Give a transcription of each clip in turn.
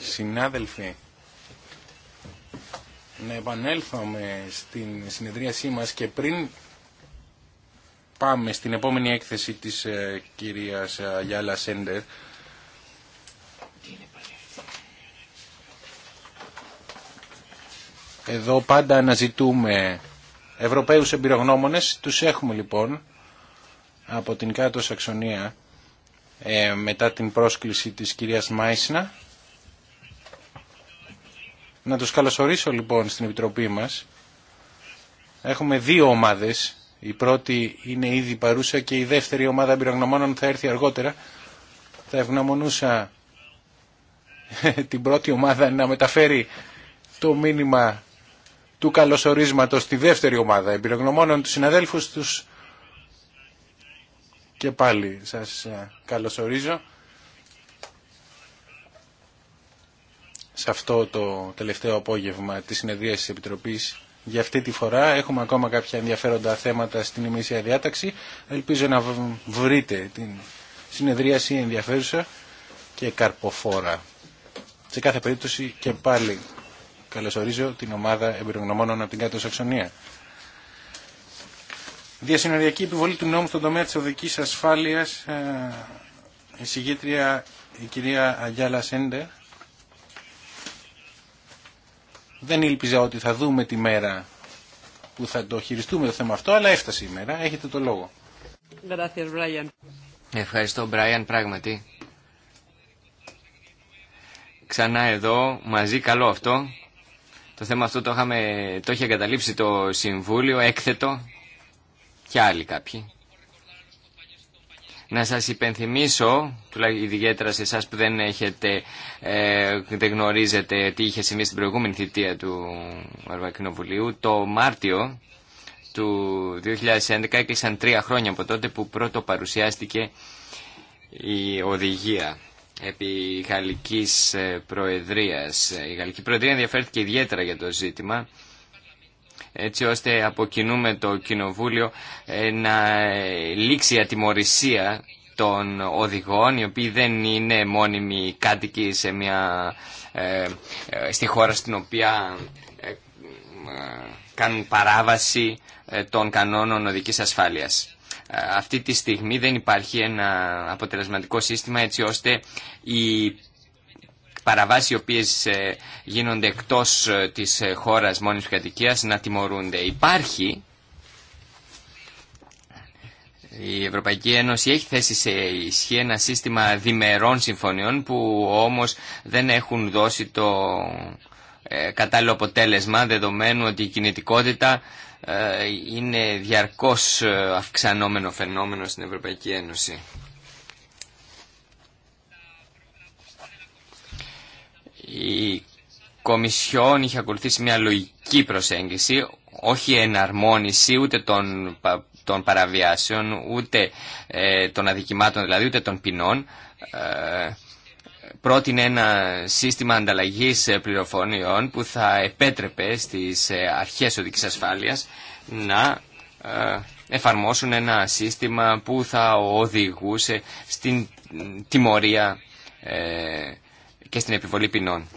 Συνάδελφοι, να επανέλθουμε στην συνεδρίασή μας και πριν πάμε στην επόμενη έκθεση της ε, κυρίας ε, Γιάλα Σέντερ, Εδώ πάντα αναζητούμε Ευρωπαίους εμπειρογνώμονες, τους έχουμε λοιπόν από την κάτω Σαξονία ε, μετά την πρόσκληση της κυρίας Μάισνα. Να τους καλωσορίσω λοιπόν στην Επιτροπή μας. Έχουμε δύο ομάδες. Η πρώτη είναι ήδη παρούσα και η δεύτερη ομάδα εμπειρογνωμόνων θα έρθει αργότερα. Θα ευγνωμονούσα την πρώτη ομάδα να μεταφέρει το μήνυμα του καλωσορίσματος στη δεύτερη ομάδα εμπειρογνωμόνων του συναδέλφους τους και πάλι σας ε, καλωσορίζω σε αυτό το τελευταίο απόγευμα της συνεδρίας της Επιτροπής για αυτή τη φορά. Έχουμε ακόμα κάποια ενδιαφέροντα θέματα στην ημίσια διάταξη. Ελπίζω να βρείτε την συνεδρίαση ενδιαφέρουσα και καρποφόρα. Σε κάθε περίπτωση και πάλι καλωσορίζω την ομάδα εμπειρογνωμόνων από την Κάτω Σαξονία. Διασυνοριακή επιβολή του νόμου στον τομέα της οδικής ασφάλειας, ε, η συγγήτρια η κυρία Αγιάλα Σέντε Δεν ήλπιζα ότι θα δούμε τη μέρα που θα το χειριστούμε το θέμα αυτό, αλλά έφτασε η μέρα. Έχετε το λόγο. Ευχαριστώ, Μπράιαν, πράγματι. Ξανά εδώ, μαζί, καλό αυτό. Το θέμα αυτό το, είχαμε, το είχε εγκαταλείψει το Συμβούλιο, έκθετο, και άλλοι κάποιοι. Να σας υπενθυμίσω, τουλάχιστον ιδιαίτερα σε εσάς που δεν, έχετε, ε, δεν γνωρίζετε τι είχε συμβεί στην προηγούμενη θητεία του Ευρωπαϊκού το Μάρτιο του 2011 έκλεισαν τρία χρόνια από τότε που πρώτο παρουσιάστηκε η οδηγία επί Γαλλικής ε, Προεδρίας. Η Γαλλική Προεδρία ενδιαφέρθηκε ιδιαίτερα για το ζήτημα έτσι ώστε από το Κοινοβούλιο ε, να λήξει η ατιμορρησία των οδηγών οι οποίοι δεν είναι μόνιμοι κάτοικοι σε μια, ε, ε, στη χώρα στην οποία κάνουν παράβαση των κανόνων οδικής ασφάλειας. Αυτή τη στιγμή δεν υπάρχει ένα αποτελεσματικό σύστημα έτσι ώστε οι Παραβάσει οι οποίε ε, γίνονται εκτό ε, της ε, χώρας μόνη κατοικία να τιμωρούνται. Υπάρχει, η Ευρωπαϊκή Ένωση έχει θέσει σε ισχύ ένα σύστημα διμερών συμφωνιών που όμως δεν έχουν δώσει το κατάλληλο αποτέλεσμα δεδομένου ότι η κινητικότητα είναι διαρκώς αυξανόμενο φαινόμενο στην Ευρωπαϊκή Ένωση. Η Κομισιόν είχε ακολουθήσει μια λογική προσέγγιση, όχι εναρμόνιση ούτε των, των παραβιάσεων, ούτε ε, των αδικημάτων δηλαδή, ούτε των ποινών. Ε, πρότεινε ένα σύστημα ανταλλαγής ε, πληροφοριών που θα επέτρεπε στις αρχές οδικής ασφάλειας να εφαρμόσουν ένα σύστημα που θα οδηγούσε στην τιμωρία και στην επιβολή ποινών.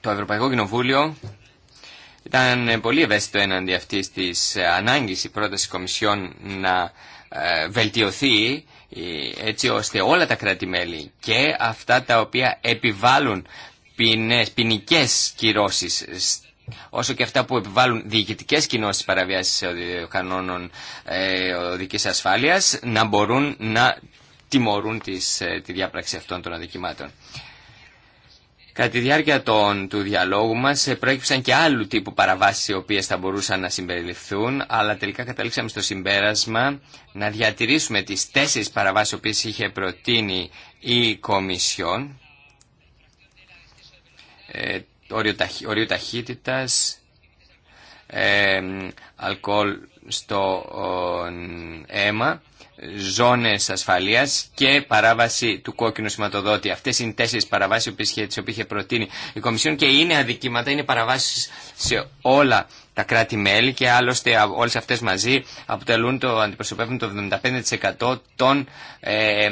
Το Ευρωπαϊκό Κοινοβούλιο ήταν πολύ ευαίσθητο έναντι αυτή της ε, ανάγκη η πρόταση Κομισιόν να ε, βελτιωθεί ε, έτσι ώστε όλα τα κράτη-μέλη και αυτά τα οποία επιβάλλουν ποινές, ποινικές κυρώσεις όσο και αυτά που επιβάλλουν διοικητικέ κοινώσει παραβιάσει κανόνων ε, οδική ασφάλεια να μπορούν να τιμωρούν τις, τη διάπραξη αυτών των αδικημάτων. Κατά τη διάρκεια των, του διαλόγου μας ε, προέκυψαν και άλλου τύπου παραβάσει οι οποίε θα μπορούσαν να συμπεριληφθούν αλλά τελικά καταλήξαμε στο συμπέρασμα να διατηρήσουμε τις τέσσερις παραβάσει οι είχε προτείνει η Κομισιόν ε, ταχύτητας, ε, αλκοόλ στο αίμα ζώνες ασφαλείας και παράβαση του κόκκινου σηματοδότη. Αυτές είναι τέσσερις παραβάσεις τις οποίες είχε προτείνει η Κομισιόν και είναι αδικήματα, είναι παραβάσεις σε όλα τα κράτη-μέλη και άλλωστε όλες αυτές μαζί αποτελούν το αντιπροσωπεύουν το 75% των ε, ε,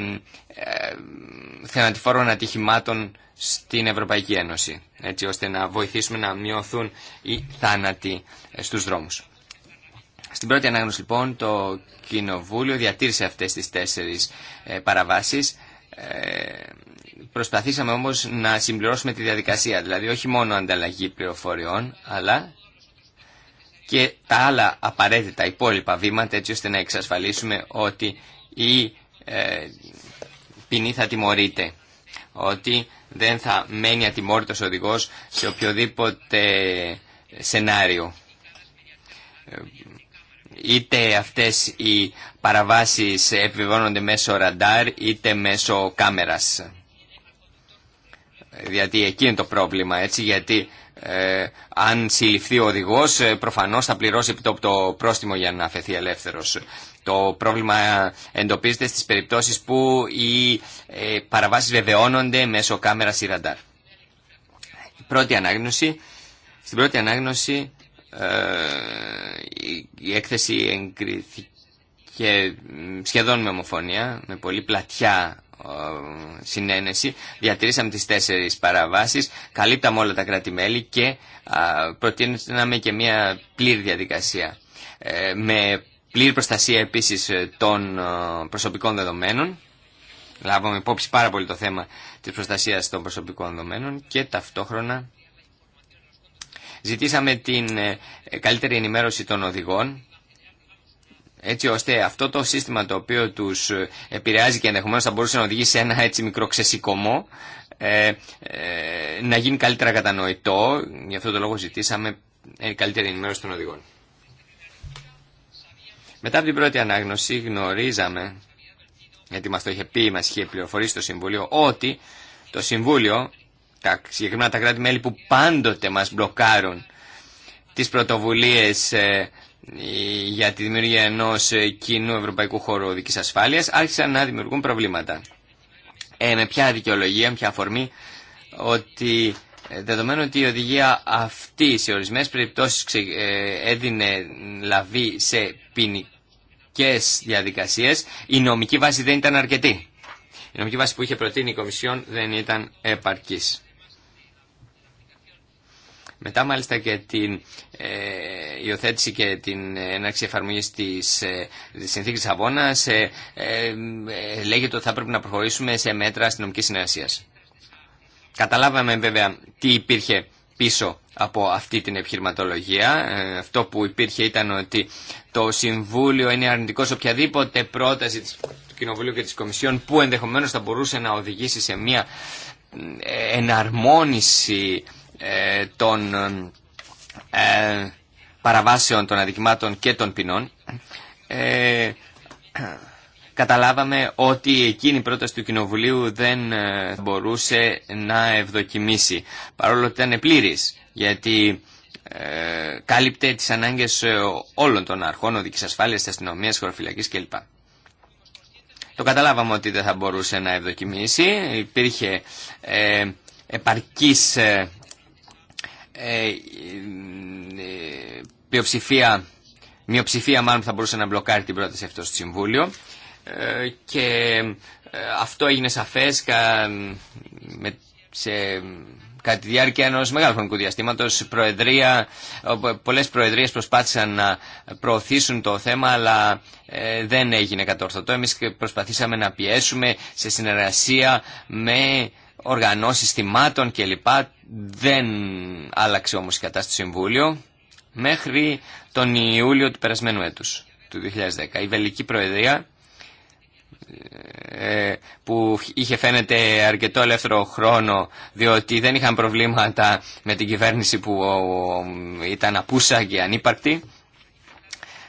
θενατηφόρων ατυχημάτων στην Ευρωπαϊκή Ένωση έτσι ώστε να βοηθήσουμε να μειωθούν οι θάνατοι ε, στους δρόμους. Στην πρώτη ανάγνωση λοιπόν το Κοινοβούλιο διατήρησε αυτές τις τέσσερις ε, παραβάσεις. Ε, προσπαθήσαμε όμως να συμπληρώσουμε τη διαδικασία, δηλαδή όχι μόνο ανταλλαγή πληροφοριών, αλλά και τα άλλα απαραίτητα υπόλοιπα βήματα έτσι ώστε να εξασφαλίσουμε ότι η ε, ποινή θα τιμωρείται. Ότι δεν θα μένει ατιμόρυτος ο οδηγός σε οποιοδήποτε σενάριο. Ε, είτε αυτές οι παραβάσεις επιβεβαιώνονται μέσω ραντάρ είτε μέσω κάμερας. Γιατί εκεί είναι το πρόβλημα, έτσι, γιατί ε, αν συλληφθεί ο οδηγός ε, προφανώς θα πληρώσει το πρόστιμο για να αφαιθεί ελεύθερος. Το πρόβλημα εντοπίζεται στις περιπτώσεις που οι ε, παραβάσεις βεβαιώνονται μέσω κάμερας ή ραντάρ. Η ρανταρ ανάγνωση, στην πρώτη ανάγνωση ε, η έκθεση εγκρίθηκε σχεδόν με ομοφωνία, με πολύ πλατιά συνένεση. Διατηρήσαμε τις τέσσερις παραβάσεις, καλύπταμε όλα τα κράτη-μέλη και προτείναμε και μια πλήρη διαδικασία. Ε, με πλήρη προστασία επίσης των ε, προσωπικών δεδομένων. Λάβαμε υπόψη πάρα πολύ το θέμα της προστασίας των προσωπικών δεδομένων και ταυτόχρονα Ζητήσαμε την ε, καλύτερη ενημέρωση των οδηγών έτσι ώστε αυτό το σύστημα το οποίο τους ε, επηρεάζει και ενδεχομένως θα μπορούσε να οδηγήσει σε ένα έτσι μικρό ξεσηκωμό ε, ε να γίνει καλύτερα κατανοητό. Γι' αυτό το λόγο ζητήσαμε καλύτερη ενημέρωση των οδηγών. Μετά από την πρώτη ανάγνωση γνωρίζαμε, γιατί μας το είχε πει, μας είχε πληροφορήσει το Συμβούλιο, ότι το Συμβούλιο τα συγκεκριμένα τα κράτη-μέλη που πάντοτε μας μπλοκάρουν τις πρωτοβουλίες ε, για τη δημιουργία ενός ε, κοινού ευρωπαϊκού χώρου οδικής ασφάλειας άρχισαν να δημιουργούν προβλήματα. Ε, με ποια δικαιολογία, με ποια αφορμή ότι ε, δεδομένου ότι η οδηγία αυτή σε ορισμένες περιπτώσεις έδινε λαβή σε ποινικέ διαδικασίες η νομική βάση δεν ήταν αρκετή. Η νομική βάση που είχε προτείνει η Κομισιόν δεν ήταν επαρκής. Μετά μάλιστα και την ε, υιοθέτηση και την έναρξη εφαρμογής της, ε, συνθήκης ε, ε, ε, λέγεται ότι θα πρέπει να προχωρήσουμε σε μέτρα αστυνομικής συνεργασίας. Καταλάβαμε βέβαια τι υπήρχε πίσω από αυτή την επιχειρηματολογία. αυτό που υπήρχε ήταν ότι το Συμβούλιο είναι αρνητικό σε οποιαδήποτε πρόταση του Κοινοβουλίου και της Κομισιόν που ενδεχομένως θα μπορούσε να οδηγήσει σε μια εναρμόνιση ε, των ε, παραβάσεων των αδικημάτων και των ποινών ε, καταλάβαμε ότι εκείνη η πρόταση του Κοινοβουλίου δεν μπορούσε να ευδοκιμήσει παρόλο ότι ήταν πλήρης γιατί ε, κάλυπτε τις ανάγκες όλων των αρχών οδικής ασφάλειας, αστυνομίας, χωροφυλακής κλπ. Το καταλάβαμε ότι δεν θα μπορούσε να ευδοκιμήσει, υπήρχε ε, πλειοψηφία, ε, ε, μειοψηφία μάλλον που θα μπορούσε να μπλοκάρει την πρόταση αυτό στο Συμβούλιο ε, και αυτό έγινε σαφές σε, κατά τη διάρκεια ενός μεγάλου χρονικού διαστήματος. Προεδρία, πολλές προεδρίες προσπάθησαν να προωθήσουν το θέμα αλλά δεν έγινε κατόρθωτο. Εμείς προσπαθήσαμε να πιέσουμε σε συνεργασία με οργανώσεις θυμάτων κλπ. Δεν άλλαξε όμως η κατάσταση Συμβούλιο μέχρι τον Ιούλιο του περασμένου έτους, του 2010. Η Βελική Προεδρία ε, που είχε φαίνεται αρκετό ελεύθερο χρόνο διότι δεν είχαν προβλήματα με την κυβέρνηση που ήταν απούσα και ανύπαρκτη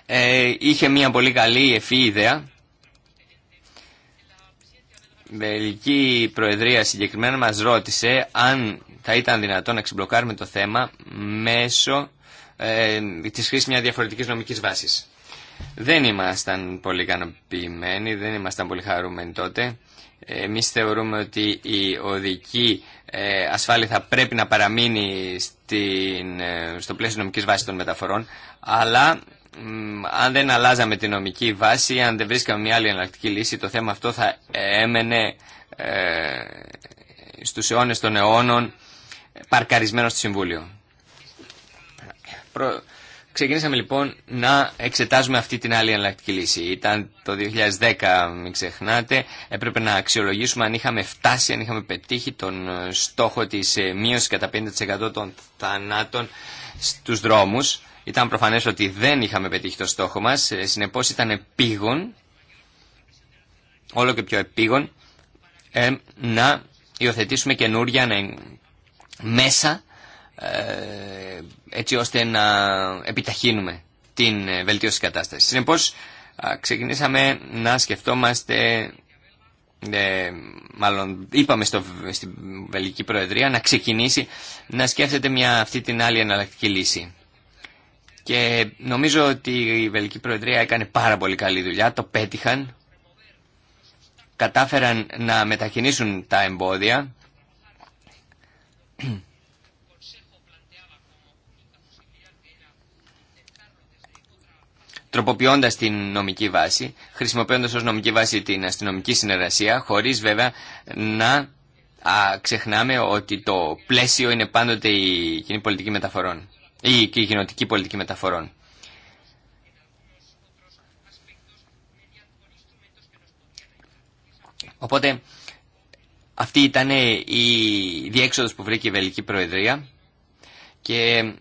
ε, είχε μια πολύ καλή ευφύ ιδέα Βελική Προεδρία συγκεκριμένα μας ρώτησε αν θα ήταν δυνατόν να ξεμπλοκάρουμε το θέμα μέσω ε, της χρήσης μια διαφορετικής νομικής βάσης. Δεν ήμασταν πολύ ικανοποιημένοι, δεν ήμασταν πολύ χαρούμενοι τότε. Εμείς θεωρούμε ότι η οδική ε, ασφάλεια θα πρέπει να παραμείνει στην, ε, στο πλαίσιο νομικής βάσης των μεταφορών, αλλά αν δεν αλλάζαμε την νομική βάση, αν δεν βρίσκαμε μια άλλη εναλλακτική λύση, το θέμα αυτό θα έμενε ε, στους αιώνες των αιώνων παρκαρισμένο στο Συμβούλιο. Ξεκινήσαμε λοιπόν να εξετάζουμε αυτή την άλλη εναλλακτική λύση. Ήταν το 2010, μην ξεχνάτε, έπρεπε να αξιολογήσουμε αν είχαμε φτάσει, αν είχαμε πετύχει τον ε, στόχο της ε, μείωσης κατά 50% των θανάτων στους δρόμους ήταν προφανές ότι δεν είχαμε πετύχει το στόχο μας, ε, συνεπώς ήταν επίγον, όλο και πιο επίγον, ε, να υιοθετήσουμε καινούρια να μέσα ε, έτσι ώστε να επιταχύνουμε την βελτίωση της κατάστασης. Συνεπώς ξεκινήσαμε να σκεφτόμαστε, μάλλον είπαμε στο, στην Βελική Προεδρία να ξεκινήσει να σκέφτεται μια, αυτή την άλλη εναλλακτική λύση. Και νομίζω ότι η Βελική Προεδρία έκανε πάρα πολύ καλή δουλειά, το πέτυχαν. Κατάφεραν να μετακινήσουν τα εμπόδια. τροποποιώντα την νομική βάση, χρησιμοποιώντα ω νομική βάση την αστυνομική συνεργασία, χωρί βέβαια να ξεχνάμε ότι το πλαίσιο είναι πάντοτε η κοινή πολιτική μεταφορών ή και η κοινωτική πολιτική μεταφορών. Οπότε αυτή ήταν η διέξοδος που βρήκε η Βελική Προεδρία και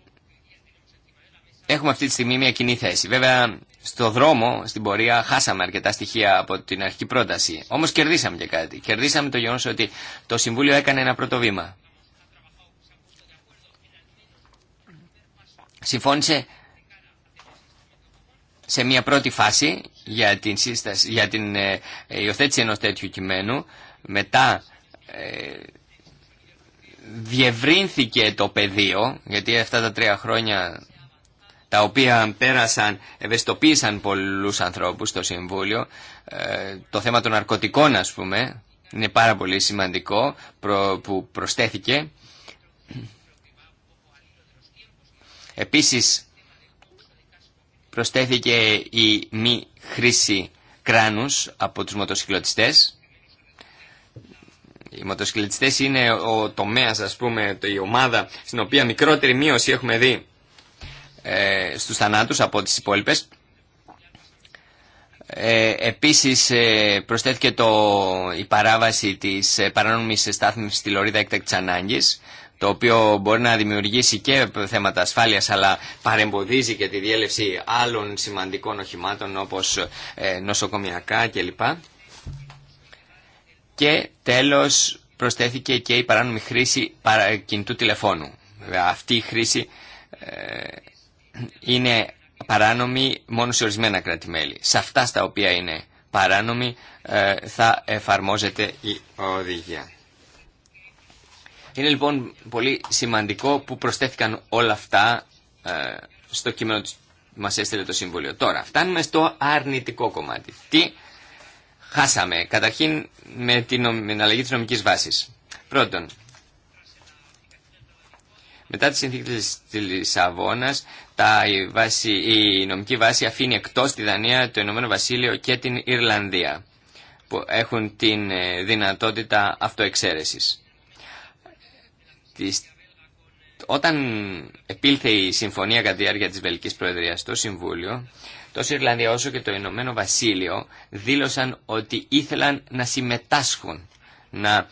έχουμε αυτή τη στιγμή μια κοινή θέση. Βέβαια στο δρόμο, στην πορεία, χάσαμε αρκετά στοιχεία από την αρχική πρόταση. Όμως κερδίσαμε και κάτι. Κερδίσαμε το γεγονός ότι το Συμβούλιο έκανε ένα πρώτο βήμα. συμφώνησε σε μια πρώτη φάση για την, σύσταση, για την ε, υιοθέτηση ενός τέτοιου κειμένου. Μετά ε, διευρύνθηκε το πεδίο, γιατί αυτά τα τρία χρόνια τα οποία πέρασαν, ευαισθητοποίησαν πολλούς ανθρώπους στο Συμβούλιο. Ε, το θέμα των ναρκωτικών, ας πούμε, είναι πάρα πολύ σημαντικό που προσθέθηκε. Επίσης, προστέθηκε η μη χρήση κράνους από τους μοτοσυκλωτιστές. Οι μοτοσυκλωτιστές είναι ο τομέας, ας πούμε, η ομάδα στην οποία μικρότερη μείωση έχουμε δει ε, στους θανάτους από τις υπόλοιπες. Ε, επίσης ε, προσθέθηκε το, η παράβαση της ε, παράνομης στάθμης στη Λωρίδα έκτακτης ανάγκης το οποίο μπορεί να δημιουργήσει και θέματα ασφάλειας αλλά παρεμποδίζει και τη διέλευση άλλων σημαντικών οχημάτων όπως ε, νοσοκομιακά κλπ. Και τέλος προσθέθηκε και η παράνομη χρήση κινητού τηλεφώνου. Αυτή η χρήση ε, είναι παράνομη μόνο σε ορισμένα Σε αυτά στα οποία είναι παράνομη ε, θα εφαρμόζεται η οδηγία. Είναι λοιπόν πολύ σημαντικό που προσθέθηκαν όλα αυτά ε, στο κείμενο που μας έστειλε το Συμβούλιο. Τώρα, φτάνουμε στο αρνητικό κομμάτι. Τι χάσαμε, καταρχήν με την, αλλαγή της νομικής βάσης. Πρώτον, μετά τη συνθήκη τη Λισαβόνα, η, η νομική βάση αφήνει εκτό τη Δανία, το Ηνωμένο Βασίλειο και την Ιρλανδία, που έχουν την ε, δυνατότητα αυτοεξαίρεση. Όταν επήλθε η συμφωνία κατά τη διάρκεια της Βελικής Προεδρίας στο Συμβούλιο, τόσο η Ιρλανδία όσο και το Ηνωμένο Βασίλειο δήλωσαν ότι ήθελαν να συμμετάσχουν, να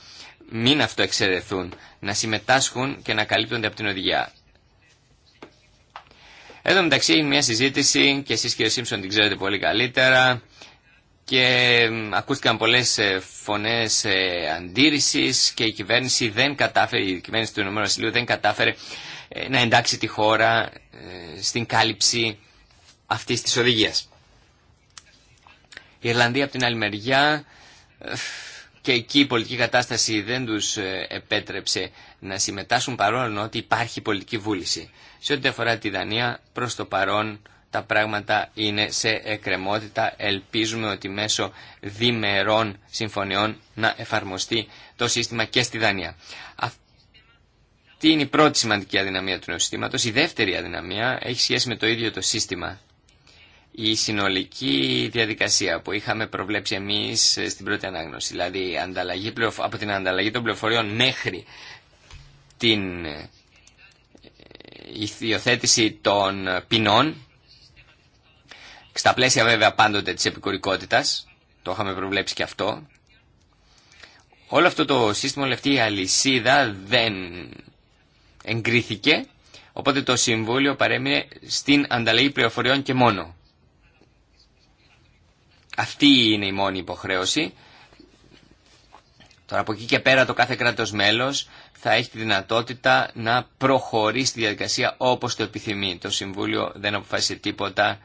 μην αυτοεξαιρεθούν, να συμμετάσχουν και να καλύπτονται από την οδηγία. Εδώ μεταξύ είναι μια συζήτηση και εσείς κύριε Σίμψον την ξέρετε πολύ καλύτερα και ακούστηκαν πολλές ε, φωνές ε, αντίρρησης και η κυβέρνηση δεν κατάφερε, η κυβέρνηση του Ηνωμένου Βασιλείου δεν κατάφερε ε, να εντάξει τη χώρα στην κάλυψη αυτής της οδηγίας. Η Ιρλανδία από την άλλη μεριά και εκεί η πολιτική κατάσταση δεν τους επέτρεψε να συμμετάσχουν παρόλο ότι υπάρχει πολιτική βούληση. Σε ό,τι αφορά τη Δανία προς το παρόν τα πράγματα είναι σε εκκρεμότητα. Ελπίζουμε ότι μέσω διμερών συμφωνιών να εφαρμοστεί το σύστημα και στη Δανία. Αυτή είναι η πρώτη σημαντική αδυναμία του νέου συστήματος. Η δεύτερη αδυναμία έχει σχέση με το ίδιο το σύστημα. Η συνολική διαδικασία που είχαμε προβλέψει εμείς στην πρώτη ανάγνωση, δηλαδή ανταλλαγή, από την ανταλλαγή των πληροφοριών μέχρι την ε, υιοθέτηση των ποινών στα πλαίσια βέβαια πάντοτε της επικουρικότητας, το είχαμε προβλέψει και αυτό. Όλο αυτό το σύστημα, όλη αυτή η αλυσίδα δεν εγκρίθηκε, οπότε το Συμβούλιο παρέμεινε στην ανταλλαγή πληροφοριών και μόνο. Αυτή είναι η μόνη υποχρέωση. Τώρα από εκεί και πέρα το κάθε κράτος μέλος θα έχει τη δυνατότητα να προχωρήσει τη διαδικασία όπως το επιθυμεί. Το Συμβούλιο δεν αποφάσισε τίποτα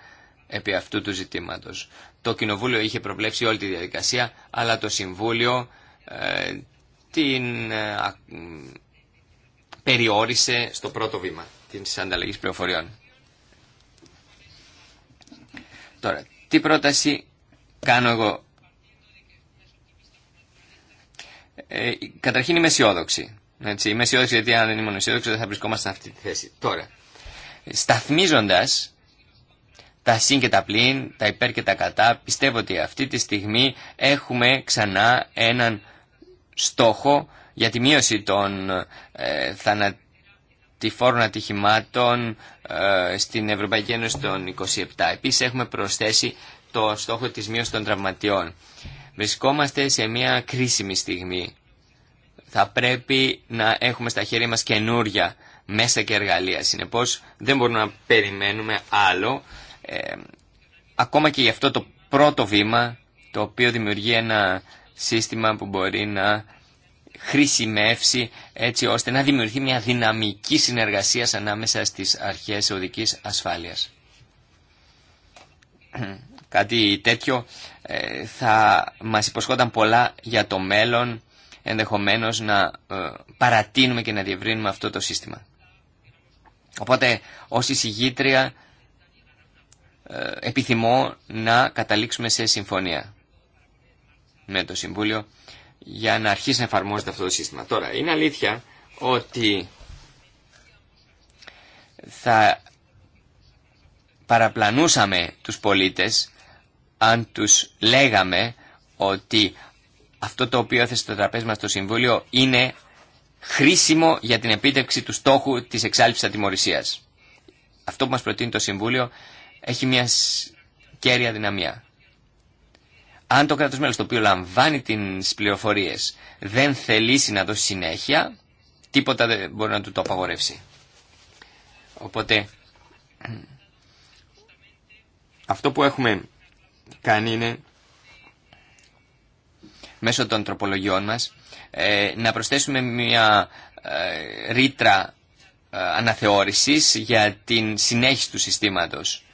επί αυτού του ζητήματος. Το Κοινοβούλιο είχε προβλέψει όλη τη διαδικασία, αλλά το Συμβούλιο ε, την ε, περιόρισε στο πρώτο βήμα της ανταλλαγής πληροφοριών. Τώρα, τι πρόταση κάνω εγώ. Ε, καταρχήν είμαι αισιόδοξη. Έτσι, είμαι αισιόδοξη γιατί αν δεν ήμουν αισιόδοξη δεν θα βρισκόμαστε σε αυτή τη θέση. Τώρα, σταθμίζοντας τα συν και τα πλήν, τα υπέρ και τα κατά. Πιστεύω ότι αυτή τη στιγμή έχουμε ξανά έναν στόχο για τη μείωση των ε, θανατηφόρων ατυχημάτων ε, στην Ευρωπαϊκή Ένωση των 27. Επίσης έχουμε προσθέσει το στόχο της μείωσης των τραυματιών. Βρισκόμαστε σε μια κρίσιμη στιγμή. Θα πρέπει να έχουμε στα χέρια μας καινούρια μέσα και εργαλεία. Συνεπώς δεν μπορούμε να περιμένουμε άλλο ε, ακόμα και για αυτό το πρώτο βήμα το οποίο δημιουργεί ένα σύστημα που μπορεί να χρησιμεύσει έτσι ώστε να δημιουργεί μια δυναμική συνεργασία ανάμεσα στις αρχές οδικής ασφάλειας. Κάτι τέτοιο ε, θα μας υποσχόταν πολλά για το μέλλον ενδεχομένως να ε, παρατείνουμε και να διευρύνουμε αυτό το σύστημα. Οπότε ως εισηγήτρια ε, επιθυμώ να καταλήξουμε σε συμφωνία με το Συμβούλιο για να αρχίσει να εφαρμόζεται αυτό το σύστημα. Τώρα, είναι αλήθεια ότι θα παραπλανούσαμε τους πολίτες αν τους λέγαμε ότι αυτό το οποίο έθεσε το τραπέζι μας το Συμβούλιο είναι χρήσιμο για την επίτευξη του στόχου της εξάλληψης ατιμορρησίας. Αυτό που μας προτείνει το Συμβούλιο έχει μια κέρια δυναμία. Αν το κράτος μέλος το οποίο λαμβάνει τις πληροφορίες δεν θελήσει να δώσει συνέχεια, τίποτα δεν μπορεί να του το απαγορεύσει. Οπότε, αυτό που έχουμε κάνει είναι, μέσω των τροπολογιών μας, ε, να προσθέσουμε μια ε, ρήτρα ε, αναθεώρησης για την συνέχιση του συστήματος.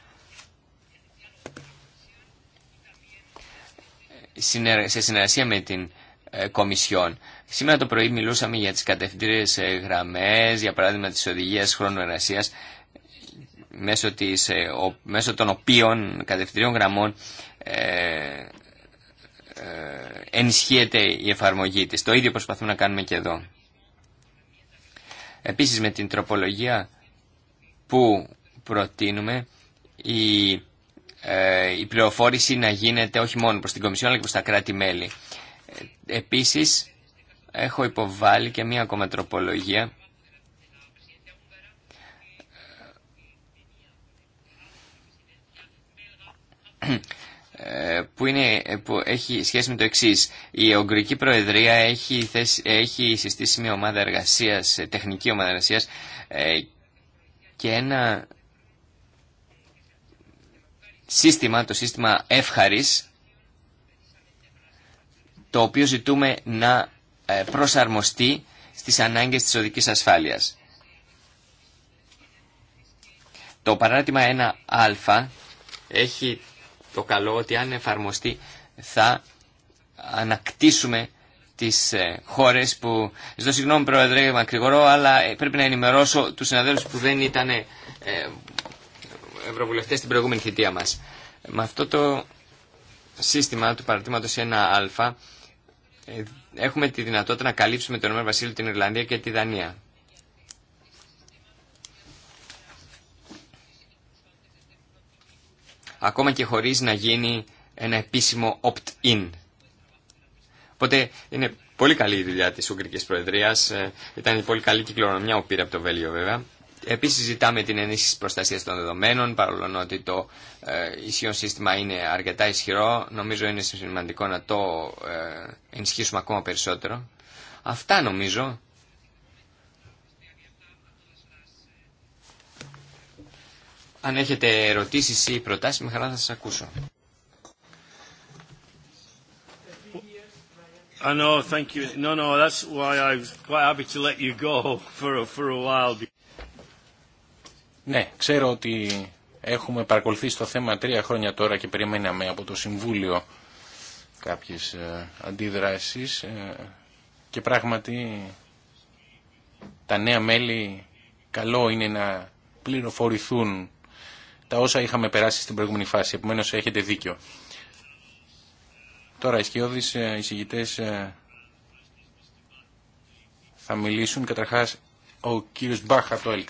σε συνεργασία με την ε, Κομισιόν. Σήμερα το πρωί μιλούσαμε για τις κατευθυντήριες ε, γραμμές, για παράδειγμα τις οδηγίες χρόνου εργασίας, μέσω, της, ε, μέσω των οποίων κατευθυντήριων γραμμών ε, ενισχύεται η εφαρμογή της. Το ίδιο προσπαθούμε να κάνουμε και εδώ. Επίσης με την τροπολογία που προτείνουμε η ε, η πληροφόρηση να γίνεται όχι μόνο προς την Κομισιόν αλλά και προς τα κράτη-μέλη. Ε, επίσης, έχω υποβάλει και μία ακόμα τροπολογία ε, που, είναι, που έχει σχέση με το εξή. Η ογκρική Προεδρία έχει, έχει συστήσει μια ομάδα εργασίας, τεχνική ομάδα εργασίας και ένα σύστημα, το σύστημα εύχαρης, το οποίο ζητούμε να ε, προσαρμοστεί στις ανάγκες της οδικής ασφάλειας. Το παράδειγμα 1 1α έχει το καλό ότι αν εφαρμοστεί θα ανακτήσουμε τις ε, χώρες που... Ζητώ συγγνώμη πρόεδρε μακρηγορώ, αλλά ε, πρέπει να ενημερώσω τους συναδέλφους που δεν ήταν ευρωβουλευτέ στην προηγούμενη θητεία μα. Με αυτό το σύστημα του παρατήματο 1 1α ε, έχουμε τη δυνατότητα να καλύψουμε τον Ηνωμένο Βασίλειο, την Ιρλανδία και τη Δανία. Ακόμα και χωρίς να γίνει ένα επίσημο opt-in. Οπότε είναι πολύ καλή η δουλειά της Ουγγρικής Προεδρίας. Ε, ήταν πολύ καλή κυκλονομιά που πήρε από το Βέλιο βέβαια. Επίση ζητάμε την ενίσχυση προστασίας των δεδομένων, παρόλο ότι το ε, ισχυρό σύστημα είναι αρκετά ισχυρό. Νομίζω είναι σημαντικό να το ε, ενισχύσουμε ακόμα περισσότερο. Αυτά νομίζω. Αν έχετε ερωτήσεις ή προτάσει, με χαρά θα σας ακούσω. I thank you. No, no, that's why I was quite happy to let you go for for a while. Ναι, ξέρω ότι έχουμε παρακολουθήσει το θέμα τρία χρόνια τώρα και περιμέναμε από το Συμβούλιο κάποιες ε, αντιδράσεις ε, και πράγματι τα νέα μέλη καλό είναι να πληροφορηθούν τα όσα είχαμε περάσει στην προηγούμενη φάση. Επομένως έχετε δίκιο. Τώρα οι σκιώδεις ε, εισηγητές θα μιλήσουν. Καταρχάς ο κύριος Μπάχα από το ΕΛΚ.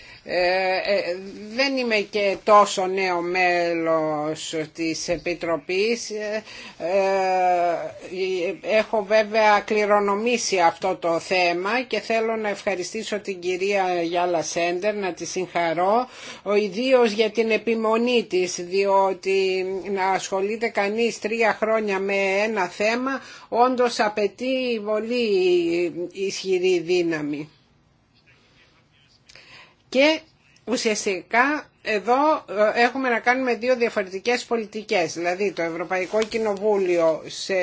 Ε, ε, δεν είμαι και τόσο νέο μέλος της Επιτροπής. Ε, έχω βέβαια κληρονομήσει αυτό το θέμα και θέλω να ευχαριστήσω την κυρία Γιάλα Σέντερ, να τη συγχαρώ, ο ιδίως για την επιμονή της, διότι να ασχολείται κανείς τρία χρόνια με ένα θέμα, όντως απαιτεί πολύ ισχυρή δύναμη και ουσιαστικά εδώ ε, έχουμε να κάνουμε δύο διαφορετικές πολιτικές. Δηλαδή το Ευρωπαϊκό Κοινοβούλιο σε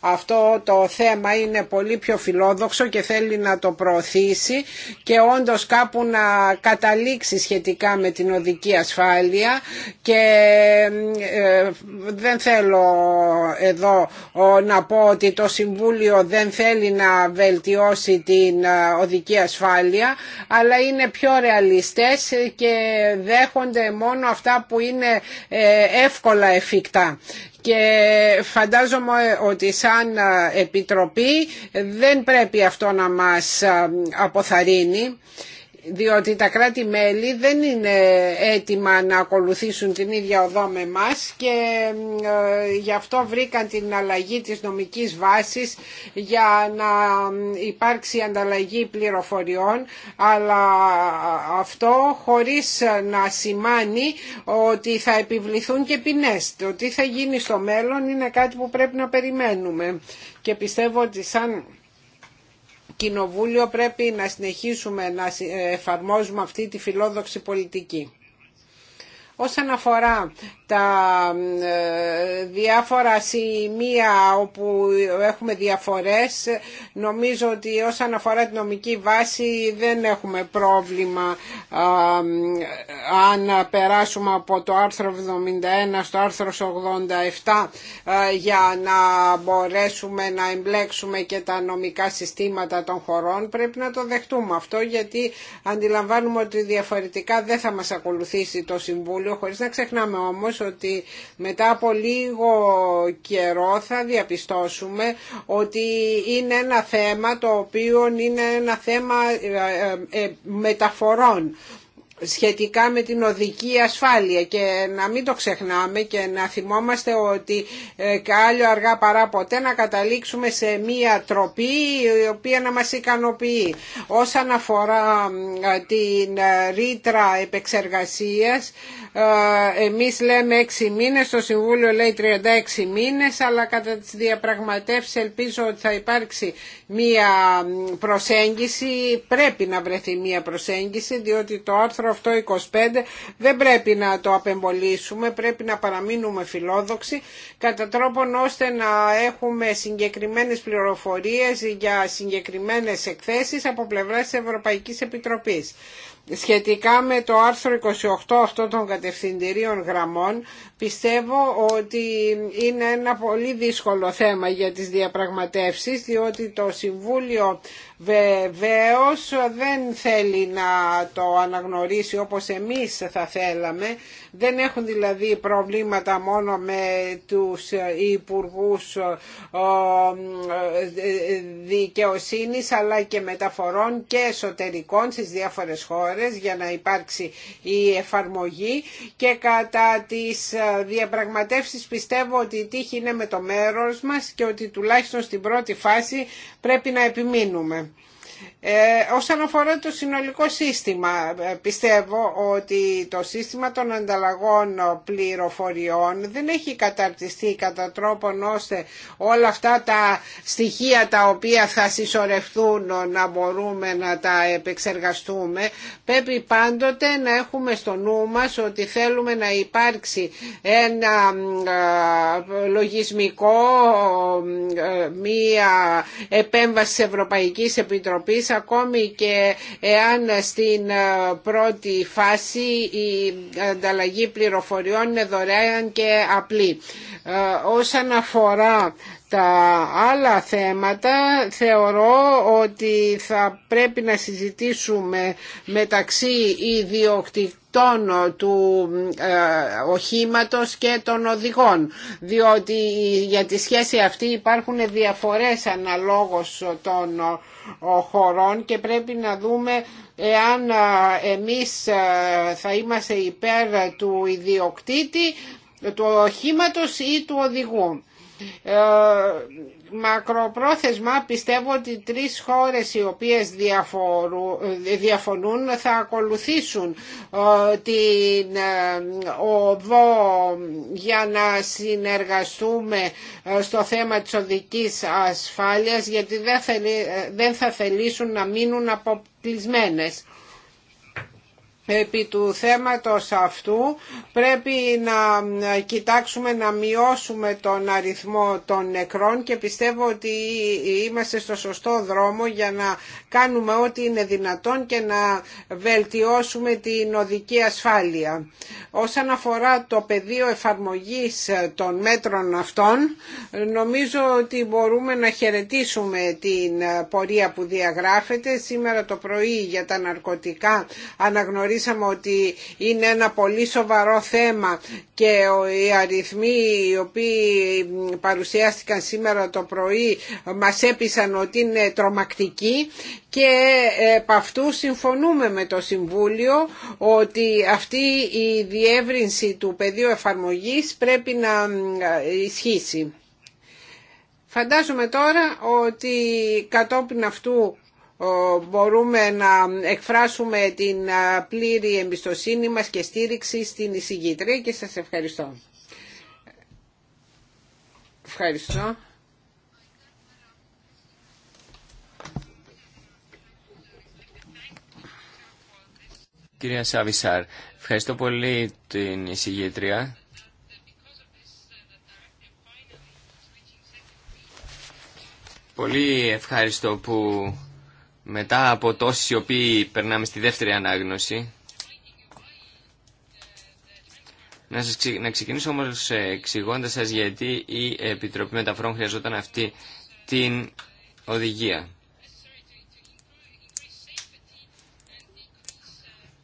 αυτό το θέμα είναι πολύ πιο φιλόδοξο και θέλει να το προωθήσει και όντως κάπου να καταλήξει σχετικά με την οδική ασφάλεια και ε, δεν θέλω εδώ να πω ότι το Συμβούλιο δεν θέλει να βελτιώσει την ε, οδική ασφάλεια αλλά είναι πιο ρεαλιστές και δέχονται μόνο αυτά που είναι ε, εύκολα εφικτά. Και φαντάζομαι ότι σαν ε, Επιτροπή δεν πρέπει αυτό να μας ε, αποθαρρύνει διότι τα κράτη-μέλη δεν είναι έτοιμα να ακολουθήσουν την ίδια οδό με μας και ε, γι' αυτό βρήκαν την αλλαγή της νομικής βάσης για να υπάρξει ανταλλαγή πληροφοριών αλλά αυτό χωρίς να σημάνει ότι θα επιβληθούν και ποινές. Το τι θα γίνει στο μέλλον είναι κάτι που πρέπει να περιμένουμε και πιστεύω ότι σαν Κοινοβούλιο πρέπει να συνεχίσουμε να ε, εφαρμόζουμε αυτή τη φιλόδοξη πολιτική. Όσον αφορά τα ε, διάφορα σημεία όπου έχουμε διαφορές, νομίζω ότι όσον αφορά την νομική βάση δεν έχουμε πρόβλημα ε, αν περάσουμε από το άρθρο 71 στο άρθρο 87 ε, για να μπορέσουμε να εμπλέξουμε και τα νομικά συστήματα των χωρών. Πρέπει να το δεχτούμε αυτό γιατί αντιλαμβάνουμε ότι διαφορετικά δεν θα μας ακολουθήσει το Συμβούλιο Χωρί χωρίς να ξεχνάμε όμως ότι μετά από λίγο καιρό θα διαπιστώσουμε ότι είναι ένα θέμα το οποίο είναι ένα θέμα ε, ε, μεταφορών σχετικά με την οδική ασφάλεια και να μην το ξεχνάμε και να θυμόμαστε ότι ε, κάλλιο αργά παρά ποτέ να καταλήξουμε σε μία τροπή η οποία να μας ικανοποιεί. Όσον αφορά την ρήτρα επεξεργασίας ε, εμείς λέμε 6 μήνες, το Συμβούλιο λέει 36 μήνες, αλλά κατά τις διαπραγματεύσεις ελπίζω ότι θα υπάρξει μία προσέγγιση, πρέπει να βρεθεί μία προσέγγιση, διότι το άρθρο αυτό 25 δεν πρέπει να το απεμπολίσουμε, πρέπει να παραμείνουμε φιλόδοξοι, κατά τρόπον ώστε να έχουμε συγκεκριμένες πληροφορίες για συγκεκριμένες εκθέσεις από πλευρά της Ευρωπαϊκής Επιτροπής. Σχετικά με το άρθρο 28 αυτών των κατευθυντηρίων γραμμών πιστεύω ότι είναι ένα πολύ δύσκολο θέμα για τις διαπραγματεύσεις διότι το Συμβούλιο Βεβαίω, δεν θέλει να το αναγνωρίσει όπως εμείς θα θέλαμε. Δεν έχουν δηλαδή προβλήματα μόνο με τους υπουργούς ε, ε, δικαιοσύνης αλλά και μεταφορών και εσωτερικών στις διάφορες χώρες για να υπάρξει η εφαρμογή και κατά τις ε, διαπραγματεύσεις πιστεύω ότι η τύχη είναι με το μέρος μας και ότι τουλάχιστον στην πρώτη φάση πρέπει να επιμείνουμε θα κάνουμε ε, όσον αφορά το συνολικό σύστημα, ε, πιστεύω ότι το σύστημα των ανταλλαγών πληροφοριών δεν έχει καταρτιστεί κατά τρόπον ώστε όλα αυτά τα στοιχεία τα οποία θα συσσωρευτούν να μπορούμε να τα επεξεργαστούμε. Πρέπει πάντοτε να έχουμε στο νου μας ότι θέλουμε να υπάρξει ένα ε, λογισμικό, μία επέμβαση της Ευρωπαϊκής Επιτροπής ακόμη και εάν στην ε, πρώτη φάση η ανταλλαγή πληροφοριών είναι δωρεάν και απλή. Ε, όσον αφορά τα άλλα θέματα θεωρώ ότι θα πρέπει να συζητήσουμε μεταξύ ιδιοκτήτων του ε, οχήματος και των οδηγών διότι για τη σχέση αυτή υπάρχουν διαφορές αναλόγως των ε, χωρών και πρέπει να δούμε εάν ε, εμείς θα είμαστε υπέρ του ιδιοκτήτη του οχήματος ή του οδηγού. Ε, μακροπρόθεσμα πιστεύω ότι τρεις χώρες οι οποίες διαφωνούν θα ακολουθήσουν ε, την ε, οδό για να συνεργαστούμε στο θέμα της οδικής ασφάλειας γιατί δεν θα θελήσουν να μείνουν αποκλεισμένες επί του θέματος αυτού πρέπει να κοιτάξουμε να μειώσουμε τον αριθμό των νεκρών και πιστεύω ότι είμαστε στο σωστό δρόμο για να κάνουμε ό,τι είναι δυνατόν και να βελτιώσουμε την οδική ασφάλεια. Όσον αφορά το πεδίο εφαρμογής των μέτρων αυτών, νομίζω ότι μπορούμε να χαιρετήσουμε την πορεία που διαγράφεται. Σήμερα το πρωί για τα ναρκωτικά αναγνωρίζουμε Είσαμε ότι είναι ένα πολύ σοβαρό θέμα και οι αριθμοί οι οποίοι παρουσιάστηκαν σήμερα το πρωί μας έπεισαν ότι είναι τρομακτικοί και επ' αυτού συμφωνούμε με το Συμβούλιο ότι αυτή η διεύρυνση του πεδίου εφαρμογής πρέπει να ισχύσει. Φαντάζομαι τώρα ότι κατόπιν αυτού μπορούμε να εκφράσουμε την πλήρη εμπιστοσύνη μας και στήριξη στην εισηγήτρια και σας ευχαριστώ. Ευχαριστώ. Κυρία Σαβισάρ, ευχαριστώ πολύ την εισηγήτρια. Πολύ ευχαριστώ που μετά από τόσοι οι οποίοι περνάμε στη δεύτερη ανάγνωση, να, σας, ξεκινήσω όμως ε, εξηγώντας σας γιατί η Επιτροπή Μεταφορών χρειαζόταν αυτή την οδηγία.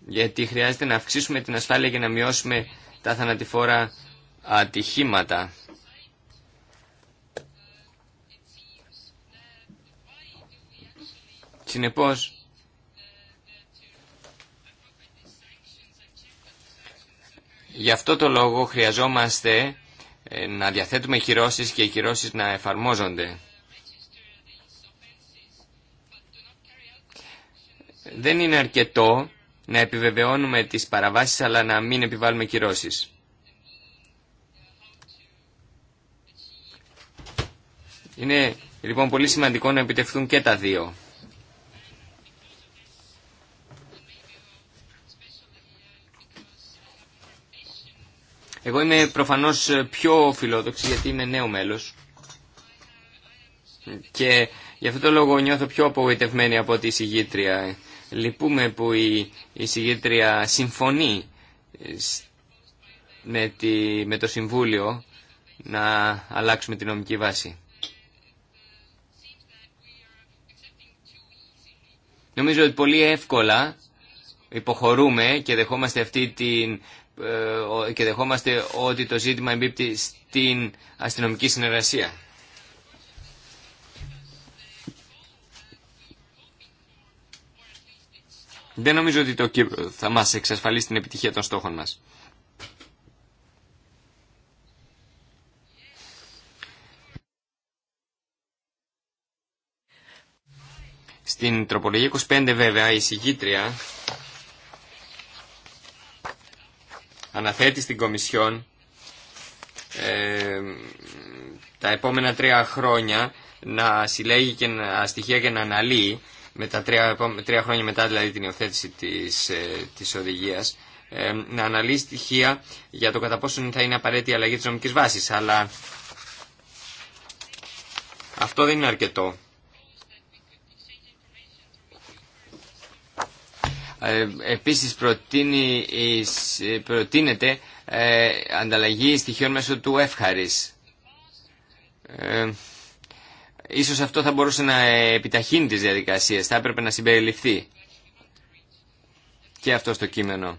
Γιατί χρειάζεται να αυξήσουμε την ασφάλεια και να μειώσουμε τα θανατηφόρα ατυχήματα. Συνεπώς, γι' αυτό το λόγο χρειαζόμαστε ε, να διαθέτουμε κυρώσεις και οι κυρώσεις να εφαρμόζονται. Δεν είναι αρκετό να επιβεβαιώνουμε τις παραβάσεις αλλά να μην επιβάλλουμε κυρώσεις. Είναι λοιπόν πολύ σημαντικό να επιτευχθούν και τα δύο. Εγώ είμαι προφανώς ε, πιο φιλόδοξη γιατί είμαι νέο μέλος και γι' αυτό το λόγο νιώθω πιο απογοητευμένη από τη συγγήτρια. Λυπούμε που η, η συγγήτρια συμφωνεί ε, με, το Συμβούλιο να αλλάξουμε την νομική βάση. Νομίζω ότι πολύ εύκολα υποχωρούμε και δεχόμαστε αυτή την ε, και δεχόμαστε ότι το ζήτημα εμπίπτει στην αστυνομική συνεργασία. Δεν νομίζω ότι το Κύπρο θα μας εξασφαλίσει την επιτυχία των στόχων μας. Στην τροπολογία 25 βέβαια η συγκήτρια αναθέτει στην Κομισιόν ε, τα επόμενα τρία χρόνια να συλλέγει και να, στοιχεία και να αναλύει με τα τρία, τρία χρόνια μετά δηλαδή την υιοθέτηση της, ε, της οδηγίας ε, να αναλύει στοιχεία για το κατά πόσο θα είναι απαραίτητη η αλλαγή της νομικής βάσης αλλά αυτό δεν είναι αρκετό Ε, επίσης προτείνει, προτείνεται ε, ανταλλαγή στοιχείων μέσω του εύχαρης. Ε, ίσως αυτό θα μπορούσε να επιταχύνει τις διαδικασίες, θα έπρεπε να συμπεριληφθεί και αυτό στο κείμενο.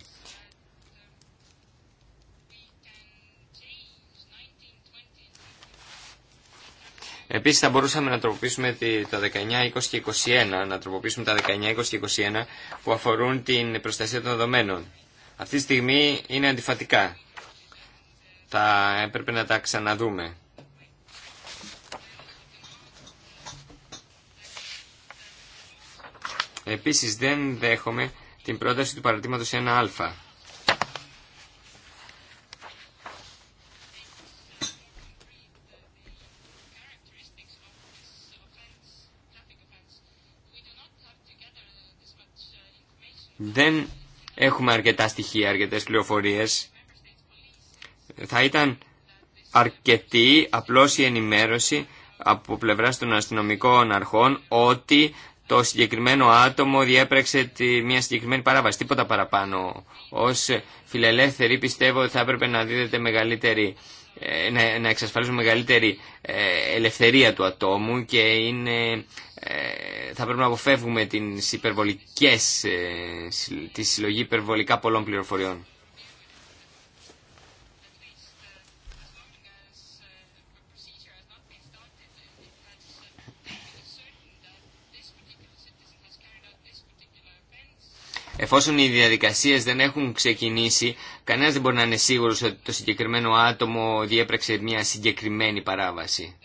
Επίση θα μπορούσαμε να τροποποιήσουμε τα 19, 20 και 21, να τροποποιήσουμε τα 19, 21 που αφορούν την προστασία των δεδομένων. Αυτή τη στιγμή είναι αντιφατικά. Θα έπρεπε να τα ξαναδούμε. Επίσης δεν δέχομαι την πρόταση του παρατήματο 1 1α. δεν έχουμε αρκετά στοιχεία, αρκετές πληροφορίες. Θα ήταν αρκετή απλώς η ενημέρωση από πλευράς των αστυνομικών αρχών ότι το συγκεκριμένο άτομο διέπρεξε τη, μια συγκεκριμένη παράβαση, τίποτα παραπάνω. Ως φιλελεύθερη, πιστεύω ότι θα έπρεπε να δίδεται μεγαλύτερη ε, να, να εξασφαλίζουμε μεγαλύτερη ε, ελευθερία του ατόμου και είναι ε, θα πρέπει να αποφεύγουμε υπερβολικές, ε, τη συλλογή υπερβολικά πολλών πληροφοριών. Εφόσον οι διαδικασίες δεν έχουν ξεκινήσει, κανένας δεν μπορεί να είναι σίγουρος ότι το συγκεκριμένο άτομο διέπραξε μια συγκεκριμένη παράβαση.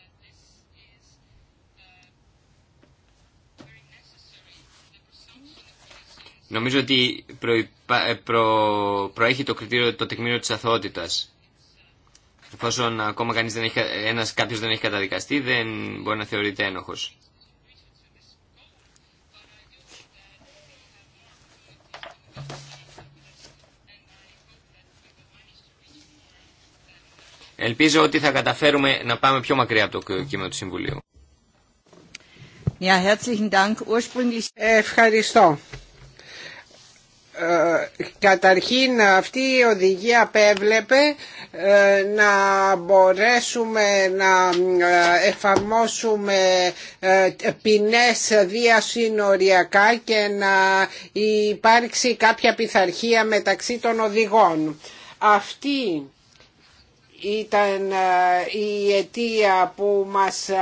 Νομίζω ότι ε, προ... προέχει το κριτήριο το τεκμήριο της αθωότητας. Εφόσον ακόμα κανείς δεν έχει, ένας κάποιος δεν έχει καταδικαστεί, δεν μπορεί να θεωρείται ένοχος. Ελπίζω ότι θα καταφέρουμε να πάμε πιο μακριά από το κείμενο του Συμβουλίου. Ευχαριστώ. Ε, καταρχήν αυτή η οδηγία απέβλεπε ε, να μπορέσουμε να ε, εφαρμόσουμε ποινές διασυνοριακά και να υπάρξει κάποια πειθαρχία μεταξύ των οδηγών. Αυτή ήταν ε, η αιτία που μας ε,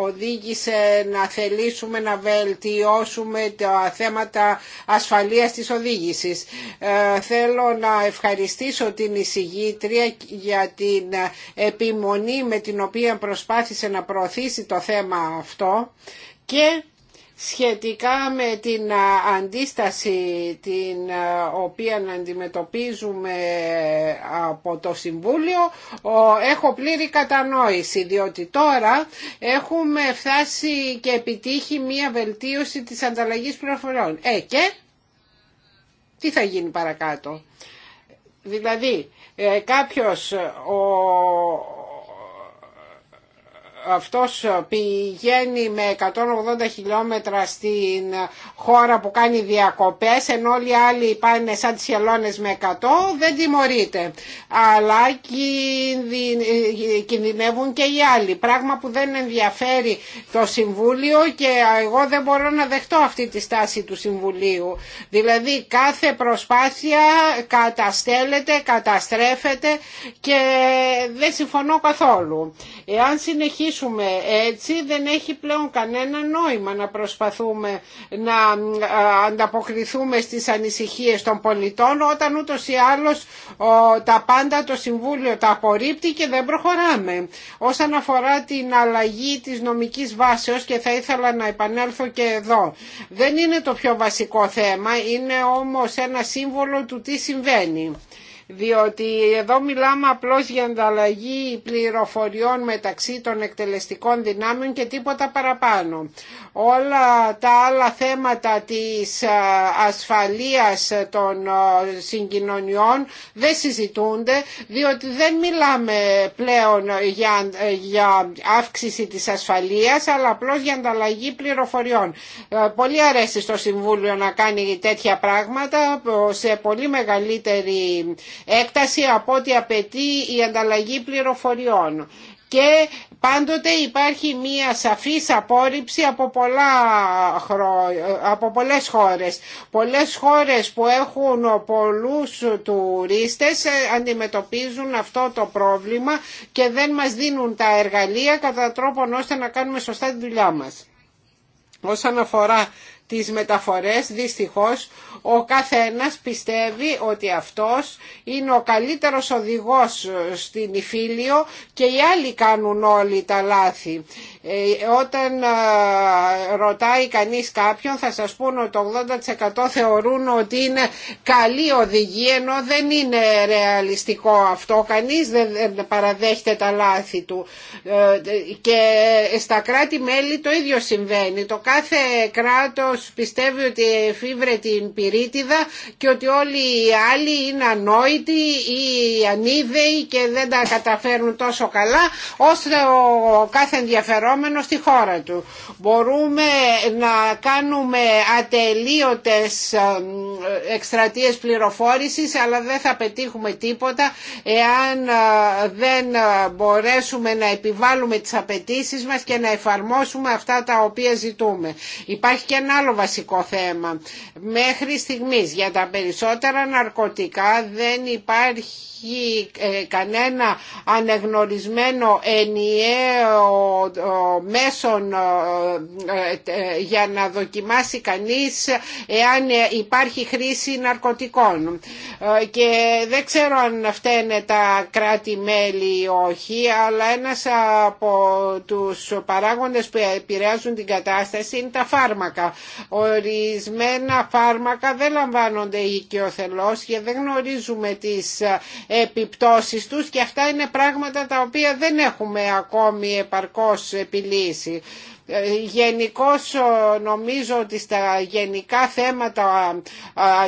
οδήγησε να θελήσουμε να βελτιώσουμε τα θέματα ασφαλείας της οδήγησης. Ε, θέλω να ευχαριστήσω την εισηγήτρια για την επιμονή με την οποία προσπάθησε να προωθήσει το θέμα αυτό και σχετικά με την αντίσταση την οποία αντιμετωπίζουμε ε, από το Συμβούλιο έχω πλήρη κατανόηση διότι τώρα έχουμε φτάσει και επιτύχει μία βελτίωση της ανταλλαγής πληροφοριών. Ε, και τι θα γίνει παρακάτω. Δηλαδή, ε, κάποιος ο, αυτός ε, πηγαίνει με 180 χιλιόμετρα στην χώρα που κάνει διακοπές ενώ όλοι οι άλλοι πάνε σαν τις χελώνες με 100 δεν τιμωρείται αλλά κινδυνεύουν και οι άλλοι πράγμα που δεν ενδιαφέρει το Συμβούλιο και εγώ δεν μπορώ να δεχτώ αυτή τη στάση του Συμβουλίου δηλαδή κάθε προσπάθεια καταστέλλεται, καταστρέφεται και δεν συμφωνώ καθόλου εάν συνεχίσουμε έτσι δεν έχει πλέον κανένα νόημα να προσπαθούμε να ανταποκριθούμε στις ανησυχίες των πολιτών όταν ούτως ή άλλως τα πάντα το Συμβούλιο τα απορρίπτει και δεν προχωράμε. Όσον αφορά την αλλαγή της νομικής βάσεως και θα ήθελα να επανέλθω και εδώ. Δεν είναι το πιο βασικό θέμα, είναι όμως ένα σύμβολο του τι συμβαίνει διότι εδώ μιλάμε απλώς για ανταλλαγή πληροφοριών μεταξύ των εκτελεστικών δυνάμεων και τίποτα παραπάνω. Όλα τα άλλα θέματα της ασφαλείας των συγκοινωνιών δεν συζητούνται διότι δεν μιλάμε πλέον για, για αύξηση της ασφαλείας αλλά απλώς για ανταλλαγή πληροφοριών. Ε, πολύ αρέσει στο Συμβούλιο να κάνει τέτοια πράγματα σε πολύ μεγαλύτερη έκταση από ό,τι απαιτεί η ανταλλαγή πληροφοριών. Και πάντοτε υπάρχει μία σαφής απόρριψη από, πολλά, από πολλές χώρες. Πολλές χώρες που έχουν πολλούς τουρίστες ε, αντιμετωπίζουν αυτό το πρόβλημα και δεν μας δίνουν τα εργαλεία κατά τρόπον ώστε να κάνουμε σωστά τη δουλειά μας. Όσον αφορά τις μεταφορές, δυστυχώς ο καθένας πιστεύει ότι αυτός είναι ο καλύτερος οδηγός στην Ιφίλιο και οι άλλοι κάνουν όλοι τα λάθη. Ε, όταν ρωτάει κανείς κάποιον θα σας πω ότι το 80% θεωρούν ότι είναι καλή οδηγία ενώ δεν είναι ρεαλιστικό αυτό. Κανείς δεν παραδέχεται τα λάθη του. Ε, και στα κράτη-μέλη το ίδιο συμβαίνει. Το κάθε κράτος πιστεύει ότι εφήβρε την πυρίτιδα και ότι όλοι οι άλλοι είναι ανόητοι ή ανίδεοι και δεν τα καταφέρουν τόσο καλά ώστε ο κάθε στη χώρα του. Μπορούμε να κάνουμε ατελείωτες εκστρατείες πληροφόρησης αλλά δεν θα πετύχουμε τίποτα εάν ε, δεν ε, μπορέσουμε να επιβάλλουμε τις απαιτήσει μας και να εφαρμόσουμε αυτά τα οποία ζητούμε. Υπάρχει και ένα άλλο βασικό θέμα. Μέχρι στιγμής για τα περισσότερα ναρκωτικά δεν υπάρχει υπάρχει ε, κανένα ανεγνωρισμένο ενιαίο ε, μέσον ε, για να δοκιμάσει κανείς εάν υπάρχει χρήση ναρκωτικών. Και δεν ξέρω αν φταίνε τα κράτη-μέλη ή όχι, αλλά ένας από τους παράγοντες που επηρεάζουν την κατάσταση είναι τα φάρμακα. Ορισμένα φάρμακα δεν λαμβάνονται οικειοθελώς και δεν γνωρίζουμε τις επιπτώσεις τους και αυτά είναι πράγματα τα οποία δεν έχουμε ακόμη επαρκώς επιλύσει. Ε, γενικώ νομίζω ότι στα γενικά θέματα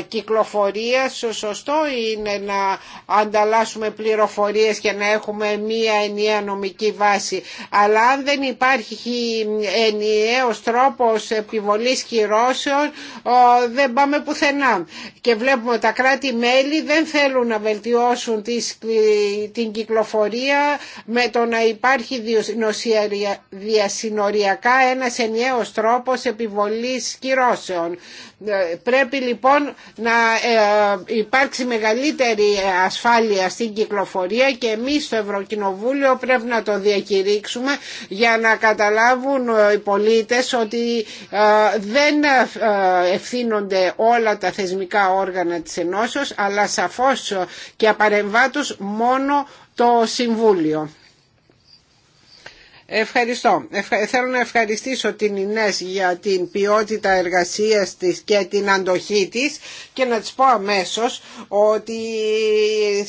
κυκλοφορίας σωστό είναι να ανταλλάσσουμε πληροφορίες και να έχουμε μία ενιαία νομική βάση. Αλλά αν δεν υπάρχει ενιαίος τρόπος επιβολής κυρώσεων δεν πάμε πουθενά. Και βλέπουμε τα κράτη-μέλη δεν θέλουν να βελτιώσουν την κυκλοφορία με το να υπάρχει διασυνοριακά ένα ένας ενιαίος τρόπος επιβολής κυρώσεων. Ε, πρέπει λοιπόν να ε, υπάρξει μεγαλύτερη ασφάλεια στην κυκλοφορία και εμείς στο Ευρωκοινοβούλιο πρέπει να το διακηρύξουμε για να καταλάβουν ε, οι πολίτες ότι δεν ευθύνονται όλα τα θεσμικά όργανα της Ενώσεως αλλά σαφώς και απαρεμβάτως μόνο το Συμβούλιο. Ευχαριστώ. Θέλω να ευχαριστήσω την Ινές για την ποιότητα εργασίας της και την αντοχή της και να της πω αμέσως ότι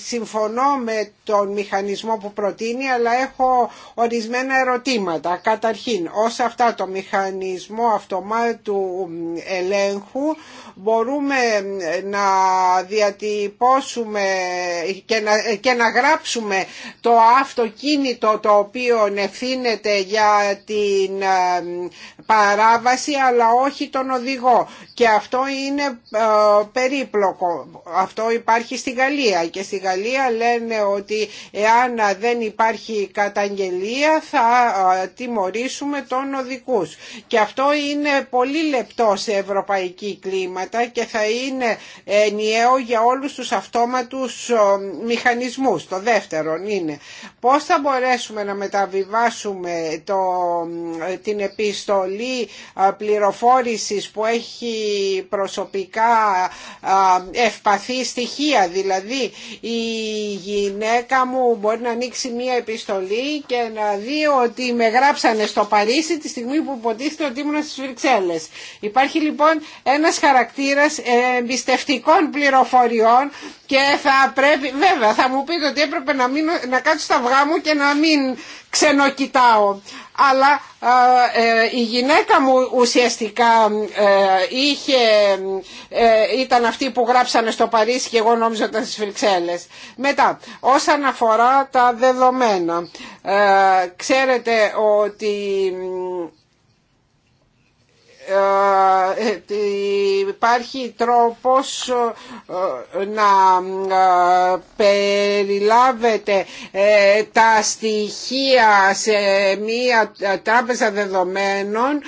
συμφωνώ με τον μηχανισμό που προτείνει αλλά έχω ορισμένα ερωτήματα. Καταρχήν, ως αυτά το μηχανισμό αυτομάτου ελέγχου μπορούμε να διατυπώσουμε και να, και να γράψουμε το αυτοκίνητο το οποίο ευθύνεται προβλέπεται για την ε, παράβαση αλλά όχι τον οδηγό και αυτό είναι ε, περίπλοκο. Αυτό υπάρχει στη Γαλλία και στη Γαλλία λένε ότι εάν δεν υπάρχει καταγγελία θα ε, τιμωρήσουμε τον οδηγούς και αυτό είναι πολύ λεπτό σε ευρωπαϊκή κλίματα και θα είναι ενιαίο για όλους τους αυτόματους ε, μηχανισμούς. Το δεύτερο είναι πώς θα μπορέσουμε να μεταβιβάσουμε το, την επίστολη πολύ πληροφόρησης που έχει προσωπικά ευπαθή στοιχεία. Δηλαδή η γυναίκα μου μπορεί να ανοίξει μία επιστολή και να δει ότι με γράψανε στο Παρίσι τη στιγμή που υποτίθεται ότι ήμουν στις Βρυξέλλες. Υπάρχει λοιπόν ένας χαρακτήρας εμπιστευτικών πληροφοριών και θα πρέπει, βέβαια θα μου πείτε ότι έπρεπε να, μείνω, να κάτσω στα αυγά μου και να μην ξενοκοιτάω. Αλλά ε, η γυναίκα μου ουσιαστικά ε, είχε, ε, ήταν αυτή που γράψανε στο Παρίσι και εγώ νόμιζα ότι ήταν στις Μετά, όσον αφορά τα δεδομένα, ξέρετε ότι ε, ε, υπάρχει τρόπος ε, να περιλάβετε τα στοιχεία σε μία τράπεζα δεδομένων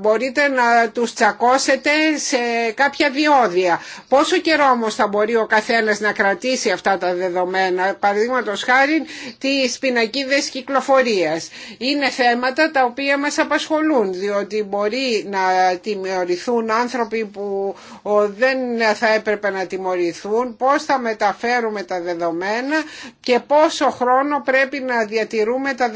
μπορείτε να τους τσακώσετε σε κάποια διόδια. Πόσο καιρό όμως θα μπορεί ο καθένας να κρατήσει αυτά τα δεδομένα, παραδείγματο χάρη τις πινακίδες κυκλοφορίας. Είναι θέματα τα οποία μας απασχολούν διότι μπορεί να τιμωρηθούν άνθρωποι που δεν θα έπρεπε να τιμωρηθούν, πώς θα μεταφέρουμε τα δεδομένα και πόσο χρόνο πρέπει να διατηρούμε τα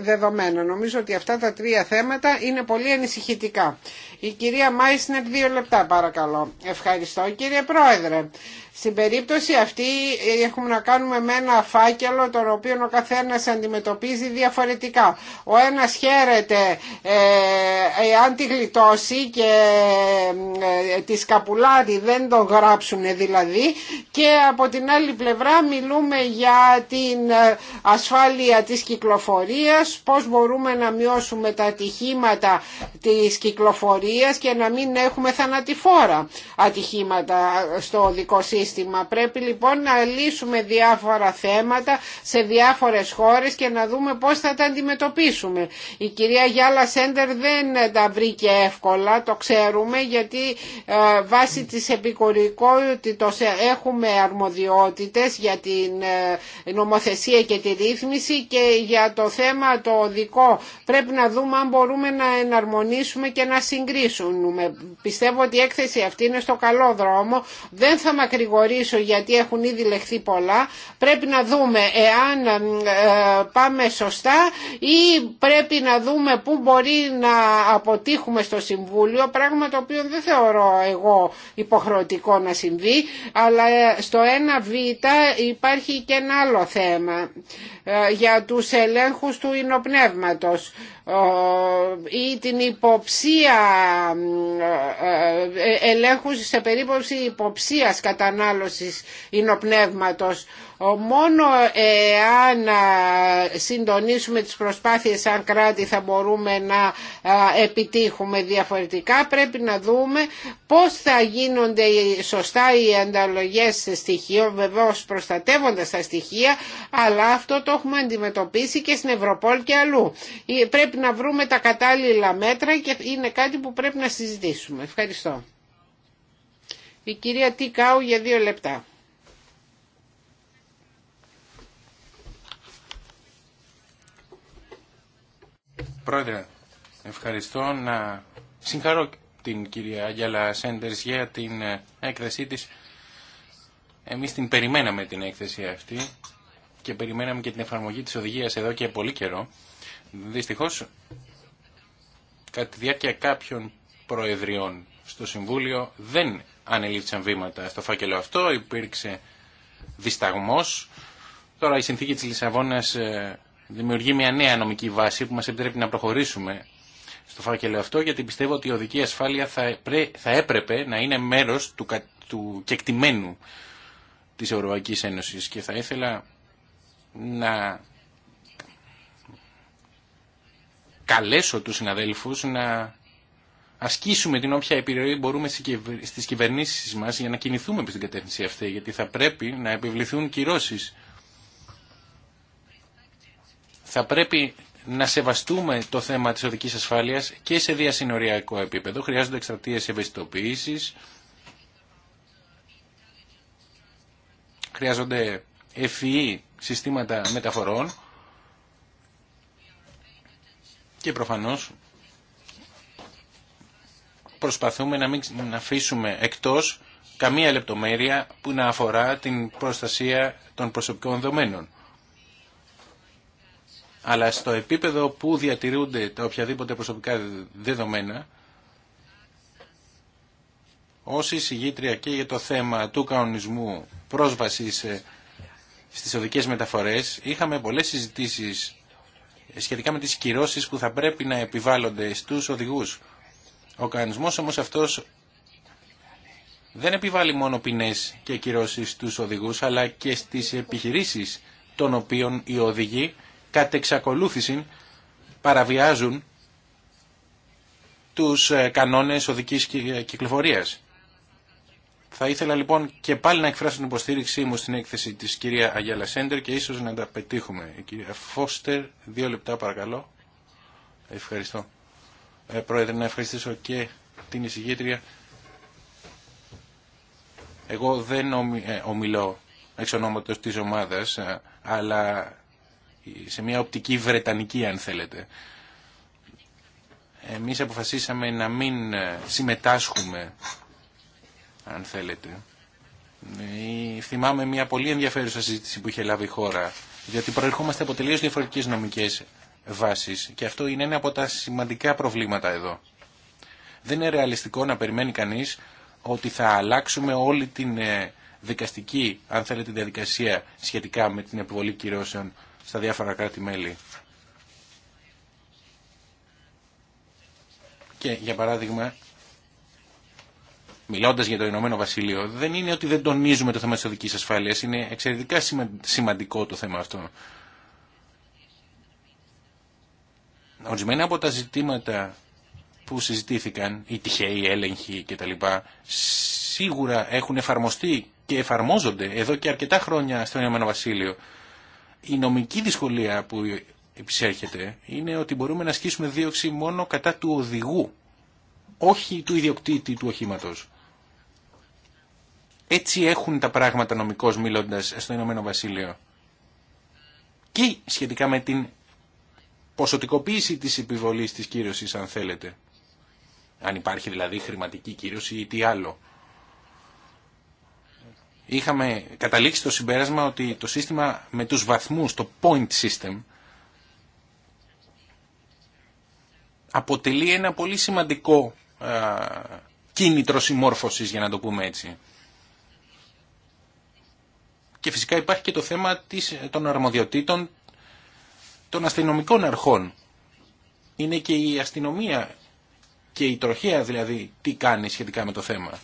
δεδομένα. Νομίζω ότι αυτά τα τρία θέματα είναι πολύ ανησυχητικά. Η κυρία Μάισνερ, δύο λεπτά παρακαλώ. Ευχαριστώ κύριε Πρόεδρε. Στην περίπτωση αυτή ε, έχουμε να κάνουμε με ένα φάκελο τον οποίο ο καθένας αντιμετωπίζει διαφορετικά. Ο ένας χαίρεται ε, ε, αν τη γλιτώσει και τη σκαπουλάδι δεν το γράψουν δηλαδή και από την άλλη πλευρά μιλούμε για την ασφάλεια της κυκλοφορίας, πώς μπορούμε να μειώσουμε τα ατυχήματα της κυκλοφορίας και να μην έχουμε θανατηφόρα ατυχήματα στο δικό σύστημα. Πρέπει λοιπόν να λύσουμε διάφορα θέματα σε διάφορες χώρες και να δούμε πώς θα τα αντιμετωπίσουμε. Η κυρία Γιάλα Σέντερ δεν τα βρήκε εύκολα, το ξέρουμε, γιατί ε, βάσει της επικορικότητας έχουμε αρμοδιότητες για την ε, νομοθεσία και τη ρύθμιση και για το θέμα το δικό πρέπει να δούμε αν μπορούμε να εναρμονίσουμε και να συγκρίσουμε. Πιστεύω ότι η έκθεση αυτή είναι στο καλό δρόμο, δεν θα γιατί έχουν ήδη λεχθεί πολλά. Πρέπει να δούμε εάν ε, πάμε σωστά ή πρέπει να δούμε πού μπορεί να αποτύχουμε στο Συμβούλιο, πράγμα το οποίο δεν θεωρώ εγώ υποχρεωτικό να συμβεί, αλλά στο 1β υπάρχει και ένα άλλο θέμα. Ε, για τους ελέγχους του ινοπνεύματος ή την υποψία ε, ε, ελέγχους σε περίπτωση υποψίας κατανάλωσης ινοπνεύματος Μόνο εάν ε, συντονίσουμε τις προσπάθειες σαν κράτη θα μπορούμε να ε, επιτύχουμε διαφορετικά. Πρέπει να δούμε πώς θα γίνονται σωστά οι ανταλλογές στοιχείο βεβαίως προστατεύοντας τα στοιχεία, αλλά αυτό το έχουμε αντιμετωπίσει και στην Ευρωπόλ και αλλού. Ε, πρέπει να βρούμε τα κατάλληλα μέτρα και είναι κάτι που πρέπει να συζητήσουμε. Ευχαριστώ. Η κυρία Τικάου για δύο λεπτά. Πρόεδρε, ευχαριστώ να συγχαρώ την κυρία Αγγέλα Σέντερς για την ε, έκθεσή της. Εμείς την περιμέναμε την έκθεση αυτή και περιμέναμε και την εφαρμογή της οδηγίας εδώ και πολύ καιρό. Δυστυχώς, κατά τη διάρκεια κάποιων προεδριών στο Συμβούλιο δεν ανελήφθησαν βήματα στο φάκελο αυτό, υπήρξε δισταγμός. Τώρα η συνθήκη της Λισαβόνας ε, δημιουργεί μια νέα νομική βάση που μας επιτρέπει να προχωρήσουμε στο φάκελο αυτό γιατί πιστεύω ότι η οδική ασφάλεια θα, θα έπρεπε να είναι μέρος του, του κεκτημένου της Ευρωπαϊκής Ένωσης και θα ήθελα να καλέσω τους συναδέλφους να ασκήσουμε την όποια επιρροή μπορούμε στις κυβερνήσεις μας για να κινηθούμε προς την κατεύθυνση αυτή γιατί θα πρέπει να επιβληθούν κυρώσεις θα πρέπει να σεβαστούμε το θέμα της οδικής ασφάλειας και σε διασυνοριακό επίπεδο. Χρειάζονται εκστρατείες ευαισθητοποίησης, χρειάζονται ευφυή συστήματα μεταφορών και προφανώς προσπαθούμε να μην αφήσουμε εκτός καμία λεπτομέρεια που να αφορά την προστασία των προσωπικών δεδομένων αλλά στο επίπεδο που διατηρούνται τα οποιαδήποτε προσωπικά δεδομένα, ως εισηγήτρια και για το θέμα του κανονισμού πρόσβασης στις οδικές μεταφορές, είχαμε πολλές συζητήσεις σχετικά με τις κυρώσεις που θα πρέπει να επιβάλλονται στους οδηγούς. Ο κανονισμός όμως αυτός δεν επιβάλλει μόνο ποινές και κυρώσεις στους οδηγούς, αλλά και στις επιχειρήσεις των οποίων οι οδηγοί κατ' εξακολούθηση παραβιάζουν τους ε, κανόνες οδικής ε, κυκλοφορίας. Θα ήθελα λοιπόν και πάλι να εκφράσω την υποστήριξή μου στην έκθεση της κυρία Αγιάλα Σέντερ και ίσως να τα πετύχουμε. Η κυρία Φώστερ, δύο λεπτά παρακαλώ. Ευχαριστώ. Ε, πρόεδρε, να ευχαριστήσω και την εισηγήτρια. Εγώ δεν ε, ομιλώ εξ ονόματος της ομάδας, αλλά σε μια οπτική βρετανική αν θέλετε. Εμείς αποφασίσαμε να μην ε, συμμετάσχουμε αν θέλετε. Ε, θυμάμαι μια πολύ ενδιαφέρουσα συζήτηση που είχε λάβει η χώρα, γιατί προερχόμαστε από τελείως διαφορετικές νομικές βάσεις και αυτό είναι ένα από τα σημαντικά προβλήματα εδώ. Δεν είναι ρεαλιστικό να περιμένει κανείς ότι θα αλλάξουμε όλη την ε, δικαστική, αν θέλετε, διαδικασία σχετικά με την επιβολή κυρώσεων στα διάφορα κράτη-μέλη. Και για παράδειγμα, μιλώντας για το Ηνωμένο Βασίλειο, δεν είναι ότι δεν τονίζουμε το θέμα της οδικής ασφάλειας, είναι εξαιρετικά σημαντικό το θέμα αυτό. Ορισμένα από τα ζητήματα που συζητήθηκαν, οι τυχαίοι έλεγχοι κτλ. σίγουρα έχουν εφαρμοστεί και εφαρμόζονται εδώ και αρκετά χρόνια στο Ηνωμένο Βασίλειο η νομική δυσκολία που επισέρχεται είναι ότι μπορούμε να ασκήσουμε δίωξη μόνο κατά του οδηγού, όχι του ιδιοκτήτη του οχήματος. Έτσι έχουν τα πράγματα νομικώς μιλώντας στο Ηνωμένο Βασίλειο. Και σχετικά με την ποσοτικοποίηση της επιβολής της κύρωσης αν θέλετε. Αν υπάρχει δηλαδή χρηματική κύρωση ή τι άλλο είχαμε καταλήξει το συμπέρασμα ότι το σύστημα με τους βαθμούς, το point system, αποτελεί ένα πολύ σημαντικό κίνητρο συμμόρφωσης, για να το πούμε έτσι. Και φυσικά υπάρχει και το θέμα της, των αρμοδιοτήτων των αστυνομικών αρχών. Είναι και η αστυνομία και η τροχέα δηλαδή τι κάνει σχετικά με το θέμα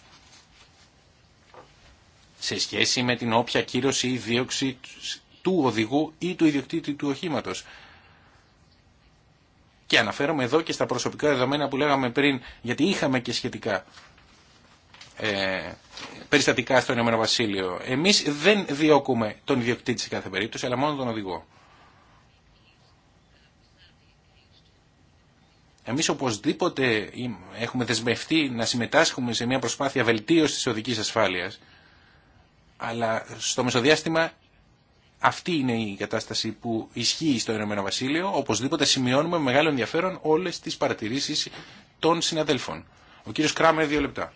σε σχέση με την όποια κύρωση ή δίωξη του οδηγού ή του ιδιοκτήτη του οχήματος. Και αναφέρομαι εδώ και στα προσωπικά δεδομένα που λέγαμε πριν, γιατί είχαμε και σχετικά ε, περιστατικά στο Ηνωμένο Βασίλειο. Εμείς δεν διώκουμε τον ιδιοκτήτη σε κάθε περίπτωση, αλλά μόνο τον οδηγό. Εμείς οπωσδήποτε έχουμε δεσμευτεί να συμμετάσχουμε σε μια προσπάθεια βελτίωσης της οδικής ασφάλειας αλλά στο μεσοδιάστημα αυτή είναι η κατάσταση που ισχύει στο Ηνωμένο Βασίλειο. Οπωσδήποτε σημειώνουμε με μεγάλο ενδιαφέρον όλες τις παρατηρήσεις των συναδέλφων. Ο κύριος Κράμερ, δύο λεπτά.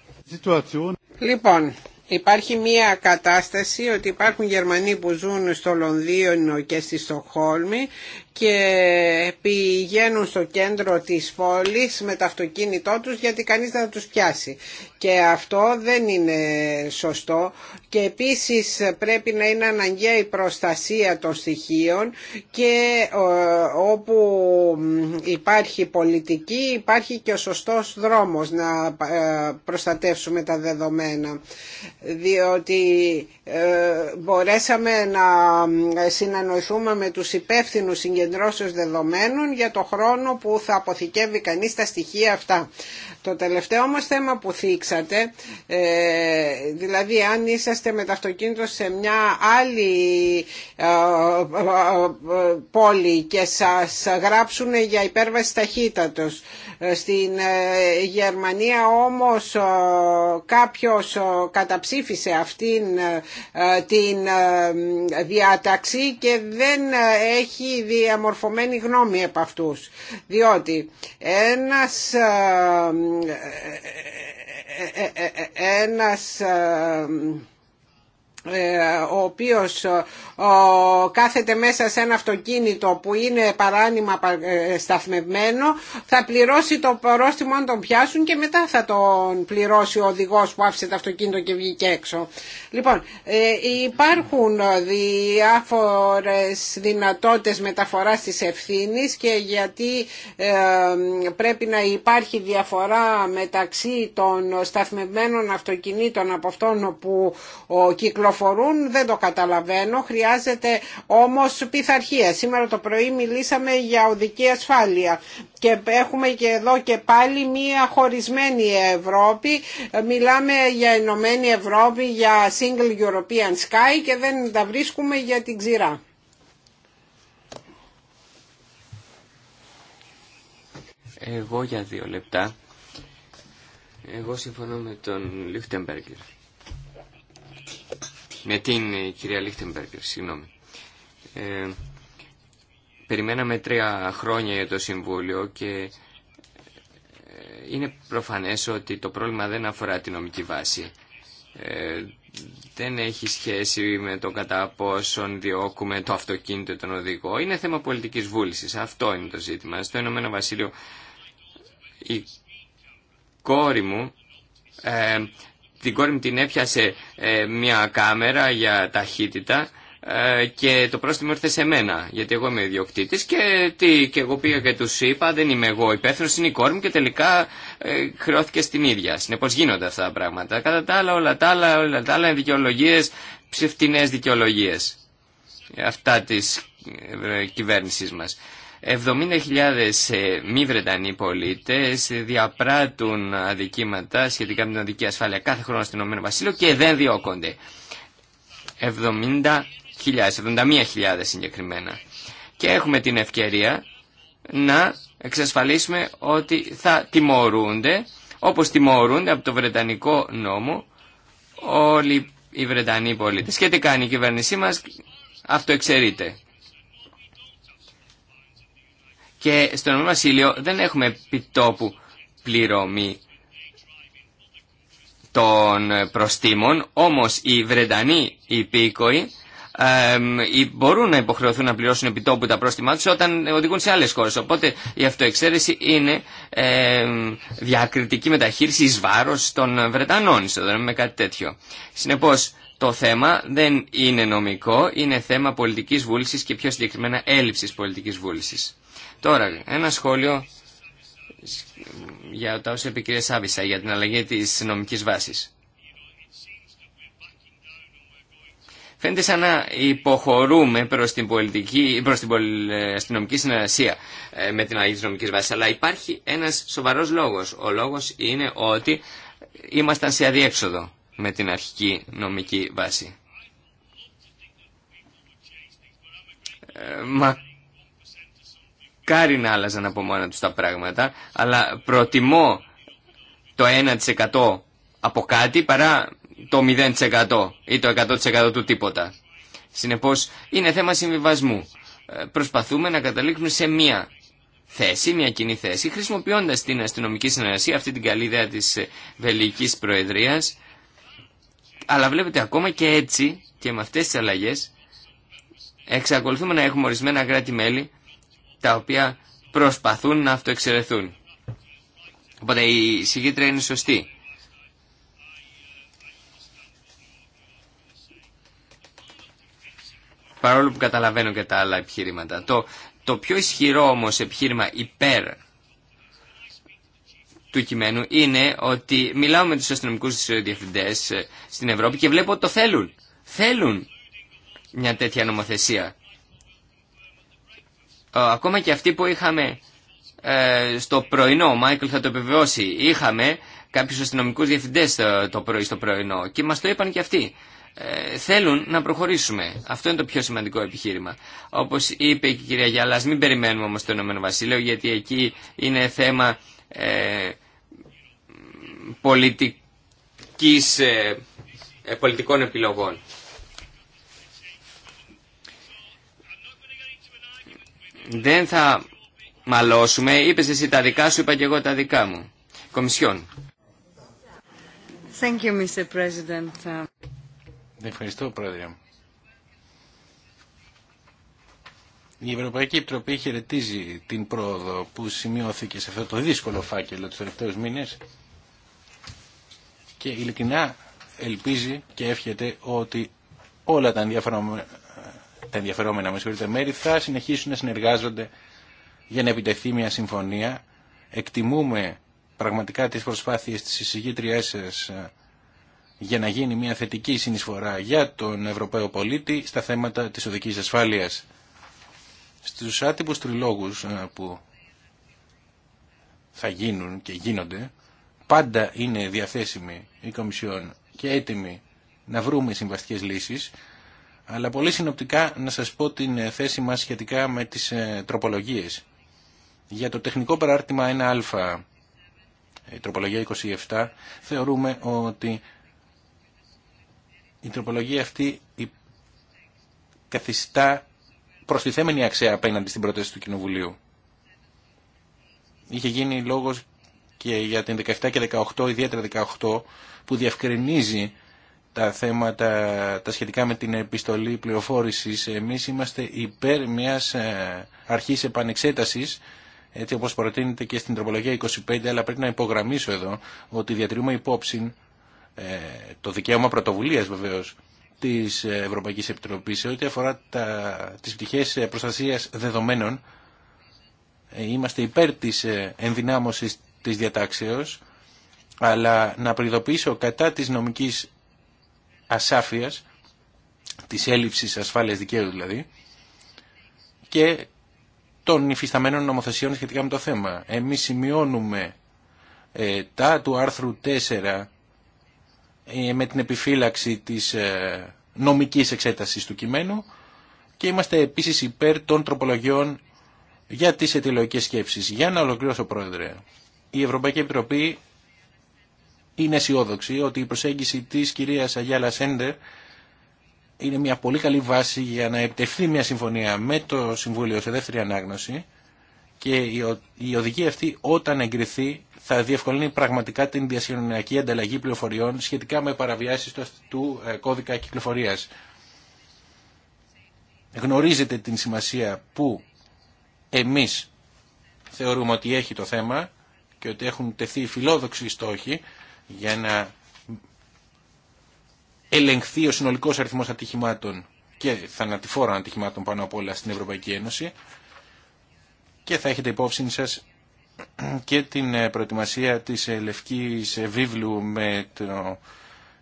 Λοιπόν, υπάρχει μια κατάσταση ότι υπάρχουν Γερμανοί που ζουν στο Λονδίνο και στη Στοχόλμη και πηγαίνουν στο κέντρο της πόλης με το αυτοκίνητό τους γιατί κανείς δεν θα τους πιάσει. Και αυτό δεν είναι σωστό και επίσης πρέπει να είναι αναγκαία η προστασία των στοιχείων και ε, όπου υπάρχει πολιτική υπάρχει και ο σωστός δρόμος να ε, προστατεύσουμε τα δεδομένα διότι ε, μπορέσαμε να συνανοηθούμε με τους υπεύθυνους συγκεντρώσεις δεδομένων για το χρόνο που θα αποθηκεύει κανείς τα στοιχεία αυτά. Το τελευταίο όμως θέμα που θίξατε, δηλαδή αν είσαστε είμαστε με το αυτοκίνητο σε μια άλλη ε, ε, ε, πόλη και σας γράψουν για υπέρβαση ταχύτατος. Στην Γερμανία όμως κάποιος καταψήφισε αυτήν την διάταξη και δεν έχει διαμορφωμένη γνώμη από αυτούς. Διότι ένας ένας ε, ο οποίος κάθεται μέσα σε ένα αυτοκίνητο που είναι παράνομα ε, σταθμευμένο θα πληρώσει το πρόστιμο αν τον πιάσουν και μετά θα τον πληρώσει ο οδηγός που άφησε το αυτοκίνητο και βγήκε έξω. Λοιπόν, ε, υπάρχουν διάφορες δυνατότητες μεταφοράς της ευθύνης και γιατί πρέπει να υπάρχει διαφορά μεταξύ των σταθμευμένων αυτοκινήτων από αυτών που κυκλοφορούν δεν το καταλαβαίνω, χρειάζεται όμως πειθαρχία. Σήμερα το πρωί μιλήσαμε για οδική ασφάλεια και έχουμε και εδώ και πάλι μία χωρισμένη Ευρώπη. Μιλάμε για Ενωμένη Ευρώπη, για Single European Sky και δεν τα βρίσκουμε για την ξηρά. Εγώ για δύο λεπτά. Εγώ συμφωνώ με τον Λιχτεμπέργκερ με την ε, κυρία Λίχτεμπεργκερ, συγγνώμη. Ε, περιμέναμε τρία χρόνια για το Συμβούλιο και ε, είναι προφανές ότι το πρόβλημα δεν αφορά την νομική βάση. Ε, δεν έχει σχέση με το κατά πόσον διώκουμε το αυτοκίνητο τον οδηγό. Είναι θέμα πολιτικής βούλησης. Αυτό είναι το ζήτημα. Στο ενωμενο Βασίλειο η κόρη μου ε, την κόρη μου την έπιασε ε, μια κάμερα για ταχύτητα ε, και το πρόστιμο ήρθε σε μένα, γιατί εγώ είμαι ιδιοκτήτης και, τι, και εγώ πήγα και τους είπα, δεν είμαι εγώ υπεύθυνο, είναι η κόρη μου και τελικά ε, χρεώθηκε στην ίδια. Συνεπώς γίνονται αυτά τα πράγματα. Κατά τα άλλα, όλα τα άλλα, όλα τα άλλα είναι δικαιολογίες, ψευτινές δικαιολογίες ε, αυτά της κυβέρνησής μας. 70.000 ε, μη Βρετανοί πολίτε διαπράττουν αδικήματα σχετικά με την οδική ασφάλεια κάθε χρόνο στην Ηνωμένο Βασίλειο και δεν διώκονται. 70.000, 71.000 συγκεκριμένα. Και έχουμε την ευκαιρία να εξασφαλίσουμε ότι θα τιμωρούνται, όπως τιμωρούνται από το Βρετανικό νόμο, όλοι οι Βρετανοί πολίτες. Και τι κάνει η κυβέρνησή μας, αυτό εξαιρείται. Και στο Ηνωμένο Βασίλειο δεν έχουμε επιτόπου πληρωμή των προστήμων, όμως οι Βρετανοί υπήκοοι ε, μπορούν να υποχρεωθούν να πληρώσουν επιτόπου τα πρόστιμά τους όταν οδηγούν σε άλλες χώρες. Οπότε η αυτοεξαίρεση είναι ε, διακριτική μεταχείριση εις βάρος των Βρετανών, με κάτι τέτοιο. Συνεπώς το θέμα δεν είναι νομικό, είναι θέμα πολιτικής βούλησης και πιο συγκεκριμένα έλλειψης πολιτικής βούλησης. Τώρα, ένα σχόλιο για τα όσα είπε η κυρία Σάβησα για την αλλαγή της νομικής βάσης. Φαίνεται σαν να υποχωρούμε προς την, πολιτική, προς την αστυνομική συνεργασία ε, με την αλλαγή της νομικής βάσης. Αλλά υπάρχει ένας σοβαρός λόγος. Ο λόγος είναι ότι ήμασταν σε αδιέξοδο με την αρχική νομική βάση. Ε, μα μακάρι να άλλαζαν από μόνα τους τα πράγματα, αλλά προτιμώ το 1% από κάτι παρά το 0% ή το 100% του τίποτα. Συνεπώς είναι θέμα συμβιβασμού. Ε, προσπαθούμε να καταλήξουμε σε μία θέση, μια κοινή θέση, χρησιμοποιώντας την αστυνομική συνεργασία, αυτή την καλή ιδέα της ε, Βελικής Προεδρίας. Αλλά βλέπετε ακόμα και έτσι και με αυτές τις αλλαγές εξακολουθούμε να έχουμε ορισμένα κράτη-μέλη τα οποία προσπαθούν να αυτοεξαιρεθούν. Οπότε η συγκήτρια είναι σωστή. Παρόλο που καταλαβαίνω και τα άλλα επιχείρηματα. Το, το πιο ισχυρό όμως επιχείρημα υπέρ του κειμένου είναι ότι μιλάω με τους αστυνομικούς διευθυντές ε, στην Ευρώπη και βλέπω ότι το θέλουν. Θέλουν μια τέτοια νομοθεσία. Ε, ακόμα και αυτοί που είχαμε ε, στο πρωινό, ο Μάικλ θα το επιβεβαιώσει, είχαμε κάποιους αστυνομικούς διευθυντές το πρωί στο πρωινό και μας το είπαν και αυτοί. Ε, θέλουν να προχωρήσουμε. Αυτό είναι το πιο σημαντικό επιχείρημα. Όπως είπε και η κυρία Γιάλα, μην περιμένουμε όμω το Ηνωμένο Βασίλειο γιατί εκεί είναι θέμα πολιτικών επιλογών. δεν θα μαλώσουμε. Είπε εσύ τα δικά σου, είπα και εγώ τα δικά μου. Κομισιόν. Thank you, Mr. President. Ναι, ευχαριστώ, Πρόεδρε. Η Ευρωπαϊκή Επιτροπή χαιρετίζει την πρόοδο που σημειώθηκε σε αυτό το δύσκολο φάκελο του τελευταίους μήνες και ειλικρινά ελπίζει και εύχεται ότι όλα τα ενδιαφέροντα τα ενδιαφερόμενα με συγχωρείτε μέρη θα συνεχίσουν να συνεργάζονται για να επιτεθεί μια συμφωνία. Εκτιμούμε πραγματικά τις προσπάθειες της εισηγήτριάς σας ε, για να γίνει μια θετική συνεισφορά για τον Ευρωπαίο πολίτη στα θέματα της οδικής ασφάλειας. Στους άτυπους τριλόγους ε, που θα γίνουν και γίνονται, πάντα είναι διαθέσιμη η Κομισιόν και έτοιμη να βρούμε συμβαστικές λύσεις. Αλλά πολύ συνοπτικά να σας πω την ε, θέση μας σχετικά με τις ε, τροπολογίες. Για το τεχνικό παράρτημα 1α, η τροπολογία 27, θεωρούμε ότι η τροπολογία αυτή καθιστά προστιθέμενη αξία απέναντι στην πρόταση του Κοινοβουλίου. Είχε γίνει λόγος και για την 17 και 18, ιδιαίτερα 18, που διευκρινίζει τα θέματα τα σχετικά με την επιστολή πληροφόρησης. Εμείς είμαστε υπέρ μιας ε, αρχής επανεξέτασης έτσι όπως προτείνεται και στην τροπολογία 25, αλλά πρέπει να υπογραμμίσω εδώ ότι διατηρούμε υπόψη ε, το δικαίωμα πρωτοβουλίας βεβαίως της Ευρωπαϊκής Επιτροπής σε ό,τι αφορά τα, τις πτυχές προστασίας δεδομένων ε, είμαστε υπέρ της ενδυνάμωσης της διατάξεως αλλά να προειδοποιήσω κατά της νομικής ασάφειας, της έλλειψης ασφάλειας δικαίου δηλαδή, και των υφισταμένων νομοθεσιών σχετικά με το θέμα. Εμείς σημειώνουμε ε, τα του άρθρου 4 ε, με την επιφύλαξη της ε, νομικής εξέτασης του κειμένου και είμαστε επίσης υπέρ των τροπολογιών για τις αιτιολογικές σκέψεις. Για να ολοκληρώσω, Πρόεδρε, η Ευρωπαϊκή Επιτροπή είναι αισιόδοξη ότι η προσέγγιση της κυρίας Αγιάλα Σέντερ είναι μια πολύ καλή βάση για να επιτευχθεί μια συμφωνία με το Συμβούλιο σε δεύτερη ανάγνωση και η οδηγία αυτή όταν εγκριθεί θα διευκολύνει πραγματικά την διασυνοριακή ανταλλαγή πληροφοριών σχετικά με παραβιάσεις του ε, κώδικα κυκλοφορίας. Γνωρίζετε την σημασία που εμείς θεωρούμε ότι έχει το θέμα και ότι έχουν τεθεί φιλόδοξοι στόχοι για να ελεγχθεί ο συνολικός αριθμός ατυχημάτων και θανατηφόρων ατυχημάτων πάνω απ' όλα στην Ευρωπαϊκή Ένωση και θα έχετε υπόψη σας και την ε, προετοιμασία της ε, Λευκής ε, Βίβλου με το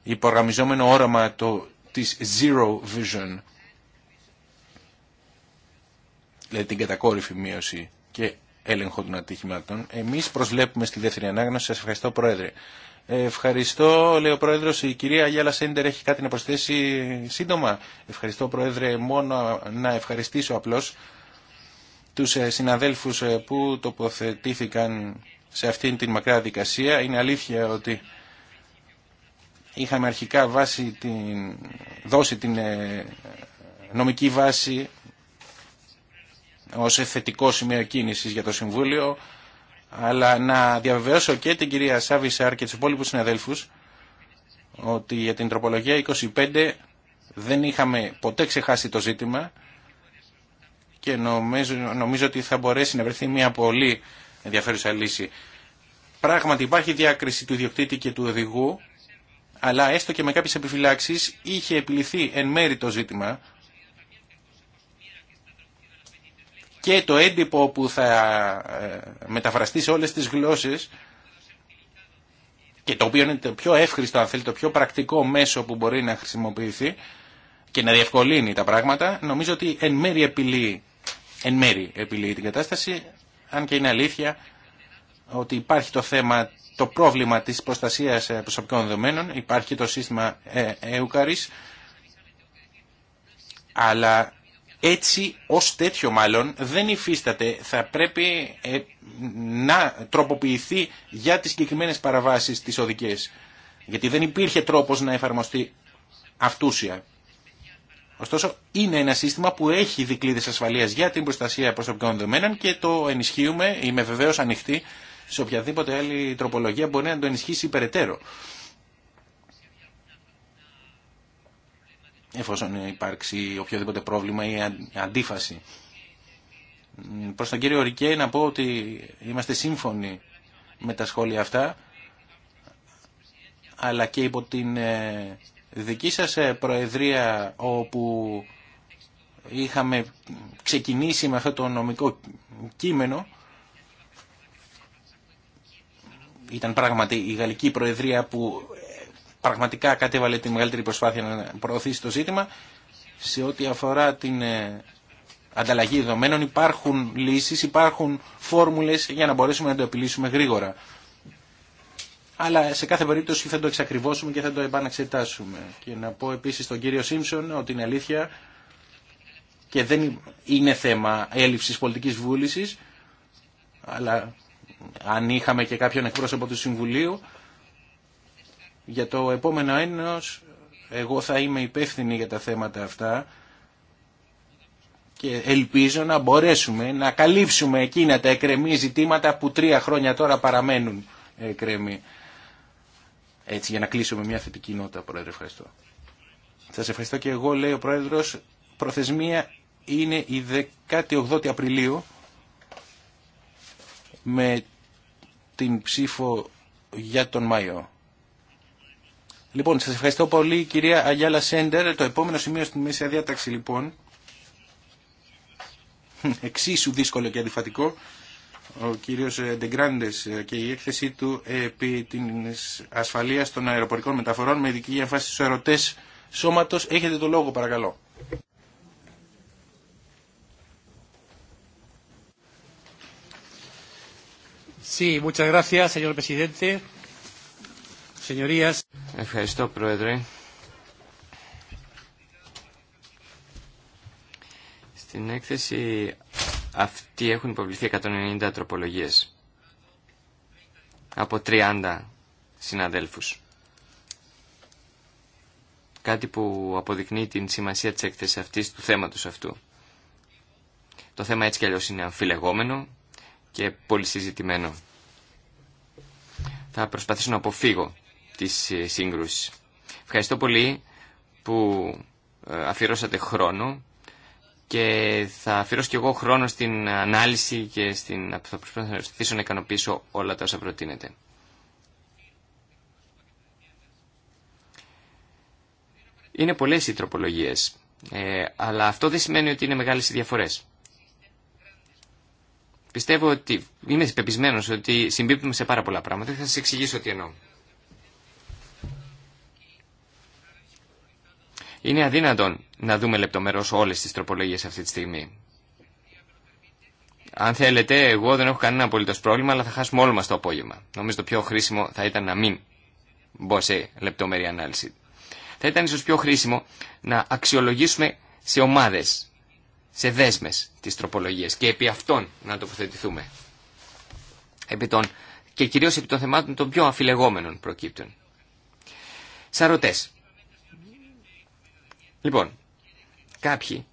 υπογραμμιζόμενο όραμα το, της Zero Vision δηλαδή την κατακόρυφη μείωση και έλεγχο των ατύχηματων. Εμείς προσβλέπουμε στη δεύτερη ανάγνωση. Σας ευχαριστώ Πρόεδρε. Ευχαριστώ, λέει ο Πρόεδρος. Η κυρία Γιάλα Σέντερ έχει κάτι να προσθέσει σύντομα. Ευχαριστώ, Πρόεδρε. Μόνο να ευχαριστήσω απλώς τους ε, συναδέλφους ε, που τοποθετήθηκαν σε αυτήν την μακρά δικασία. Είναι αλήθεια ότι είχαμε αρχικά βάση την, δώσει την ε, νομική βάση ως θετικό σημείο κίνησης για το Συμβούλιο αλλά να διαβεβαιώσω και την κυρία Σάρ και του υπόλοιπου συναδέλφου ότι για την τροπολογία 25 δεν είχαμε ποτέ ξεχάσει το ζήτημα και νομίζω, νομίζω ότι θα μπορέσει να βρεθεί μια πολύ ενδιαφέρουσα λύση. Πράγματι υπάρχει διάκριση του ιδιοκτήτη και του οδηγού αλλά έστω και με κάποιες επιφυλάξεις είχε επιληθεί εν μέρη το ζήτημα και το έντυπο που θα ε, μεταφραστεί σε όλες τις γλώσσες και το οποίο είναι το πιο εύχριστο, αν θέλει, το πιο πρακτικό μέσο που μπορεί να χρησιμοποιηθεί και να διευκολύνει τα πράγματα, νομίζω ότι εν μέρει επιλύει, εν μέρη επιλύει την κατάσταση, αν και είναι αλήθεια ότι υπάρχει το θέμα, το πρόβλημα της προστασίας ε, προσωπικών δεδομένων, υπάρχει το σύστημα ε, αλλά έτσι, ως τέτοιο μάλλον, δεν υφίσταται, θα πρέπει ε, να τροποποιηθεί για τις συγκεκριμένες παραβάσεις τις οδικές. Γιατί δεν υπήρχε τρόπος να εφαρμοστεί αυτούσια. Ωστόσο, είναι ένα σύστημα που έχει δικλείδες ασφαλείας για την προστασία προσωπικών δεδομένων και το ενισχύουμε, είμαι βεβαίως ανοιχτή, σε οποιαδήποτε άλλη τροπολογία μπορεί να το ενισχύσει υπεραιτέρω. εφόσον υπάρξει οποιοδήποτε πρόβλημα ή αντίφαση. Προς τον κύριο Ρικέ να πω ότι είμαστε σύμφωνοι με τα σχόλια αυτά, αλλά και υπό την ε, δική σας ε, προεδρία όπου είχαμε ξεκινήσει με αυτό το νομικό κείμενο, ήταν πράγματι η Γαλλική Προεδρία που πραγματικά κατέβαλε τη μεγαλύτερη προσπάθεια να προωθήσει το ζήτημα. Σε ό,τι αφορά την ε, ανταλλαγή δεδομένων υπάρχουν λύσεις, υπάρχουν φόρμουλες για να μπορέσουμε να το επιλύσουμε γρήγορα. Αλλά σε κάθε περίπτωση θα το εξακριβώσουμε και θα το επαναξετάσουμε. Και να πω επίσης στον κύριο Σίμψον ότι είναι αλήθεια και δεν είναι θέμα έλλειψης πολιτικής βούλησης, αλλά αν είχαμε και κάποιον εκπρόσωπο του Συμβουλίου, για το επόμενο ένος εγώ θα είμαι υπεύθυνη για τα θέματα αυτά και ελπίζω να μπορέσουμε να καλύψουμε εκείνα τα εκρεμή ζητήματα που τρία χρόνια τώρα παραμένουν εκρεμή. Έτσι για να κλείσουμε μια θετική νότα, Πρόεδρε, ευχαριστώ. Σας ευχαριστώ και εγώ, λέει ο Πρόεδρος, προθεσμία είναι η 18η Απριλίου με την ψήφο για τον Μάιο. Λοιπόν, σας ευχαριστώ πολύ κυρία Αγιάλα Σέντερ. Το επόμενο σημείο στην μέση διάταξη λοιπόν, εξίσου δύσκολο και αντιφατικό, ο κύριος Ντεγκράντες και η έκθεση του επί την ασφαλείας των αεροπορικών μεταφορών με ειδική εμφάση στους ερωτές σώματος. Έχετε το λόγο παρακαλώ. Sí, muchas gracias, señor presidente. Ευχαριστώ, Πρόεδρε. Στην έκθεση αυτή έχουν υποβληθεί 190 τροπολογίες από 30 συναδέλφους. Κάτι που αποδεικνύει την σημασία της έκθεσης αυτής, του θέματος αυτού. Το θέμα έτσι κι αλλιώς είναι αμφιλεγόμενο και πολύ συζητημένο. Θα προσπαθήσω να αποφύγω της ε, σύγκρουσης. Ευχαριστώ πολύ που ε, αφιερώσατε χρόνο και θα αφιερώσω και εγώ χρόνο στην ανάλυση και στην... θα προσπαθήσω να ικανοποιήσω όλα τα όσα προτείνετε. Είναι πολλές οι τροπολογίες, ε, αλλά αυτό δεν σημαίνει ότι είναι μεγάλες οι διαφορές. Πιστεύω ότι είμαι πεπισμένος ότι συμπίπτουμε σε πάρα πολλά πράγματα και θα σας εξηγήσω τι εννοώ. Είναι αδύνατον να δούμε λεπτομέρως όλες τις τροπολογίες αυτή τη στιγμή. Αν θέλετε, εγώ δεν έχω κανένα απολύτως πρόβλημα, αλλά θα χάσουμε όλο μας το απόγευμα. Νομίζω το πιο χρήσιμο θα ήταν να μην μπω σε λεπτομερή ανάλυση. Θα ήταν ίσως πιο χρήσιμο να αξιολογήσουμε σε ομάδες, σε δέσμες τις τροπολογίες και επί αυτών να τοποθετηθούμε. Επί των, και κυρίως επί των θεμάτων των πιο αφιλεγόμενων προκύπτων. Σαρωτές. Λοιπόν, κάποιοι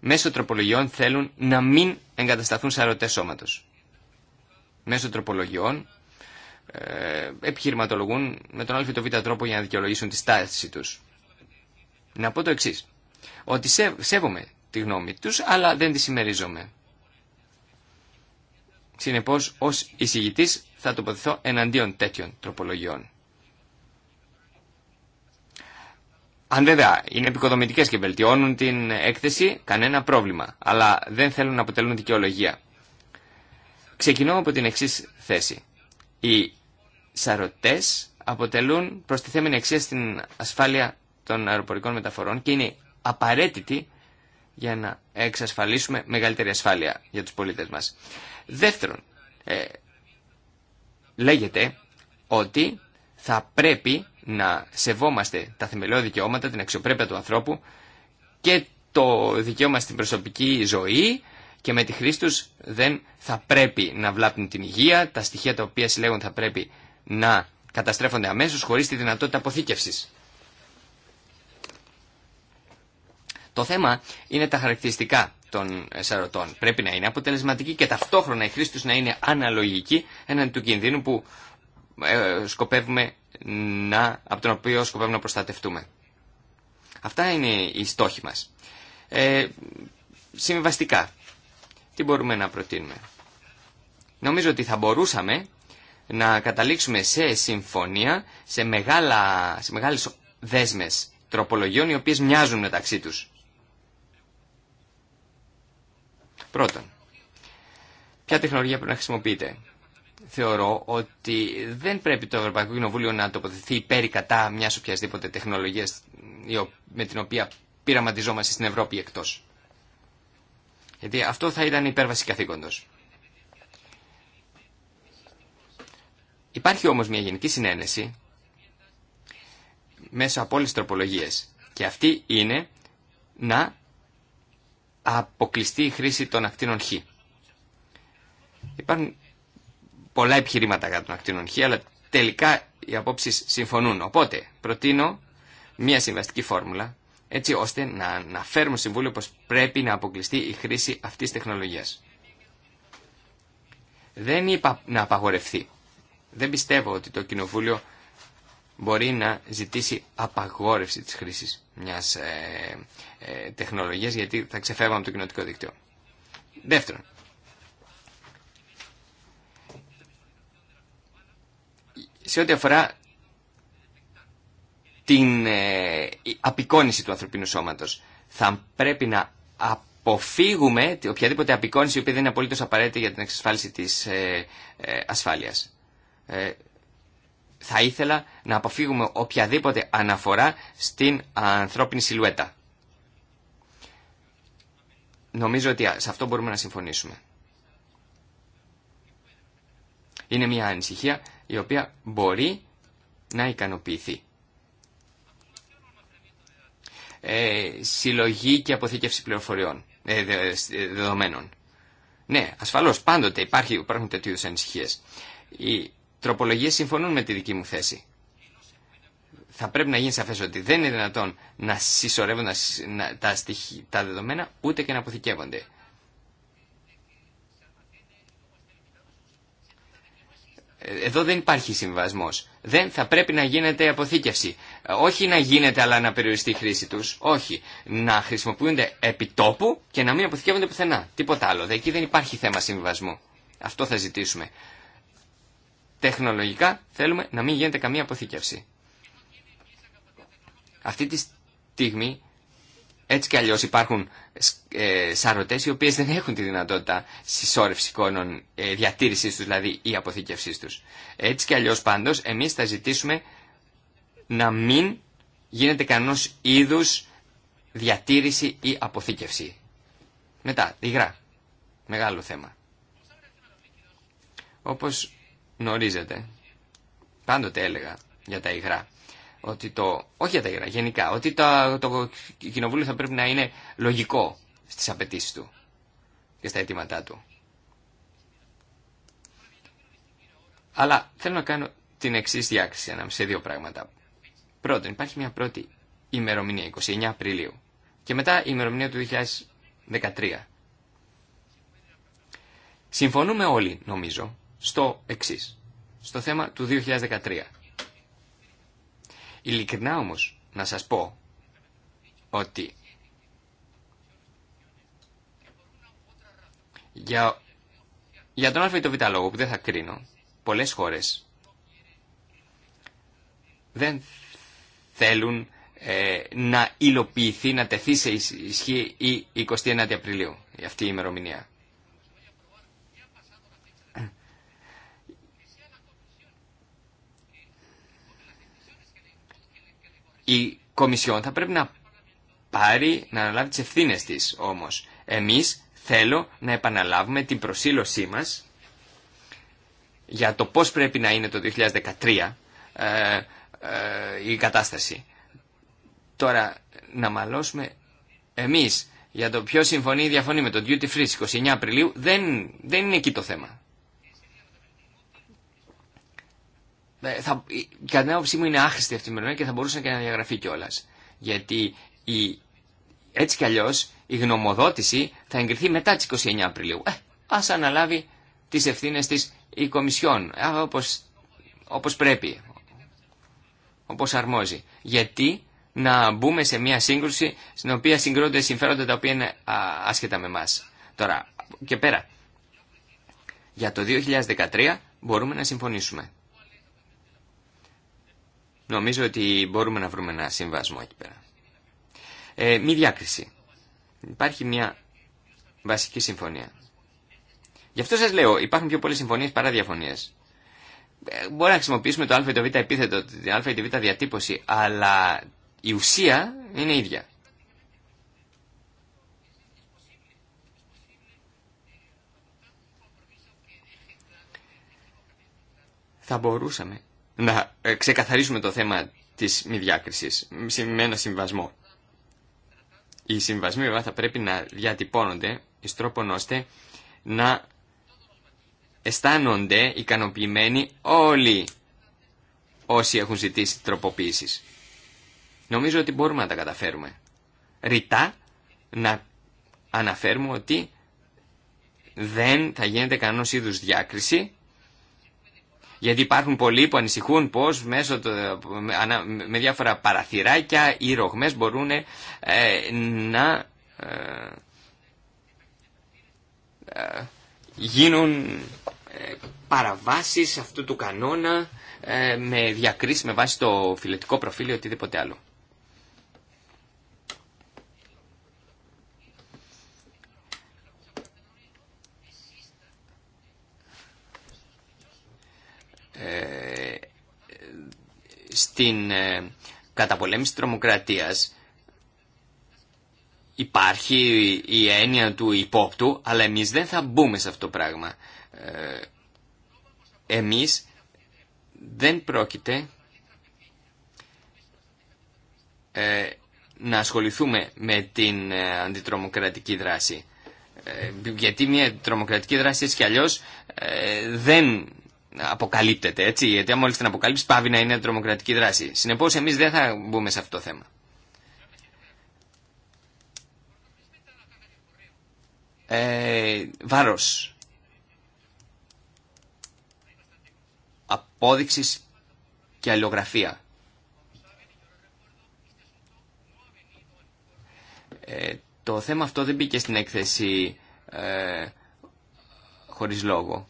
μέσω τροπολογιών θέλουν να μην εγκατασταθούν σαρωτές σώματος. Μέσω τροπολογιών ε, επιχειρηματολογούν με τον ΑΒ β τρόπο για να δικαιολογήσουν τη στάση τους. Να πω το εξή. Ότι σέβομαι τη γνώμη τους, αλλά δεν τη συμμερίζομαι. Συνεπώς, ως εισηγητής θα τοποθεθώ εναντίον τέτοιων τροπολογιών. Αν βέβαια είναι επικοδομητικέ και βελτιώνουν την έκθεση, κανένα πρόβλημα. Αλλά δεν θέλουν να αποτελούν δικαιολογία. Ξεκινώ από την εξή θέση. Οι σαρωτέ αποτελούν προστιθέμενη αξία στην ασφάλεια των αεροπορικών μεταφορών και είναι απαραίτητοι για να εξασφαλίσουμε μεγαλύτερη ασφάλεια για τους πολίτες μας. Δεύτερον, ε, λέγεται ότι θα πρέπει να σεβόμαστε τα θεμελιώδη δικαιώματα, την αξιοπρέπεια του ανθρώπου και το δικαίωμα στην προσωπική ζωή και με τη χρήση τους δεν θα πρέπει να βλάπτουν την υγεία, τα στοιχεία τα οποία συλλέγουν θα πρέπει να καταστρέφονται αμέσως χωρίς τη δυνατότητα αποθήκευσης. Το θέμα είναι τα χαρακτηριστικά των σαρωτών. Πρέπει να είναι αποτελεσματική και ταυτόχρονα η χρήση να είναι αναλογική έναντι του κινδύνου που ε, σκοπεύουμε να, από τον οποίο σκοπεύουμε να προστατευτούμε. Αυτά είναι οι στόχοι μας. Ε, συμβαστικά, τι μπορούμε να προτείνουμε. Νομίζω ότι θα μπορούσαμε να καταλήξουμε σε συμφωνία, σε, μεγάλα, σε μεγάλες δέσμες τροπολογιών οι οποίες μοιάζουν μεταξύ τους. Πρώτον, ποια τεχνολογία πρέπει να χρησιμοποιείτε θεωρώ ότι δεν πρέπει το Ευρωπαϊκό Κοινοβούλιο να τοποθετηθεί υπέρ ή κατά μιας οποιασδήποτε τεχνολογία με την οποία πειραματιζόμαστε στην Ευρώπη εκτός. Γιατί αυτό θα ήταν η υπέρβαση καθήκοντος. Υπάρχει όμως μια γενική συνένεση μέσω από όλε τι τροπολογίες και αυτή είναι να αποκλειστεί η χρήση των ακτίνων Χ. Υπάρχουν πολλά επιχειρήματα κατά τον ακτίνων χ, αλλά τελικά οι απόψει συμφωνούν. Οπότε προτείνω μια συμβαστική φόρμουλα, έτσι ώστε να αναφέρουμε στο Συμβούλιο πως πρέπει να αποκλειστεί η χρήση αυτής της τεχνολογίας. Δεν είπα να απαγορευτεί. Δεν πιστεύω ότι το Κοινοβούλιο μπορεί να ζητήσει απαγόρευση της χρήσης μιας ε, ε τεχνολογίας γιατί θα ξεφεύγαμε από το κοινοτικό δίκτυο. Δεύτερον, σε ό,τι αφορά την ε, απεικόνηση του ανθρωπίνου σώματος. Θα πρέπει να αποφύγουμε οποιαδήποτε απεικόνηση η οποία δεν είναι απολύτως απαραίτητη για την εξασφάλιση της ε, ε, ασφάλειας. Θα ήθελα να αποφύγουμε οποιαδήποτε αναφορά στην ανθρώπινη σιλουέτα. Νομίζω ότι σε αυτό μπορούμε να συμφωνήσουμε. Είναι μια ανησυχία η οποία μπορεί να ικανοποιηθεί. Ε, συλλογή και αποθήκευση πληροφοριών, ε, ε, δεδομένων. Ναι, ασφαλώς, πάντοτε υπάρχει, υπάρχουν τέτοιου είδους ανησυχίες. Οι τροπολογίες συμφωνούν με τη δική μου θέση. Θα πρέπει να γίνει σαφές ότι δεν είναι δυνατόν να συσσωρεύουν τα, τα δεδομένα ούτε και να αποθηκεύονται. Εδώ δεν υπάρχει συμβασμό. Δεν θα πρέπει να γίνεται αποθήκευση. Όχι να γίνεται αλλά να περιοριστεί η χρήση τους. Όχι. Να χρησιμοποιούνται επί τόπου και να μην αποθηκεύονται πουθενά. Τίποτα άλλο. Εκεί δεν υπάρχει θέμα συμβασμού. Αυτό θα ζητήσουμε. Τεχνολογικά θέλουμε να μην γίνεται καμία αποθήκευση. Αυτή τη στιγμή έτσι κι αλλιώς υπάρχουν ε, σαρωτές οι οποίες δεν έχουν τη δυνατότητα συσσόρευση εικόνων, ε, διατήρησής τους δηλαδή ή αποθήκευσής τους. Έτσι κι αλλιώς πάντως εμείς θα ζητήσουμε να μην γίνεται κανός είδους διατήρηση ή αποθήκευση. Μετά, υγρά. Μεγάλο θέμα. Όπως γνωρίζετε, πάντοτε έλεγα για τα υγρά ότι το, όχι για τα γενικά, ότι το, το κοινοβούλιο θα πρέπει να είναι λογικό στις απαιτήσει του και στα αιτήματά του. Αλλά θέλω να κάνω την εξή διάκριση ανάμεσα σε δύο πράγματα. Πρώτον, υπάρχει μια πρώτη ημερομηνία, 29 Απριλίου, και μετά η ημερομηνία του 2013. Συμφωνούμε όλοι, νομίζω, στο εξή, στο θέμα του 2013. Ειλικρινά όμως να σας πω ότι για, για τον α ή τον β λόγο που δεν θα κρίνω, πολλές χώρες δεν θέλουν ε, να υλοποιηθεί, να τεθεί σε ισχύ η 29η Απριλίου, αυτή η ημερομηνία. Η Κομισιόν θα πρέπει να πάρει, να αναλάβει τις ευθύνες της όμως. Εμείς θέλω να επαναλάβουμε την προσήλωσή μας για το πώς πρέπει να είναι το 2013 ε, ε, η κατάσταση. Τώρα, να μαλώσουμε εμείς για το ποιο συμφωνεί ή διαφωνεί με το Duty Free 29 Απριλίου, δεν, δεν είναι εκεί το θέμα. Ε, θα, κατά την άποψή μου είναι άχρηστη αυτή η και θα μπορούσε και να διαγραφεί κιόλα. Γιατί η, έτσι κι αλλιώ η γνωμοδότηση θα εγκριθεί μετά τι 29 Απριλίου. Ε, Α αναλάβει τι ευθύνε τη η Κομισιόν, όπω όπως πρέπει, όπως αρμόζει. Γιατί να μπούμε σε μια σύγκρουση στην οποία συγκρούνται συμφέροντα τα οποία είναι άσχετα με εμά. Τώρα, και πέρα. Για το 2013 μπορούμε να συμφωνήσουμε. Νομίζω ότι μπορούμε να βρούμε ένα συμβασμό εκεί πέρα. Ε, μη διάκριση. Υπάρχει μια βασική συμφωνία. Γι' αυτό σας λέω, υπάρχουν πιο πολλές συμφωνίες παρά διαφωνίες. Ε, μπορεί να χρησιμοποιήσουμε το α ή το β επίθετο, την α ή τη β διατύπωση, αλλά η ουσία είναι ίδια. Θα μπορούσαμε να ε, ξεκαθαρίσουμε το θέμα της μη διάκρισης με ένα συμβασμό. Οι συμβασμοί βέβαια θα πρέπει να διατυπώνονται εις τρόπον ώστε να αισθάνονται ικανοποιημένοι όλοι όσοι έχουν ζητήσει τροποποίησης. Νομίζω ότι μπορούμε να τα καταφέρουμε. Ρητά να αναφέρουμε ότι δεν θα γίνεται κανένας είδους διάκριση γιατί υπάρχουν πολλοί που ανησυχούν πως μέσω με διάφορα παραθυράκια οι ρογμές μπορούν ε, να ε, ε, γίνουν παραβάσεις αυτού του κανόνα με διακρίσει με βάση το φιλετικό προφίλ ή οτιδήποτε άλλο. στην ε, καταπολέμηση τρομοκρατίας υπάρχει η έννοια του υπόπτου, αλλά εμείς δεν θα μπούμε σε αυτό το πράγμα. Ε, εμείς δεν πρόκειται ε, να ασχοληθούμε με την αντιτρομοκρατική δράση. Γιατί μια τρομοκρατική δράση έτσι κι αλλιώς δεν αποκαλύπτεται, έτσι. Γιατί αν μόλις την αποκαλύψει πάβει να είναι τρομοκρατική δράση. Συνεπώς εμείς δεν θα μπούμε σε αυτό το θέμα. Ε, βάρος. Απόδειξης και αλληλογραφία. Ε, το θέμα αυτό δεν μπήκε στην έκθεση ε, χωρίς λόγο.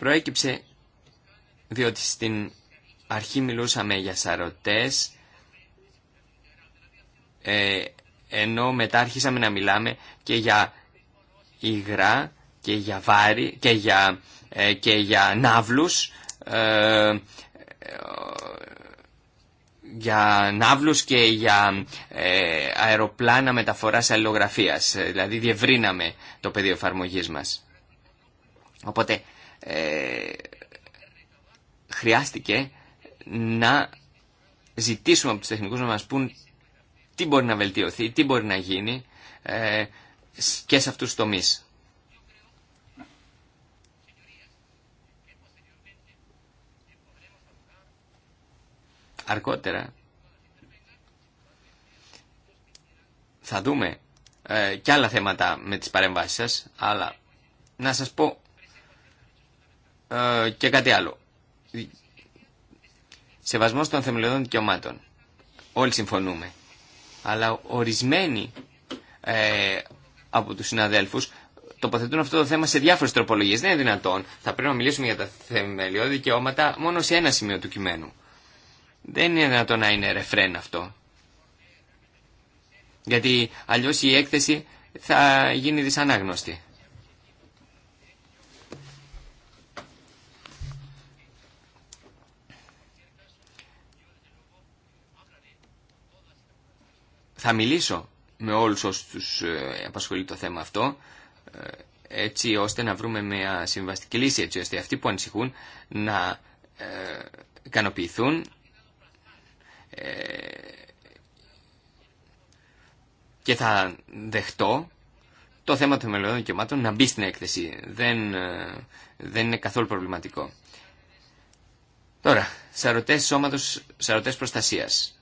Προέκυψε διότι στην αρχή μιλούσαμε για σαρωτές, ε, ενώ μετά αρχίσαμε να μιλάμε και για υγρά και για βάρη και για, ε, και για ναύλους, ε, για ναύλους και για αεροπλάνα μεταφοράς αλληλογραφίας. Δηλαδή διευρύναμε το πεδίο εφαρμογής μας. Οπότε ε, χρειάστηκε να ζητήσουμε από τους τεχνικούς να μας πούν τι μπορεί να βελτιωθεί, τι μπορεί να γίνει ε, και σε αυτούς τους τομείς. Αρκότερα θα δούμε ε, και άλλα θέματα με τις παρεμβάσεις σας, αλλά να σας πω ε, και κάτι άλλο. Σεβασμός των θεμελιωδών δικαιωμάτων. Όλοι συμφωνούμε. Αλλά ορισμένοι ε, από τους συναδέλφους τοποθετούν αυτό το θέμα σε διάφορες τροπολογίες. Δεν είναι δυνατόν. Θα πρέπει να μιλήσουμε για τα θεμελιώδη δικαιώματα μόνο σε ένα σημείο του κειμένου. Δεν είναι δυνατόν να είναι ρεφρέν αυτό. Γιατί αλλιώς η έκθεση θα γίνει δυσανάγνωστη. Θα μιλήσω με όλους όσους ε, απασχολεί το θέμα αυτό, ε, έτσι ώστε να βρούμε μια συμβαστική λύση, έτσι ώστε αυτοί που ανησυχούν να ε, ικανοποιηθούν και θα δεχτώ το θέμα των μελλοντών δικαιωμάτων να μπει στην έκθεση. Δεν, δεν είναι καθόλου προβληματικό. Τώρα, σαρωτές σώματος, σαρωτές προστασίας.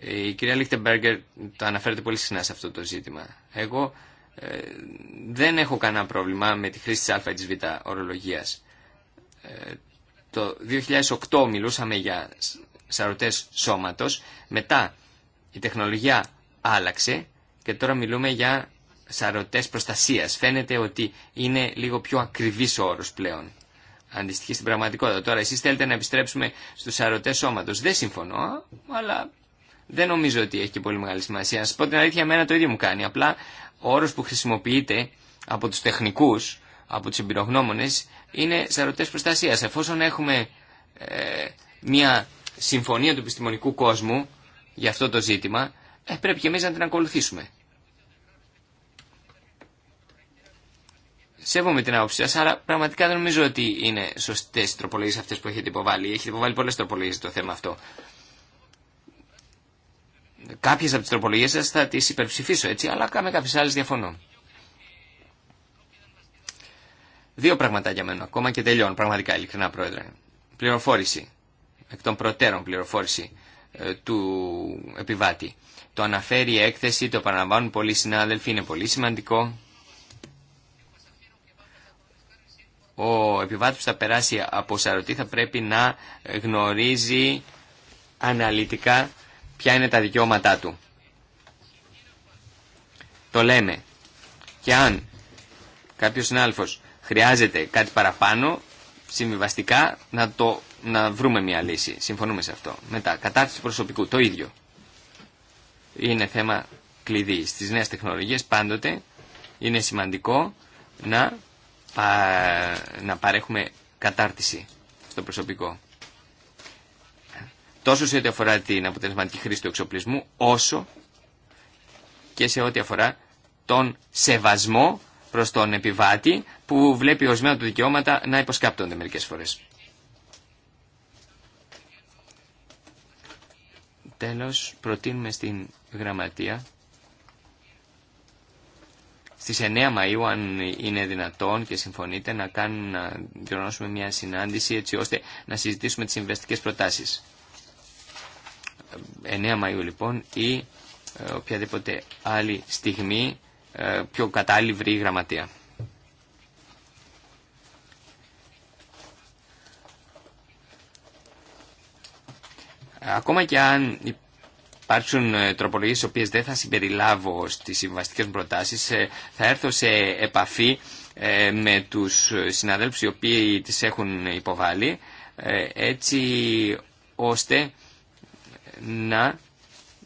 Η κυρία Λίχτεμπεργκερ το αναφέρεται πολύ συχνά σε αυτό το ζήτημα. Εγώ ε, δεν έχω κανένα πρόβλημα με τη χρήση της α ή της β ορολογίας. Ε, το 2008 μιλούσαμε για σαρωτές σώματος, μετά η τεχνολογία άλλαξε και τώρα μιλούμε για σαρωτές προστασίας. Φαίνεται ότι είναι λίγο πιο ακριβής ο όρος πλέον. Αντιστοιχεί στην πραγματικότητα. Τώρα εσεί θέλετε να επιστρέψουμε στου σαρωτές σώματο. Δεν συμφωνώ, αλλά δεν νομίζω ότι έχει και πολύ μεγάλη σημασία. Να σα πω την αλήθεια, εμένα το ίδιο μου κάνει. Απλά ο όρο που χρησιμοποιείται από του τεχνικού, από του εμπειρογνώμονε, είναι σαρωτέ προστασία. Εφόσον έχουμε ε, μια συμφωνία του επιστημονικού κόσμου για αυτό το ζήτημα, ε, πρέπει και εμεί να την ακολουθήσουμε. Σέβομαι την άποψή σα, αλλά πραγματικά δεν νομίζω ότι είναι σωστέ οι τροπολογίε αυτέ που έχετε υποβάλει. Έχετε υποβάλει πολλέ τροπολογίε το θέμα αυτό κάποιες από τις τροπολογίες σας θα τις υπερψηφίσω έτσι, αλλά κάμε κάποιες άλλες διαφωνώ. Δύο πραγματάκια μένουν ακόμα και τελειώνω, πραγματικά ειλικρινά πρόεδρε. Πληροφόρηση, εκ των προτέρων πληροφόρηση ε, του επιβάτη. Το αναφέρει η έκθεση, το παραλαμβάνουν πολλοί συνάδελφοι, είναι πολύ σημαντικό. Ο επιβάτης που θα περάσει από σαρωτή θα πρέπει να γνωρίζει αναλυτικά ποια είναι τα δικαιώματά του. Το λέμε. Και αν κάποιος συνάλφο χρειάζεται κάτι παραπάνω, συμβιβαστικά να, το, να βρούμε μια λύση. Συμφωνούμε σε αυτό. Μετά, κατάρτιση προσωπικού, το ίδιο. Είναι θέμα κλειδί. Στις νέες τεχνολογίες πάντοτε είναι σημαντικό να, να παρέχουμε κατάρτιση στο προσωπικό τόσο σε ό,τι αφορά την αποτελεσματική χρήση του εξοπλισμού, όσο και σε ό,τι αφορά τον σεβασμό προς τον επιβάτη που βλέπει ορισμένα του δικαιώματα να υποσκάπτονται μερικές φορές. Τέλος, προτείνουμε στην γραμματεία στις 9 Μαΐου, αν είναι δυνατόν και συμφωνείτε, να, κάνουμε μια συνάντηση έτσι ώστε να συζητήσουμε τις συμβεστικές προτάσεις. 9 Μαΐου λοιπόν ή ε, οποιαδήποτε άλλη στιγμή ε, πιο κατάλληλη βρει η γραμματεία. Ακόμα και αν υπάρξουν ε, τροπολογίες οι οποίες δεν θα συμπεριλάβω στις συμβαστικές προτάσεις, θα έρθω σε επαφή με τους συναδέλφους οι οποίοι τις έχουν υποβάλει, έτσι ώστε να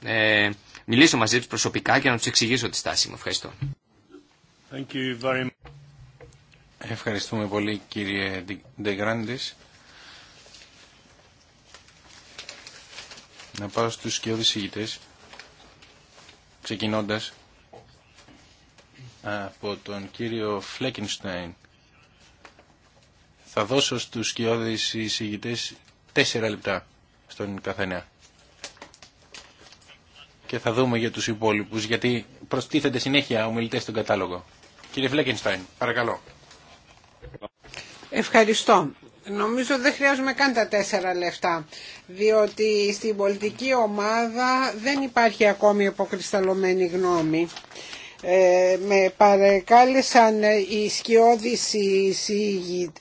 ε, μιλήσω μαζί τους προσωπικά και να τους εξηγήσω τη στάση μου. Ευχαριστώ. Thank you very much. Ευχαριστούμε πολύ κύριε Ντεγκράντης. Να πάω στους σκιώδεις ηγητές, ξεκινώντας από τον κύριο Φλέκενστάιν. Θα δώσω στους σκιώδεις εισηγητές τέσσερα λεπτά στον καθένα και θα δούμε για τους υπόλοιπους, γιατί προστίθενται συνέχεια ομιλητές στον κατάλογο. Κύριε Φλέκενστάιν, παρακαλώ. Ευχαριστώ. Νομίζω δεν χρειάζομαι καν τα τέσσερα λεφτά, διότι στην πολιτική ομάδα δεν υπάρχει ακόμη αποκρισταλωμένη γνώμη. Ε, με παρεκάλεσαν οι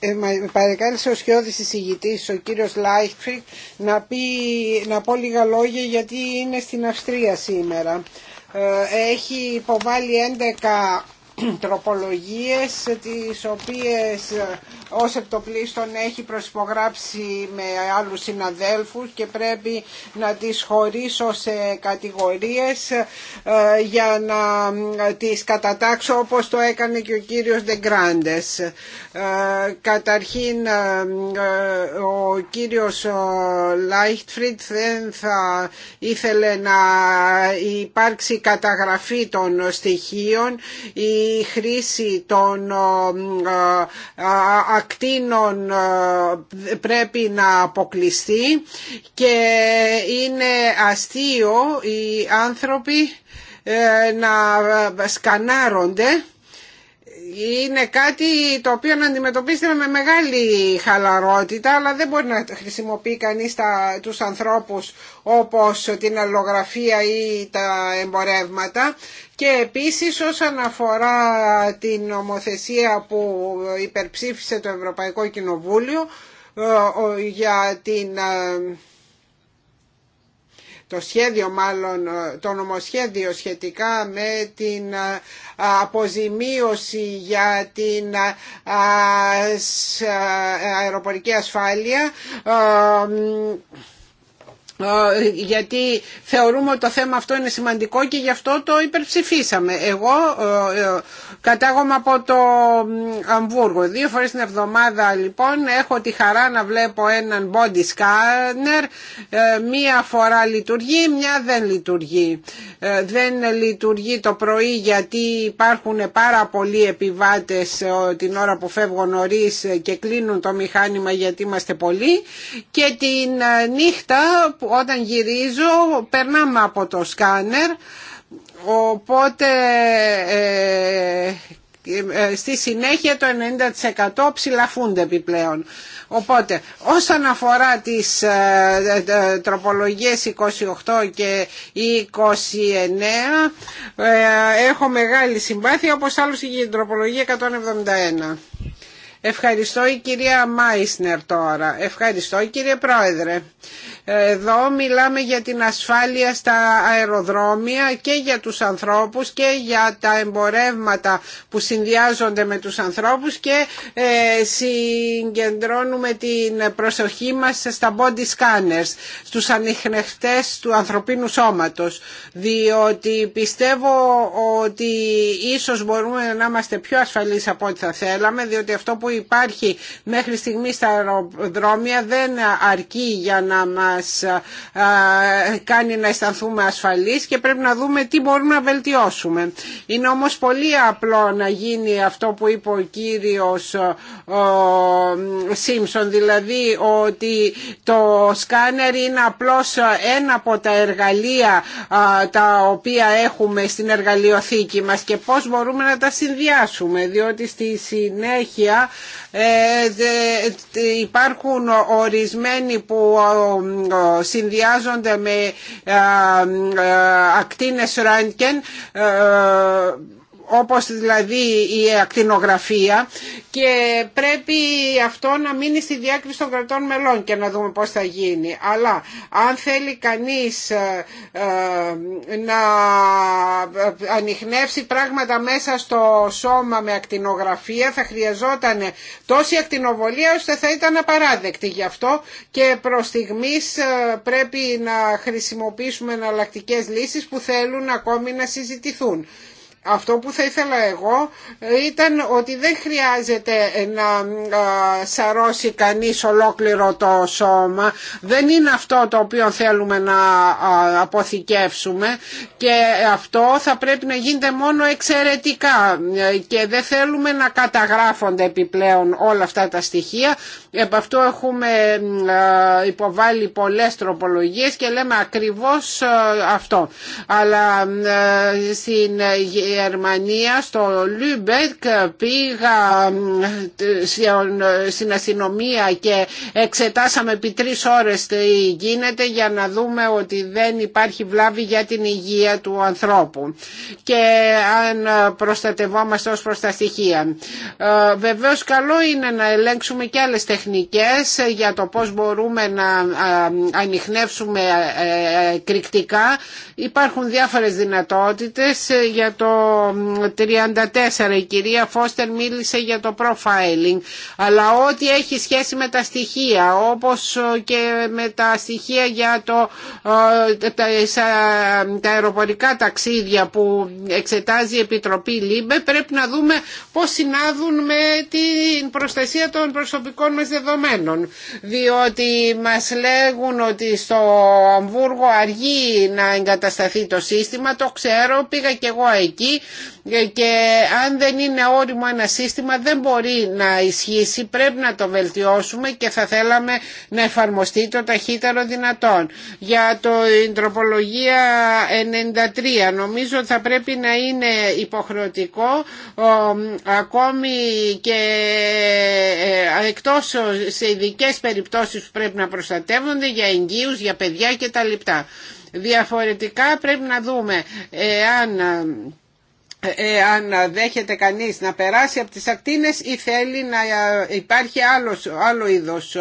ε, με παρεκάλεσε ο σκιώδης εισηγητής ο κύριος Λάιχτφρικ να, πει, να πω λίγα λόγια γιατί είναι στην Αυστρία σήμερα. Ε, έχει υποβάλει 11 τροπολογίες τις οποίες ε, ως επτοπλίστων έχει προσυπογράψει με άλλους συναδέλφους και πρέπει να τις χωρίσω σε κατηγορίες ε, για να ε, τις κατατάξω όπως το έκανε και ο κύριος Δεγκράντες. Καταρχήν ο κύριος Λάιχτφριντ δεν θα ήθελε να υπάρξει καταγραφή των στοιχείων η η χρήση των ε, ε, ε, ακτίνων πρέπει να αποκλειστεί και είναι αστείο οι άνθρωποι να σκανάρονται είναι κάτι το οποίο να αντιμετωπίσετε με μεγάλη χαλαρότητα αλλά δεν μπορεί να χρησιμοποιεί κανείς του τους ανθρώπους όπως την αλλογραφία ή τα εμπορεύματα και επίσης όσον αφορά την νομοθεσία που υπερψήφισε το Ευρωπαϊκό Κοινοβούλιο ε, για την ε, το σχέδιο μάλλον, ε, το νομοσχέδιο σχετικά με την ε, αποζημίωση για την ε, αεροπορική ασφάλεια γιατί θεωρούμε ότι το θέμα αυτό είναι σημαντικό και γι' αυτό το υπερψηφίσαμε. Εγώ κατάγομαι από το Αμβούργο. Δύο φορέ την εβδομάδα λοιπόν έχω τη χαρά να βλέπω έναν body scanner. Ε, μία φορά λειτουργεί, μια δεν λειτουργεί. Ε, δεν λειτουργεί το πρωί γιατί υπάρχουν πάρα πολλοί επιβάτες ε, την ώρα που φεύγω νωρί και κλείνουν το μηχάνημα γιατί είμαστε πολλοί και την νύχτα όταν γυρίζω περνάμε από το σκάνερ Οπότε ε, ε, στη συνέχεια το 90% ψηλαφούνται επιπλέον. Οπότε όσον αφορά τις ε, τροπολογίες 28 και 29 έχω μεγάλη συμπάθεια όπως άλλως και η τροπολογία 171. Ευχαριστώ η κυρία Μάισνερ τώρα. Ευχαριστώ κύριε Πρόεδρε. Εδώ μιλάμε για την ασφάλεια στα αεροδρόμια και για τους ανθρώπους και για τα εμπορεύματα που συνδυάζονται με τους ανθρώπους και ε, συγκεντρώνουμε την προσοχή μας στα body scanners, στους ανιχνευτές του ανθρωπίνου σώματος. Διότι πιστεύω ότι ίσως μπορούμε να είμαστε πιο ασφαλείς από ό,τι θα θέλαμε, διότι αυτό που υπάρχει μέχρι στιγμή στα αεροδρόμια δεν αρκεί για να μας κάνει να αισθανθούμε ασφαλείς και πρέπει να δούμε τι μπορούμε να βελτιώσουμε. Είναι όμως πολύ απλό να γίνει αυτό που είπε ο κύριος Σίμψον, δηλαδή ότι το σκάνερ είναι απλώς ένα από τα εργαλεία τα οποία έχουμε στην εργαλειοθήκη μας και πώς μπορούμε να τα συνδυάσουμε διότι στη συνέχεια ε, υπάρχουν ορισμένοι που συνδυάζονται με ακτίνες Ράντκεν ε, όπως δηλαδή η ακτινογραφία και πρέπει αυτό να μείνει στη διάκριση των κρατών μελών και να δούμε πώς θα γίνει. Αλλά αν θέλει κανείς ε, ε, να ανοιχνεύσει πράγματα μέσα στο σώμα με ακτινογραφία θα χρειαζόταν τόση ακτινοβολία ώστε θα ήταν απαράδεκτη γι' αυτό και προς στιγμής ε, πρέπει να χρησιμοποιήσουμε εναλλακτικέ λύσεις που θέλουν ακόμη να συζητηθούν. Αυτό που θα ήθελα εγώ ήταν ότι δεν χρειάζεται να σαρώσει κανείς ολόκληρο το σώμα. Δεν είναι αυτό το οποίο θέλουμε να αποθηκεύσουμε και αυτό θα πρέπει να γίνεται μόνο εξαιρετικά και δεν θέλουμε να καταγράφονται επιπλέον όλα αυτά τα στοιχεία Επ' αυτού έχουμε υποβάλει πολλές τροπολογίες και λέμε ακριβώς αυτό. Αλλά στην Γερμανία, στο Λουμπέκ, πήγα στην αστυνομία και εξετάσαμε επί τρεις ώρες τι γίνεται για να δούμε ότι δεν υπάρχει βλάβη για την υγεία του ανθρώπου και αν προστατευόμαστε ως προς τα στοιχεία. Βεβαίως καλό είναι να ελέγξουμε και άλλες τεχνικές ε, για το πώς μπορούμε να ανοιχνεύσουμε ε, ε, κρικτικά. Υπάρχουν διάφορες δυνατότητες για το 34. Η κυρία Φώστερ μίλησε για το profiling, αλλά ό,τι έχει σχέση με τα στοιχεία, όπως και με τα στοιχεία για το, τα, αεροπορικά ταξίδια που εξετάζει η Επιτροπή ΛΥΜΠΕ, πρέπει να δούμε πώς συνάδουν με την προστασία των προσωπικών μας δεδομένων διότι μας λέγουν ότι στο Αμβούργο αργεί να εγκατασταθεί το σύστημα το ξέρω πήγα και εγώ εκεί ε, και αν δεν είναι όριμο ένα σύστημα δεν μπορεί να ισχύσει, πρέπει να το βελτιώσουμε και θα θέλαμε να εφαρμοστεί το ταχύτερο δυνατόν. Για το τροπολογία 93 νομίζω ότι θα πρέπει να είναι υποχρεωτικό ακόμη και ε, εκτός σε ειδικέ περιπτώσεις που πρέπει να προστατεύονται για εγγύους, για παιδιά κτλ. Διαφορετικά πρέπει να δούμε αν αν δέχεται κανείς να περάσει από τις ακτίνες ή θέλει να υπάρχει άλλος, άλλο είδος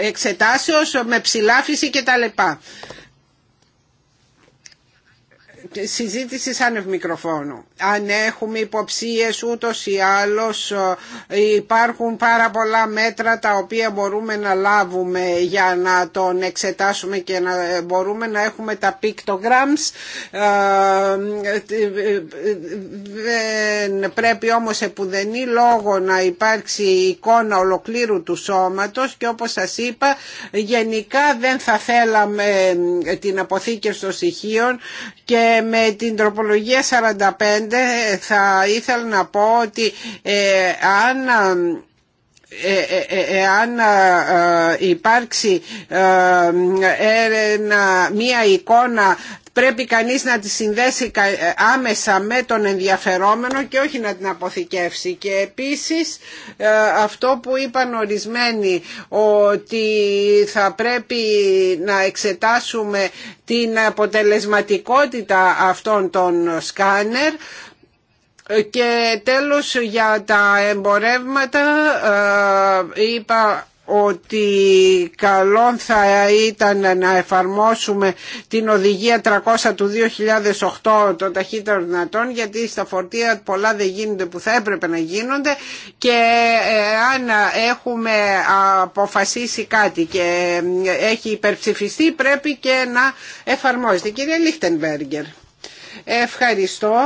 εξετάσεως με ψηλάφιση κτλ συζήτηση σαν μικροφόνου. Αν έχουμε υποψίε ούτω ή άλλω ε, υπάρχουν πάρα πολλά μέτρα τα οποία μπορούμε να λάβουμε για να τον εξετάσουμε και να ε, μπορούμε να έχουμε τα pictograms. Ε, δεν πρέπει όμως επουδενή λόγο να υπάρξει εικόνα ολοκλήρου του σώματο και όπως σα είπα γενικά δεν θα θέλαμε την αποθήκευση των στοιχείων και με την τροπολογία 45 θα ήθελα να πω ότι αν υπάρξει μια εικόνα πρέπει κανείς να τη συνδέσει ε, άμεσα με τον ενδιαφερόμενο και όχι να την αποθηκεύσει. Και επίσης ε, αυτό που είπαν ορισμένοι ότι θα πρέπει να εξετάσουμε την αποτελεσματικότητα αυτών των σκάνερ και τέλος για τα εμπορεύματα ε, είπα ότι καλό θα ήταν να εφαρμόσουμε την οδηγία 300 του 2008 των ταχύτερων δυνατών γιατί στα φορτία πολλά δεν γίνονται που θα έπρεπε να γίνονται και ε, αν έχουμε αποφασίσει κάτι και ε, έχει υπερψηφιστεί πρέπει και να εφαρμόζεται. Κυρία Λίχτενβέργκερ. ευχαριστώ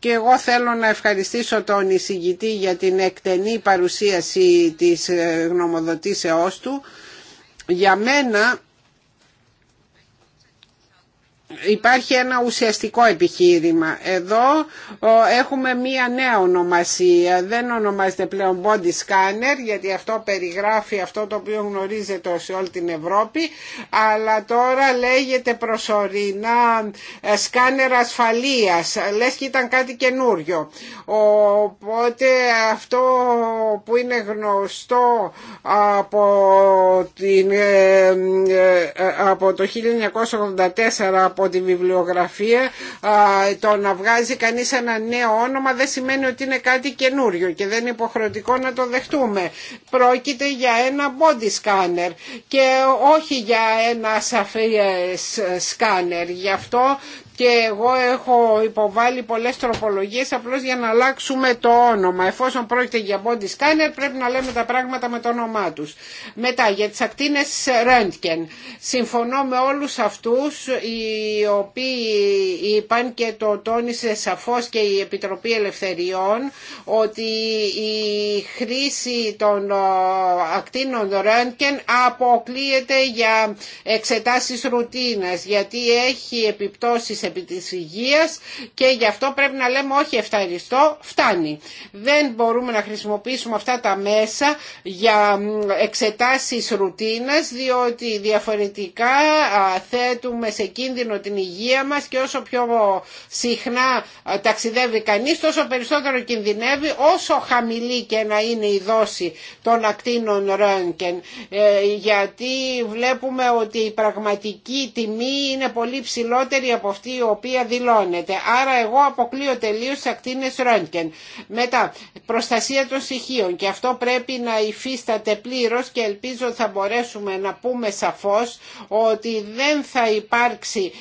και εγώ θέλω να ευχαριστήσω τον εισηγητή για την εκτενή παρουσίαση της ε, γνωμοδοτήσεώς του. Για μένα Υπάρχει ένα ουσιαστικό επιχείρημα. Εδώ έχουμε μία νέα ονομασία. Δεν ονομάζεται πλέον body scanner γιατί αυτό περιγράφει αυτό το οποίο γνωρίζεται σε όλη την Ευρώπη αλλά τώρα λέγεται προσωρινά σκάνερ ασφαλείας. Λες και ήταν κάτι καινούριο. Οπότε αυτό που είναι γνωστό από, την, ε, ε, ε, από το 1984 από τη βιβλιογραφία το να βγάζει κανείς ένα νέο όνομα δεν σημαίνει ότι είναι κάτι καινούριο και δεν είναι υποχρεωτικό να το δεχτούμε. Πρόκειται για ένα body scanner και όχι για ένα σαφή ε, σκάνερ. Γι' αυτό και εγώ έχω υποβάλει πολλές τροπολογίες απλώς για να αλλάξουμε το όνομα. Εφόσον πρόκειται για body scanner πρέπει να λέμε τα πράγματα με το όνομά τους. Μετά για τις ακτίνες Röntgen. Συμφωνώ με όλους αυτούς οι οποίοι είπαν και το τόνισε σαφώς και η Επιτροπή Ελευθεριών ότι η χρήση των ε, ακτίνων Röntgen αποκλείεται για εξετάσεις ρουτίνας γιατί έχει επιπτώσεις επί της υγείας και γι' αυτό πρέπει να λέμε όχι ευχαριστώ, φτάνει. Δεν μπορούμε να χρησιμοποιήσουμε αυτά τα μέσα για εξετάσεις ρουτίνας διότι διαφορετικά θέτουμε σε κίνδυνο την υγεία μας και όσο πιο συχνά ταξιδεύει κανείς τόσο περισσότερο κινδυνεύει όσο χαμηλή και να είναι η δόση των ακτίνων Ρόγκεν γιατί βλέπουμε ότι η πραγματική τιμή είναι πολύ ψηλότερη από αυτή η οποία δηλώνεται. Άρα εγώ αποκλείω τελείω τι ακτίνες ρόντκεν. Μετά, προστασία των στοιχείων και αυτό πρέπει να υφίσταται πλήρως και ελπίζω θα μπορέσουμε να πούμε σαφώς ότι δεν θα υπάρξει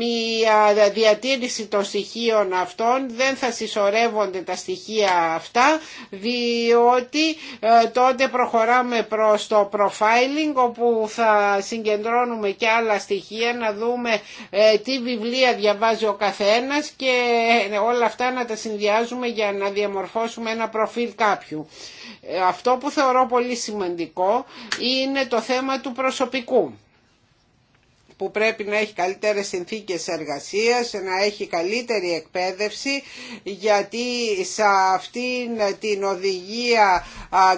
μια διατήρηση των στοιχείων αυτών, δεν θα συσσωρεύονται τα στοιχεία αυτά, διότι ε, τότε προχωράμε προς το profiling όπου θα συγκεντρώνουμε και άλλα στοιχεία, να δούμε ε, τι βιβλία διαβάζει ο καθένας και όλα αυτά να τα συνδυάζουμε για να διαμορφώσουμε ένα προφίλ κάποιου. Ε, αυτό που θεωρώ πολύ σημαντικό είναι το θέμα του προσωπικού που πρέπει να έχει καλύτερες συνθήκες εργασίας, να έχει καλύτερη εκπαίδευση γιατί σε αυτήν την οδηγία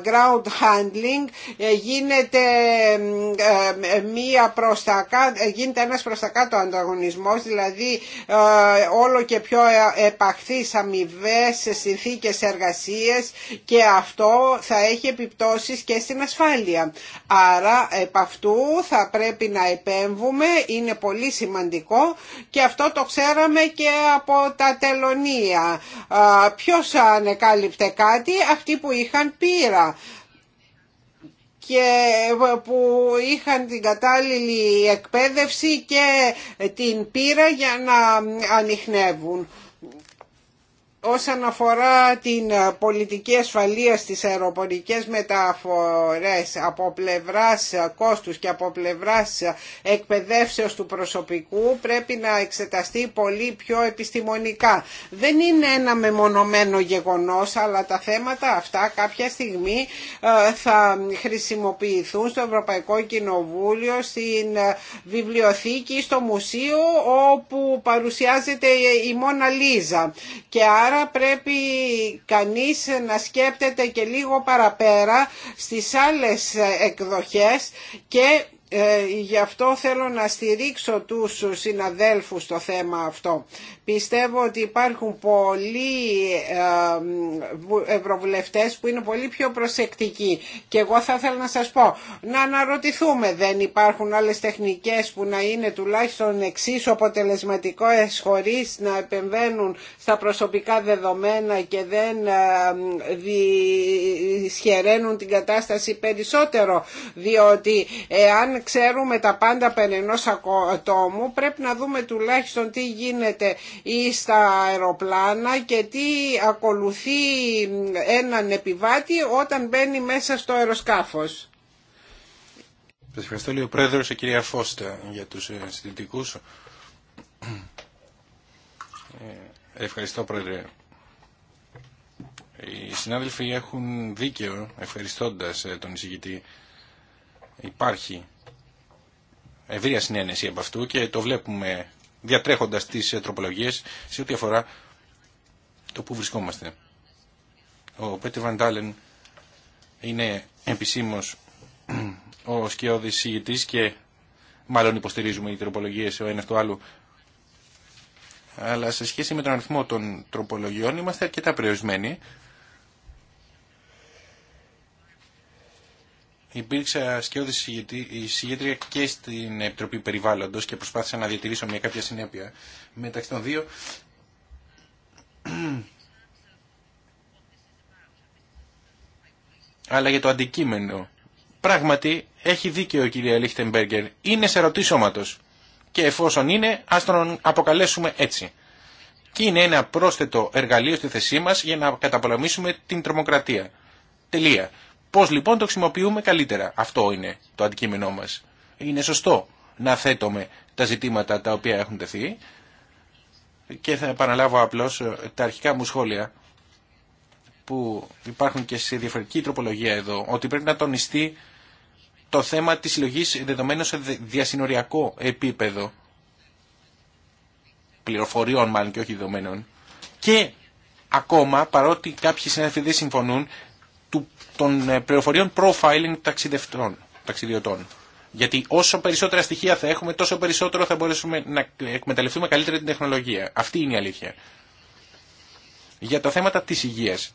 ground handling ε, γίνεται, ε, μία προστακά, ε, γίνεται ένας προς τα κάτω ανταγωνισμός δηλαδή όλο και πιο επαχθείς αμοιβέ σε συνθήκες εργασίας και αυτό θα έχει επιπτώσεις και στην ασφάλεια. Άρα επ' αυτού θα πρέπει να επέμβουμε είναι πολύ σημαντικό και αυτό το ξέραμε και από τα τελωνία. Ποιος ανεκάλυπτε κάτι, αυτοί που είχαν πείρα και που είχαν την κατάλληλη εκπαίδευση και την πείρα για να ανοιχνεύουν. Όσον αφορά την ε, πολιτική ασφαλεία στις αεροπορικές μεταφορές από πλευράς ε, κόστους και από πλευράς ε, εκπαιδεύσεως του προσωπικού πρέπει να εξεταστεί πολύ πιο επιστημονικά. Δεν είναι ένα μεμονωμένο γεγονός αλλά τα θέματα αυτά κάποια στιγμή θα χρησιμοποιηθούν στο Ευρωπαϊκό Κοινοβούλιο, στην βιβλιοθήκη, στο μουσείο όπου παρουσιάζεται η Μόνα Λίζα και άρα Άρα πρέπει κανείς να σκέπτεται και λίγο παραπέρα στις άλλες εκδοχές και ε, γι' αυτό θέλω να στηρίξω τους συναδέλφους στο θέμα αυτό. Πιστεύω ότι υπάρχουν πολλοί ε, ευρωβουλευτές που είναι πολύ πιο προσεκτικοί και εγώ θα ήθελα να σας πω να αναρωτηθούμε δεν υπάρχουν άλλες τεχνικές που να είναι τουλάχιστον εξίσου αποτελεσματικές χωρίς να επεμβαίνουν στα προσωπικά δεδομένα και δεν ε, δυσχεραίνουν την κατάσταση περισσότερο διότι εάν ξέρουμε τα πάντα περί ενός ατόμου πρέπει να δούμε τουλάχιστον τι γίνεται ή στα αεροπλάνα και τι ακολουθεί έναν επιβάτη όταν μπαίνει μέσα στο αεροσκάφος. Σας ευχαριστώ λίγο ο Πρόεδρος, και κυρία Φώστα για τους ε, συντηρητικούς. Ε, ευχαριστώ Πρόεδρε. Οι συνάδελφοι έχουν δίκαιο ευχαριστώντας ε, τον εισηγητή. Υπάρχει ευρεία συνένεση από αυτού και το βλέπουμε διατρέχοντας τις ε, τροπολογίες σε ό,τι αφορά το που βρισκόμαστε. Ο Πέτερ Βαντάλεν είναι επισήμως ο σκιώδης συγητής και μάλλον υποστηρίζουμε οι τροπολογίες ο ένας του άλλου αλλά σε σχέση με τον αριθμό των τροπολογιών είμαστε αρκετά περιορισμένοι Υπήρξα η συγγέντρια και στην Επιτροπή Περιβάλλοντος και προσπάθησα να διατηρήσω μια κάποια συνέπεια μεταξύ των δύο. Αλλά για το αντικείμενο. Πράγματι, έχει δίκαιο η κυρία Λίχτεμπεργκερ. Είναι σε ρωτή Και εφόσον είναι, ας τον αποκαλέσουμε έτσι. Και είναι ένα πρόσθετο εργαλείο στη θέσή μας για να καταπολεμήσουμε την τρομοκρατία. Τελεία. Πώς λοιπόν το χρησιμοποιούμε καλύτερα. Αυτό είναι το αντικείμενό μας. Είναι σωστό να θέτουμε τα ζητήματα τα οποία έχουν τεθεί και θα επαναλάβω απλώς ε, τα αρχικά μου σχόλια που υπάρχουν και σε διαφορετική τροπολογία εδώ, ότι πρέπει να τονιστεί το θέμα της συλλογή δεδομένων σε διασυνοριακό επίπεδο πληροφοριών μάλλον και όχι δεδομένων και ακόμα παρότι κάποιοι συνάδελφοι δεν συμφωνούν των ε, πληροφοριών profiling ταξιδευτών, ταξιδιωτών. Γιατί όσο περισσότερα στοιχεία θα έχουμε, τόσο περισσότερο θα μπορέσουμε να εκμεταλλευτούμε καλύτερα την τεχνολογία. Αυτή είναι η αλήθεια. Για τα θέματα της υγείας.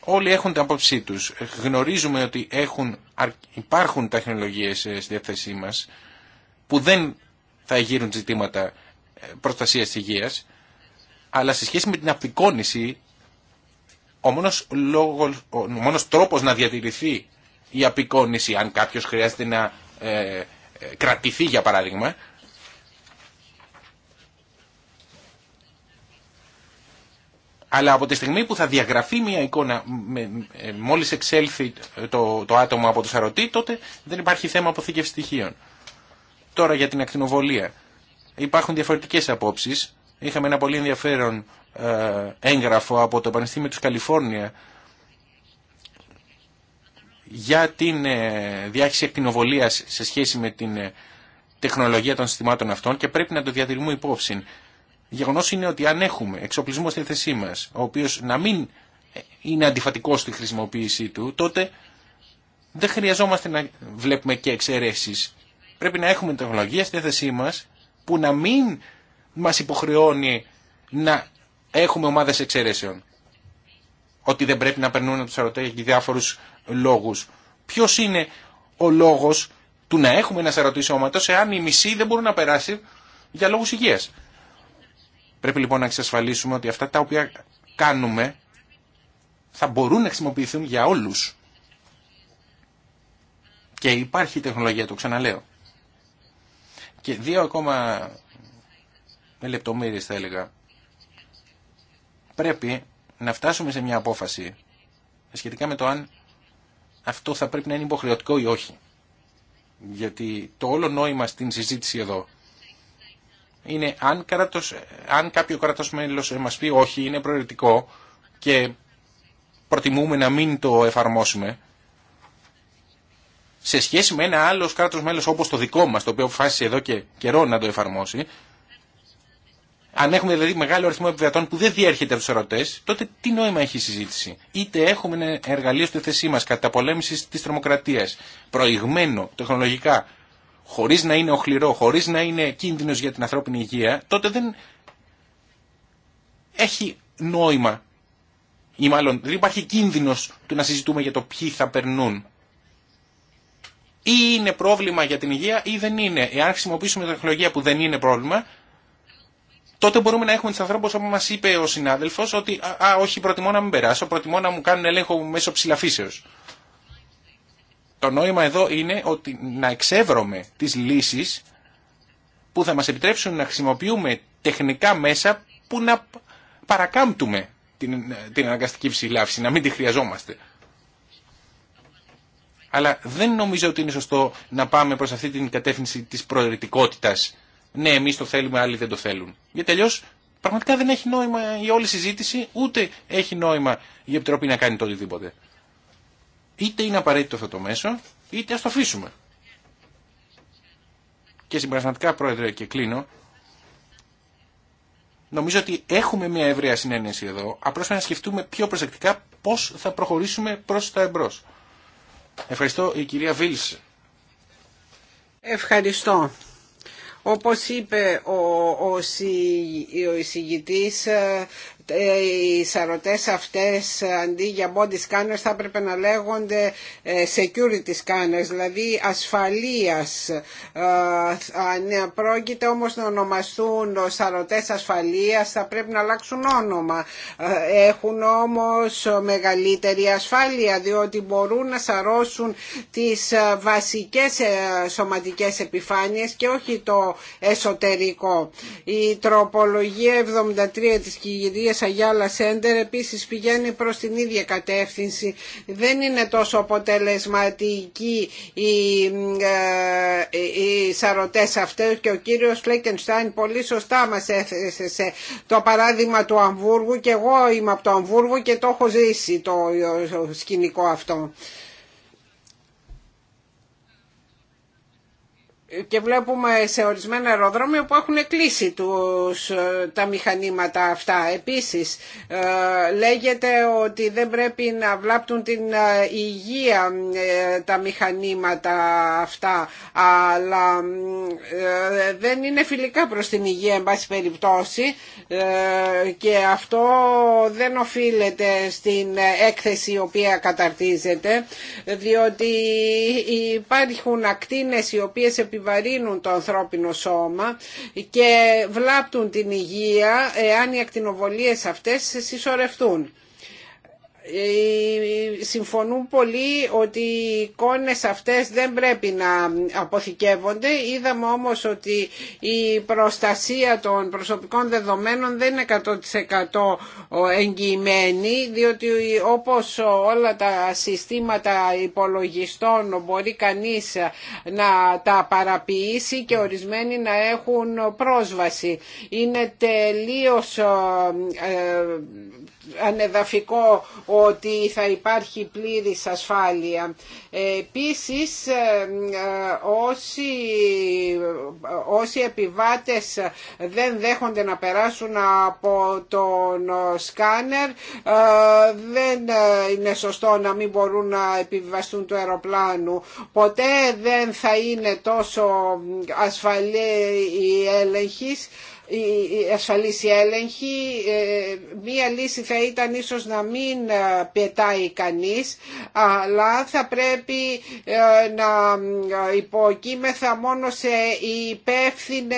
Όλοι έχουν την απόψή τους. Γνωρίζουμε ότι έχουν, υπάρχουν τεχνολογίες ε, στη διάθεσή μας που δεν θα γύρουν ζητήματα ε, προστασίας της υγείας, αλλά σε σχέση με την απεικόνηση ο μόνος, λόγος, ο μόνος τρόπος να διατηρηθεί η απεικόνηση, αν κάποιος χρειάζεται να ε, ε, κρατηθεί για παράδειγμα, Αλλά από τη στιγμή που θα διαγραφεί μια εικόνα ε, μόλις εξέλθει το, το άτομο από το σαρωτή, τότε δεν υπάρχει θέμα αποθήκευση στοιχείων. Τώρα για την ακτινοβολία. Υπάρχουν διαφορετικές απόψεις. Είχαμε ένα πολύ ενδιαφέρον ε, έγγραφο από το Πανεπιστήμιο της Καλιφόρνια για την ε, διάχυση εκτινοβολίας σε σχέση με την ε, τεχνολογία των συστημάτων αυτών και πρέπει να το διατηρούμε υπόψη. Γεγονό είναι ότι αν έχουμε εξοπλισμό στη θέσή μα, ο οποίο να μην είναι αντιφατικό στη χρησιμοποίησή του, τότε δεν χρειαζόμαστε να βλέπουμε και εξαιρέσει. Πρέπει να έχουμε τεχνολογία στη θέσή μα που να μην μα υποχρεώνει να έχουμε ομάδες εξαιρέσεων. Ότι δεν πρέπει να περνούν από τους σαρωτές για διάφορους λόγους. Ποιος είναι ο λόγος του να έχουμε ένα σαρωτή σώματο εάν η μισή δεν μπορεί να περάσει για λόγους υγείας. Πρέπει λοιπόν να εξασφαλίσουμε ότι αυτά τα οποία κάνουμε θα μπορούν να χρησιμοποιηθούν για όλους. Και υπάρχει τεχνολογία, το ξαναλέω. Και δύο ακόμα λεπτομέρειες θα έλεγα πρέπει να φτάσουμε σε μια απόφαση σχετικά με το αν αυτό θα πρέπει να είναι υποχρεωτικό ή όχι. Γιατί το όλο νόημα στην συζήτηση εδώ είναι αν, κράτος, αν κάποιο κράτος μέλος μας πει όχι, είναι προαιρετικό και προτιμούμε να μην το εφαρμόσουμε σε σχέση με ένα άλλο κράτος μέλος όπως το δικό μας, το οποίο αποφάσισε εδώ και καιρό να το εφαρμόσει, αν έχουμε δηλαδή μεγάλο αριθμό επιβατών που δεν διέρχεται από του ερωτέ, τότε τι νόημα έχει η συζήτηση. Είτε έχουμε ένα εργαλείο στη θέσή μα κατά πολέμηση τη τρομοκρατία, προηγμένο τεχνολογικά, χωρί να είναι οχληρό, χωρί να είναι κίνδυνο για την ανθρώπινη υγεία, τότε δεν έχει νόημα. Ή μάλλον δεν υπάρχει κίνδυνο του να συζητούμε για το ποιοι θα περνούν. Ή είναι πρόβλημα για την υγεία ή δεν είναι. Εάν χρησιμοποιήσουμε τεχνολογία που δεν είναι πρόβλημα, τότε μπορούμε να έχουμε του ανθρώπου όπω μα είπε ο συνάδελφο ότι α, όχι, προτιμώ να μην περάσω, προτιμώ να μου κάνουν έλεγχο μέσω ψηλαφίσεω. Το νόημα εδώ είναι ότι να εξεύρωμε τι λύσει που θα μα επιτρέψουν να χρησιμοποιούμε τεχνικά μέσα που να παρακάμπτουμε την, την αναγκαστική ψηλάφιση, να μην τη χρειαζόμαστε. Αλλά δεν νομίζω ότι είναι σωστό να πάμε προς αυτή την κατεύθυνση της προαιρετικότητας ναι εμεί το θέλουμε, άλλοι δεν το θέλουν. Γιατί αλλιώ πραγματικά δεν έχει νόημα η όλη συζήτηση, ούτε έχει νόημα η Επιτροπή να κάνει το οτιδήποτε. Είτε είναι απαραίτητο αυτό το μέσο, είτε α το αφήσουμε. Και συμπερασματικά πρόεδρε και κλείνω, νομίζω ότι έχουμε μια ευρεία συνένεση εδώ, απλώ να σκεφτούμε πιο προσεκτικά πώ θα προχωρήσουμε προ τα εμπρό. Ευχαριστώ η κυρία Βίλς. Ευχαριστώ. Όπως είπε ο, ο, ο εισηγητής, ε, ε, οι σαρωτές αυτές αντί για body scanners θα έπρεπε να λέγονται ε, security scanners, δηλαδή ασφαλείας. Ε, Αν ναι, πρόκειται όμως να ονομαστούν σαρωτές ασφαλείας θα πρέπει να αλλάξουν όνομα. Έχουν όμως μεγαλύτερη ασφάλεια διότι μπορούν να σαρώσουν τις βασικές σωματικές επιφάνειες και όχι το εσωτερικό. Η τροπολογία 73 της κυρίας Αγίας Αγιάλα Σέντερ επίσης πηγαίνει προς την ίδια κατεύθυνση. Δεν είναι τόσο αποτελεσματικοί οι, ε, οι σαρωτές αυτές και ο κύριος Φλέκενστάιν πολύ σωστά μας έθεσε το παράδειγμα του Αμβούργου και εγώ είμαι από το Αμβούργο και το έχω ζήσει το ε, σκηνικό αυτό. και βλέπουμε σε ορισμένα αεροδρόμια που έχουν κλείσει τους, ε, τα μηχανήματα αυτά. Επίσης ε, λέγεται ότι δεν πρέπει να βλάπτουν την ε, υγεία τα μηχανήματα αυτά αλλά δεν είναι φιλικά προς την υγεία εν πάση περιπτώσει και αυτό δεν οφείλεται στην έκθεση η οποία καταρτίζεται διότι υπάρχουν ακτίνες οι οποίες επιβάλλονται επιβαρύνουν το ανθρώπινο σώμα και βλάπτουν την υγεία εάν οι ακτινοβολίες αυτές συσσωρευτούν. Ε, συμφωνούν πολύ ότι οι εικόνες αυτές δεν πρέπει να αποθηκεύονται. Είδαμε όμως ότι η προστασία των προσωπικών δεδομένων δεν είναι 100% εγγυημένη διότι όπως όλα τα συστήματα υπολογιστών μπορεί κανείς να τα παραποιήσει και ορισμένοι να έχουν πρόσβαση. Είναι τελείως ε, ανεδαφικό ότι θα υπάρχει πλήρης ασφάλεια. Επίσης ε, όσοι, όσοι επιβάτες δεν δέχονται να περάσουν από τον σκάνερ ε, δεν είναι σωστό να μην μπορούν να επιβιβαστούν του αεροπλάνου. Ποτέ δεν θα είναι τόσο ασφαλή η έλεγχης η η έλεγχη ε, Μία λύση θα ήταν ίσως να μην ε, πετάει κανείς, αλλά θα πρέπει ε, να υποκείμεθα μόνο σε υπεύθυνε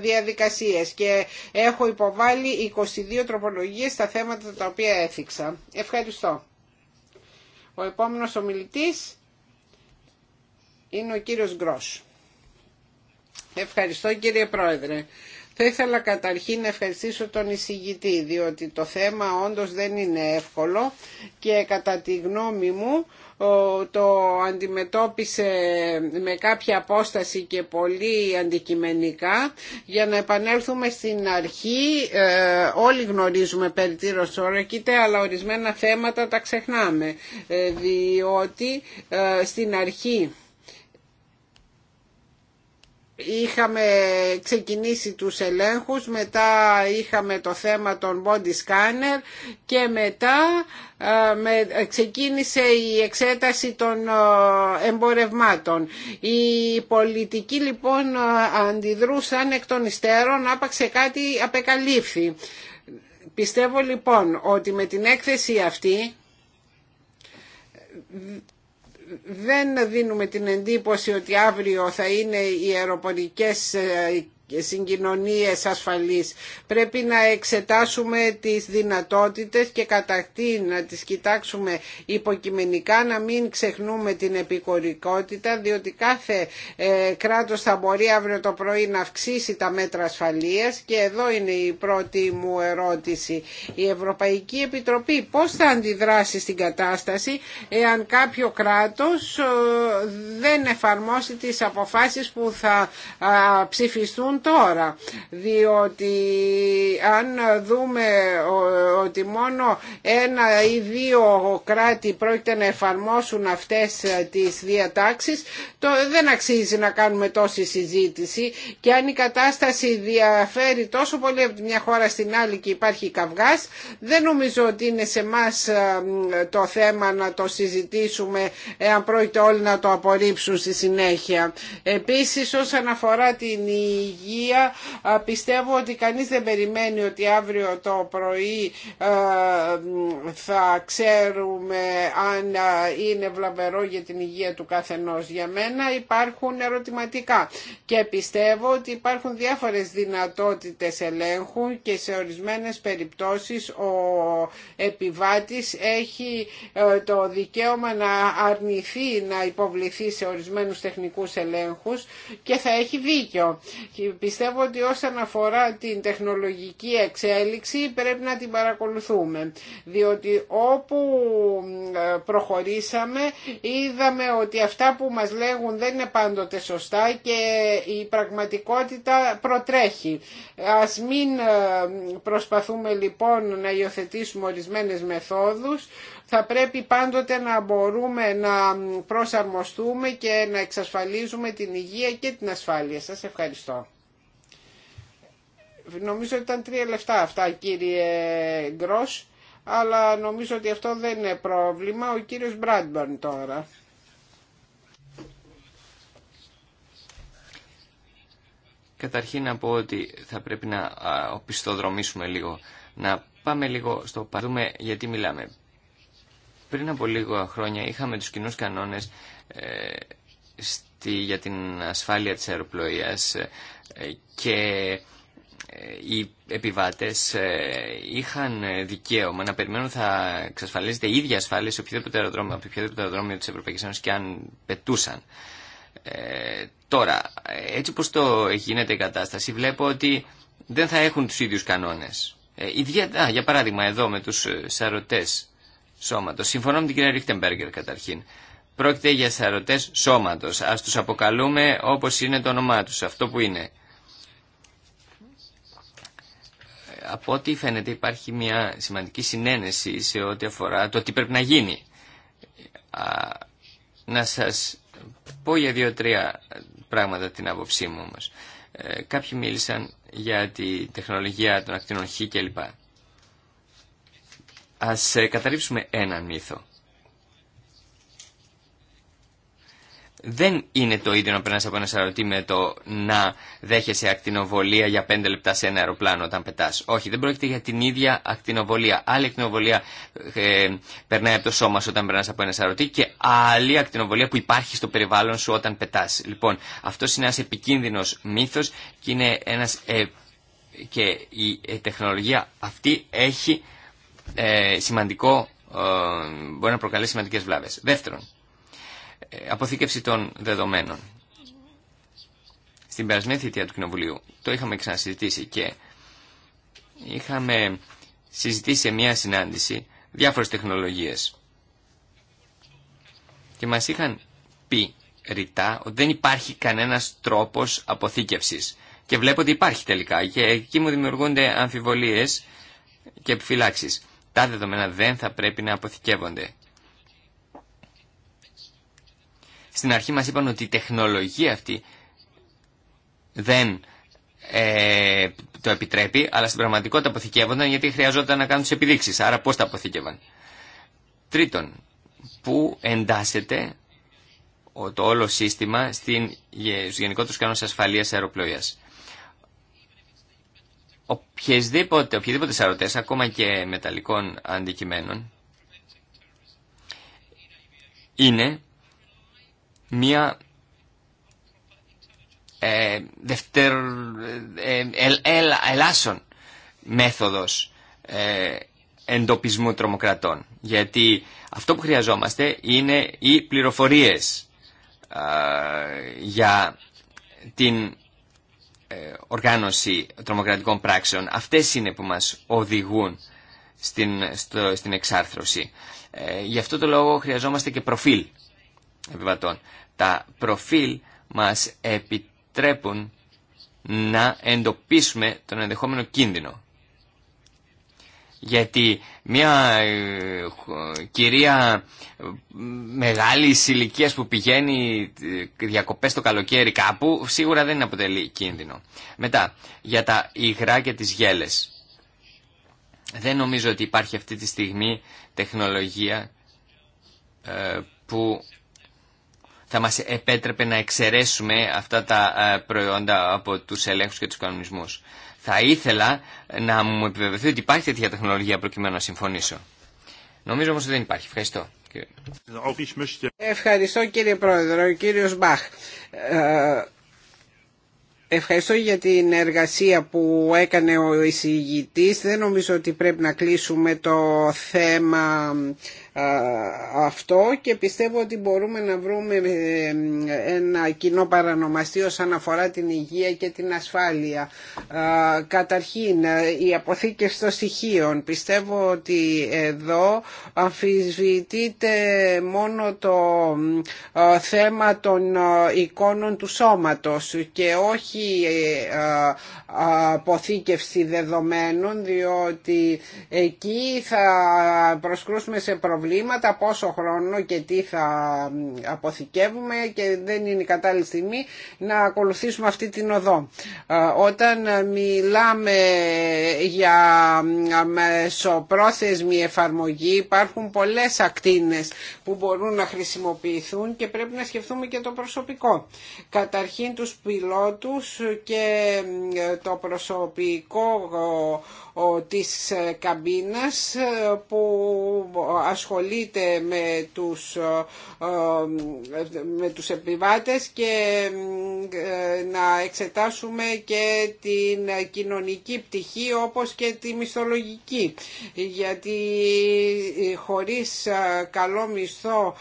διαδικασίες και έχω υποβάλει 22 τροπολογίες στα θέματα τα οποία έθιξα. Ευχαριστώ. Ο επόμενος ομιλητής είναι ο κύριος Γκρός. Ευχαριστώ κύριε Πρόεδρε. Θα ήθελα καταρχήν να ευχαριστήσω τον εισηγητή διότι το θέμα όντως δεν είναι εύκολο και κατά τη γνώμη μου το αντιμετώπισε με κάποια απόσταση και πολύ αντικειμενικά. Για να επανέλθουμε στην αρχή, ε, όλοι γνωρίζουμε περί τύρος όρεκειται, αλλά ορισμένα θέματα τα ξεχνάμε, ε, διότι ε, στην αρχή είχαμε ξεκινήσει τους ελέγχους, μετά είχαμε το θέμα των body scanner και μετά ε, ξεκίνησε η εξέταση των ε, εμπορευμάτων. Η πολιτικοί λοιπόν ε, αντιδρούσαν εκ των υστέρων, άπαξε κάτι απεκαλύφθη. Πιστεύω λοιπόν ότι με την έκθεση αυτή δεν δίνουμε την εντύπωση ότι αύριο θα είναι οι αεροπορικές ε, συγκοινωνίες ασφαλείς. Πρέπει να εξετάσουμε τις δυνατότητες και καταρχήν να τις κοιτάξουμε υποκειμενικά, να μην ξεχνούμε την επικορικότητα, διότι κάθε ε, κράτος θα μπορεί αύριο το πρωί να αυξήσει τα μέτρα ασφαλείας και εδώ είναι η πρώτη μου ερώτηση. Η Ευρωπαϊκή Επιτροπή πώς θα αντιδράσει στην κατάσταση εάν κάποιο κράτος ε, δεν εφαρμόσει τις αποφάσεις που θα ψηφιστούν τώρα. Διότι αν δούμε ότι μόνο ένα ή δύο κράτη πρόκειται να εφαρμόσουν αυτές τις διατάξεις, το δεν αξίζει να κάνουμε τόση συζήτηση και αν η κατάσταση διαφέρει τόσο πολύ από τη μια χώρα στην άλλη και υπάρχει καυγάς, δεν νομίζω ότι είναι σε μας ε, το θέμα να το συζητήσουμε εάν πρόκειται όλοι να το απορρίψουν στη συνέχεια. Επίσης όσον αφορά την υγεία Πιστεύω ότι κανείς δεν περιμένει ότι αύριο το πρωί θα ξέρουμε αν είναι βλαβερό για την υγεία του καθενός. Για μένα υπάρχουν ερωτηματικά και πιστεύω ότι υπάρχουν διάφορες δυνατότητες ελέγχου και σε ορισμένες περιπτώσεις ο επιβάτης έχει ε, το δικαίωμα να αρνηθεί να υποβληθεί σε ορισμένους τεχνικούς ελέγχους και θα έχει δίκιο πιστεύω ότι όσον αφορά την τεχνολογική εξέλιξη πρέπει να την παρακολουθούμε. Διότι όπου ε, προχωρήσαμε είδαμε ότι αυτά που μας λέγουν δεν είναι πάντοτε σωστά και η πραγματικότητα προτρέχει. Ας μην ε, προσπαθούμε λοιπόν να υιοθετήσουμε ορισμένες μεθόδους θα πρέπει πάντοτε να μπορούμε να προσαρμοστούμε και να εξασφαλίζουμε την υγεία και την ασφάλεια. Σας ευχαριστώ. Νομίζω ότι ήταν τρία λεφτά αυτά κύριε Γκρός, αλλά νομίζω ότι αυτό δεν είναι πρόβλημα. Ο κύριος Μπράντμπαρν τώρα. Καταρχήν να πω ότι θα πρέπει να οπισθοδρομήσουμε λίγο. Να πάμε λίγο στο παρούμε γιατί μιλάμε. Πριν από λίγο χρόνια είχαμε τους κοινούς κανόνες ε, στη, για την ασφάλεια της αεροπλοείας ε, και ε, οι επιβάτες ε, είχαν δικαίωμα να περιμένουν θα εξασφαλίζεται η ίδια ασφάλεια σε οποιοδήποτε αεροδρόμιο, από οποιοδήποτε αεροδρόμιο της Ευρωπαϊκής Ένωσης και αν πετούσαν. Ε, τώρα, έτσι όπως το γίνεται η κατάσταση, βλέπω ότι δεν θα έχουν τους ίδιους κανόνες. Ε, α, για παράδειγμα, εδώ με τους ε, σαρωτές σώματος. Συμφωνώ με την κυρία Ρίχτεμπεργκερ καταρχήν. Πρόκειται για σαρωτές σώματος. Ας τους αποκαλούμε όπως είναι το όνομά τους, αυτό που είναι. από ό,τι φαίνεται υπάρχει μια σημαντική συνένεση σε ό,τι αφορά το τι πρέπει να γίνει. Να σας πω για δύο-τρία πράγματα την άποψή μου όμως. Ε, κάποιοι μίλησαν για τη τεχνολογία των ακτινών κλπ. Ας ε, καταρρύψουμε ένα μύθο. δεν είναι το ίδιο να περνά από ένα σαρωτή με το να δέχεσαι ακτινοβολία για 5 λεπτά σε ένα αεροπλάνο όταν πετά. Όχι, δεν πρόκειται για την ίδια ακτινοβολία. Άλλη ακτινοβολία ε, περνάει από το σώμα σου όταν περνά από ένα σαρωτή και άλλη ακτινοβολία που υπάρχει στο περιβάλλον σου όταν πετά. Λοιπόν, αυτό είναι ένα επικίνδυνο μύθο και είναι ε, και η ε, τεχνολογία αυτή έχει ε, σημαντικό, μπορεί να προκαλέσει σημαντικέ βλάβε. Δεύτερον, αποθήκευση των δεδομένων. Στην περασμένη θητεία του Κοινοβουλίου το είχαμε ξανασυζητήσει και είχαμε συζητήσει σε μια συνάντηση διάφορες τεχνολογίες. Και μας είχαν πει ρητά ότι δεν υπάρχει κανένας τρόπος αποθήκευσης. Και βλέπω ότι υπάρχει τελικά. Και εκεί μου δημιουργούνται αμφιβολίες και επιφυλάξεις. Τα δεδομένα δεν θα πρέπει να αποθηκεύονται. στην αρχή μας είπαν ότι η τεχνολογία αυτή δεν ε, το επιτρέπει, αλλά στην πραγματικότητα αποθηκεύονταν γιατί χρειαζόταν να κάνουν τις επιδείξεις. Άρα πώς τα αποθήκευαν. Τρίτον, πού εντάσσεται το όλο σύστημα στην, ε, στους γενικότερους κανόνες ασφαλείας αεροπλοίας. Οποιεδήποτε, οποιεδήποτε σαρωτές, ακόμα και μεταλλικών αντικειμένων, είναι μία ε, δευτέρ, ε, ε, ελάσσον μέθοδος ε, εντοπισμού τρομοκρατών. Γιατί αυτό που χρειαζόμαστε είναι οι πληροφορίες για την οργάνωση τρομοκρατικών πράξεων. Αυτές είναι που μας οδηγούν στην, στο, στην εξάρθρωση. γι' αυτό το λόγο χρειαζόμαστε και προφίλ επιβατών. Τα προφίλ μας επιτρέπουν να εντοπίσουμε τον ενδεχόμενο κίνδυνο. Γιατί μια ε, κυρία μεγάλη ηλικία που πηγαίνει ε, διακοπές το καλοκαίρι κάπου σίγουρα δεν αποτελεί κίνδυνο. Μετά, για τα υγρά και τις γέλες. Δεν νομίζω ότι υπάρχει αυτή τη στιγμή τεχνολογία ε, που θα μας επέτρεπε να εξαιρέσουμε αυτά τα ε, προϊόντα από τους ελέγχους και τους κανονισμούς. Θα ήθελα να μου επιβεβαιωθεί ότι υπάρχει τέτοια τεχνολογία προκειμένου να συμφωνήσω. Νομίζω όμως ότι δεν υπάρχει. Ευχαριστώ. Ευχαριστώ κύριε Πρόεδρο, κύριος Μπαχ. Ε, ευχαριστώ για την εργασία που έκανε ο εισηγητής. Δεν νομίζω ότι πρέπει να κλείσουμε το θέμα αυτό και πιστεύω ότι μπορούμε να βρούμε ε, ένα κοινό παρανομαστή όσον αφορά την υγεία και την ασφάλεια. Καταρχήν, ε, η αποθήκευση των στοιχείων. Πιστεύω ότι εδώ αμφισβητείται μόνο το ε, θέμα των εικόνων του σώματος και όχι αποθήκευση δεδομένων, διότι εκεί θα προσκρούσουμε σε προβλήματα προβλήματα, πόσο χρόνο και τι θα αποθηκεύουμε και δεν είναι η κατάλληλη στιγμή να ακολουθήσουμε αυτή την οδό. Ε, όταν μιλάμε για μεσοπρόθεσμη εφαρμογή υπάρχουν πολλές ακτίνες που μπορούν να χρησιμοποιηθούν και πρέπει να σκεφτούμε και το προσωπικό. Καταρχήν τους πιλότους και το προσωπικό της ε, καμπίνας ε, που ασχολείται με τους, ε, με τους επιβάτες και να εξετάσουμε και την κοινωνική πτυχή όπως και τη μισθολογική γιατί χωρίς καλό μισθό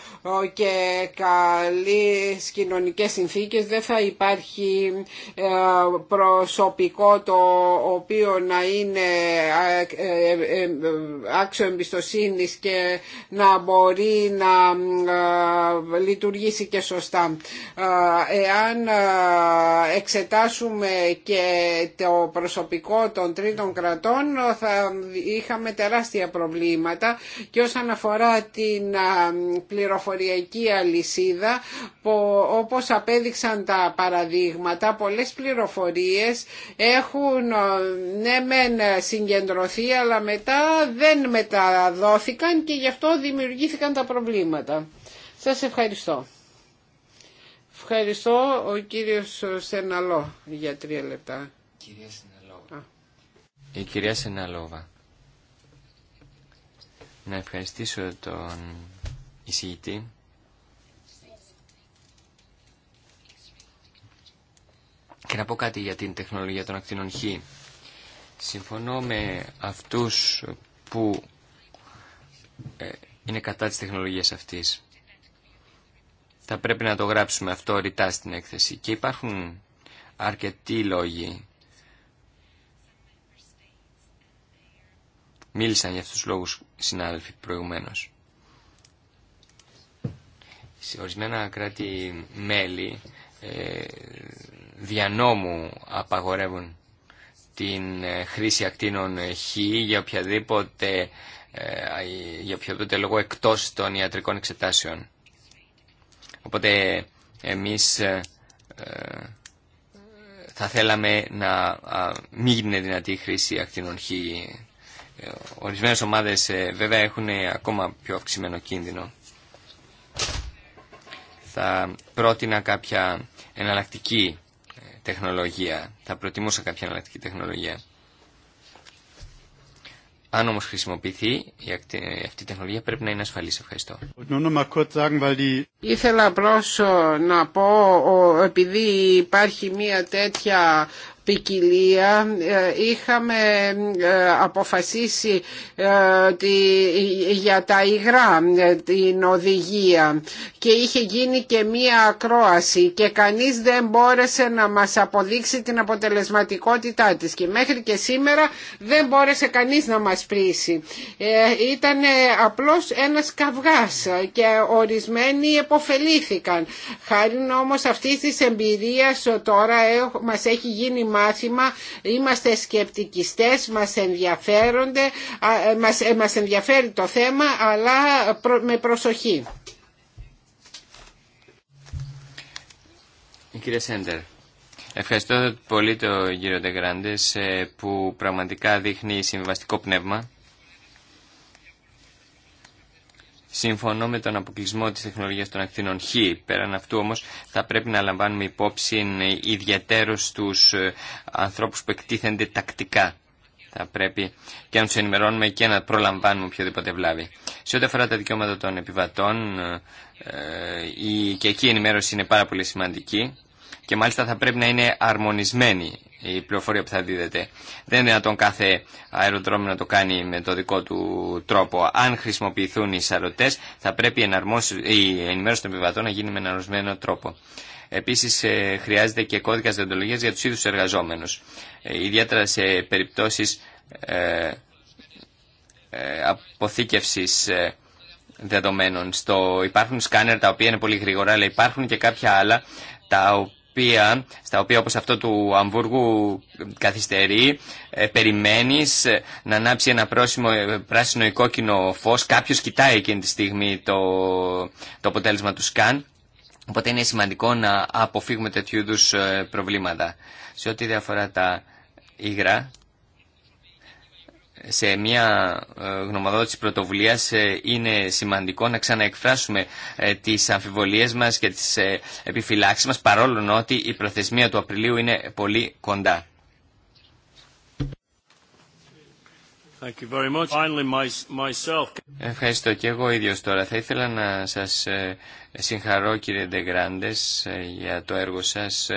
και καλές κοινωνικές συνθήκες δεν θα υπάρχει προσωπικό το οποίο να είναι άξιο εμπιστοσύνης και να μπορεί να ε, λειτουργήσει και σωστά. Ε, εάν ε, εξετάσουμε και το προσωπικό των τρίτων κρατών θα είχαμε τεράστια προβλήματα και όσον αφορά την πληροφοριακή αλυσίδα όπως απέδειξαν τα παραδείγματα πολλές πληροφορίες έχουν ναι μεν συγκεντρωθεί αλλά μετά δεν μεταδόθηκαν και γι' αυτό δημιουργήθηκαν τα προβλήματα. Σας ευχαριστώ. Ευχαριστώ ο κύριος Σεναλό για τρία λεπτά. Κυρία Σεναλόβα. Η κυρία Σεναλόβα. Να ευχαριστήσω τον εισηγητή. Και να πω κάτι για την τεχνολογία των ακτινών Χ. Συμφωνώ με αυτούς που ε, είναι κατά της τεχνολογίας αυτής. Θα πρέπει να το γράψουμε αυτό ρητά στην έκθεση. Και υπάρχουν αρκετοί λόγοι. Μίλησαν για αυτούς τους λόγους συνάδελφοι προηγουμένως. Σε ορισμένα κράτη-μέλη ε, διανόμου απαγορεύουν την ε, χρήση ακτίνων Χ για οποιαδήποτε, ε, για οποιοδήποτε λόγο εκτός των ιατρικών εξετάσεων. Οπότε εμείς ε, θα θέλαμε να μην γίνει δυνατή η χρήση ακτίνων Χ. Ορισμένες ομάδες βέβαια έχουν ακόμα πιο αυξημένο κίνδυνο. Θα πρότεινα κάποια εναλλακτική τεχνολογία. Θα προτιμούσα κάποια εναλλακτική τεχνολογία. Αν όμω χρησιμοποιηθεί αυτή η τεχνολογία πρέπει να είναι ασφαλής. Ευχαριστώ. Ήθελα απλώ ε, να πω, επειδή υπάρχει μια τέτοια ποικιλία. Ε, είχαμε ε, αποφασίσει ε, για τα υγρά την οδηγία και είχε γίνει και μία ακρόαση και κανείς δεν μπόρεσε να μας αποδείξει την αποτελεσματικότητά της και μέχρι και σήμερα δεν μπόρεσε κανείς να μας πλήσει. Ήταν απλώς ένας καυγάς και ορισμένοι εποφελήθηκαν. Χάρη όμως αυτής της εμπειρίας τώρα μας έχει γίνει μάθημα. Είμαστε σκεπτικιστές, μας, ενδιαφέρονται, ε, ε, μας, ενδιαφέρει το θέμα, αλλά με προσοχή. Κύριε Σέντερ, ευχαριστώ πολύ τον κύριο Ντεγκράντες ε, που πραγματικά δείχνει συμβαστικό πνεύμα Συμφωνώ με τον αποκλεισμό της τεχνολογίας των ακτίνων Χ. Πέραν αυτού όμως θα πρέπει να λαμβάνουμε υπόψη ιδιαίτερως τους ε, ανθρώπους που εκτίθενται τακτικά. Θα πρέπει και να του ενημερώνουμε και να προλαμβάνουμε οποιοδήποτε βλάβη. Σε ό,τι αφορά τα δικαιώματα των επιβατών, ε, ε, η, και εκεί η ενημέρωση είναι πάρα πολύ σημαντική και μάλιστα θα πρέπει να είναι αρμονισμένη η πληροφορία που θα δίδεται. Δεν είναι τον κάθε αεροδρόμιο να το κάνει με το δικό του τρόπο. Αν χρησιμοποιηθούν οι σαρωτές θα πρέπει η ενημέρωση των επιβατών να γίνει με εναρμοσμένο τρόπο. Επίσης ε, χρειάζεται και κώδικα διοντολογία για τους ίδιους εργαζόμενους. Ε, ιδιαίτερα σε περιπτώσεις ε, ε αποθήκευσης δεδομένων. Στο, υπάρχουν σκάνερ τα οποία είναι πολύ γρήγορα, αλλά υπάρχουν και κάποια άλλα τα οποία στα οποία όπως αυτό του Αμβούργου καθυστερεί, ε, περιμένεις ε, να ανάψει ένα πρόσημο ε, πράσινο ή κόκκινο φως, κάποιος κοιτάει εκείνη τη στιγμή το, το αποτέλεσμα του σκάν, οπότε είναι σημαντικό να αποφύγουμε τέτοιου είδου προβλήματα. Σε ό,τι διαφορά τα υγρά, σε μια ε, γνωμοδότηση πρωτοβουλίας ε, είναι σημαντικό να ξαναεκφράσουμε ε, τις αμφιβολίες μας και τις επιφυλάξεις μας παρόλο ότι η προθεσμία του Απριλίου είναι πολύ κοντά. Ευχαριστώ και εγώ ίδιο τώρα. Θα ήθελα να σας συγχαρώ κύριε Ντεγκράντες για το έργο σας.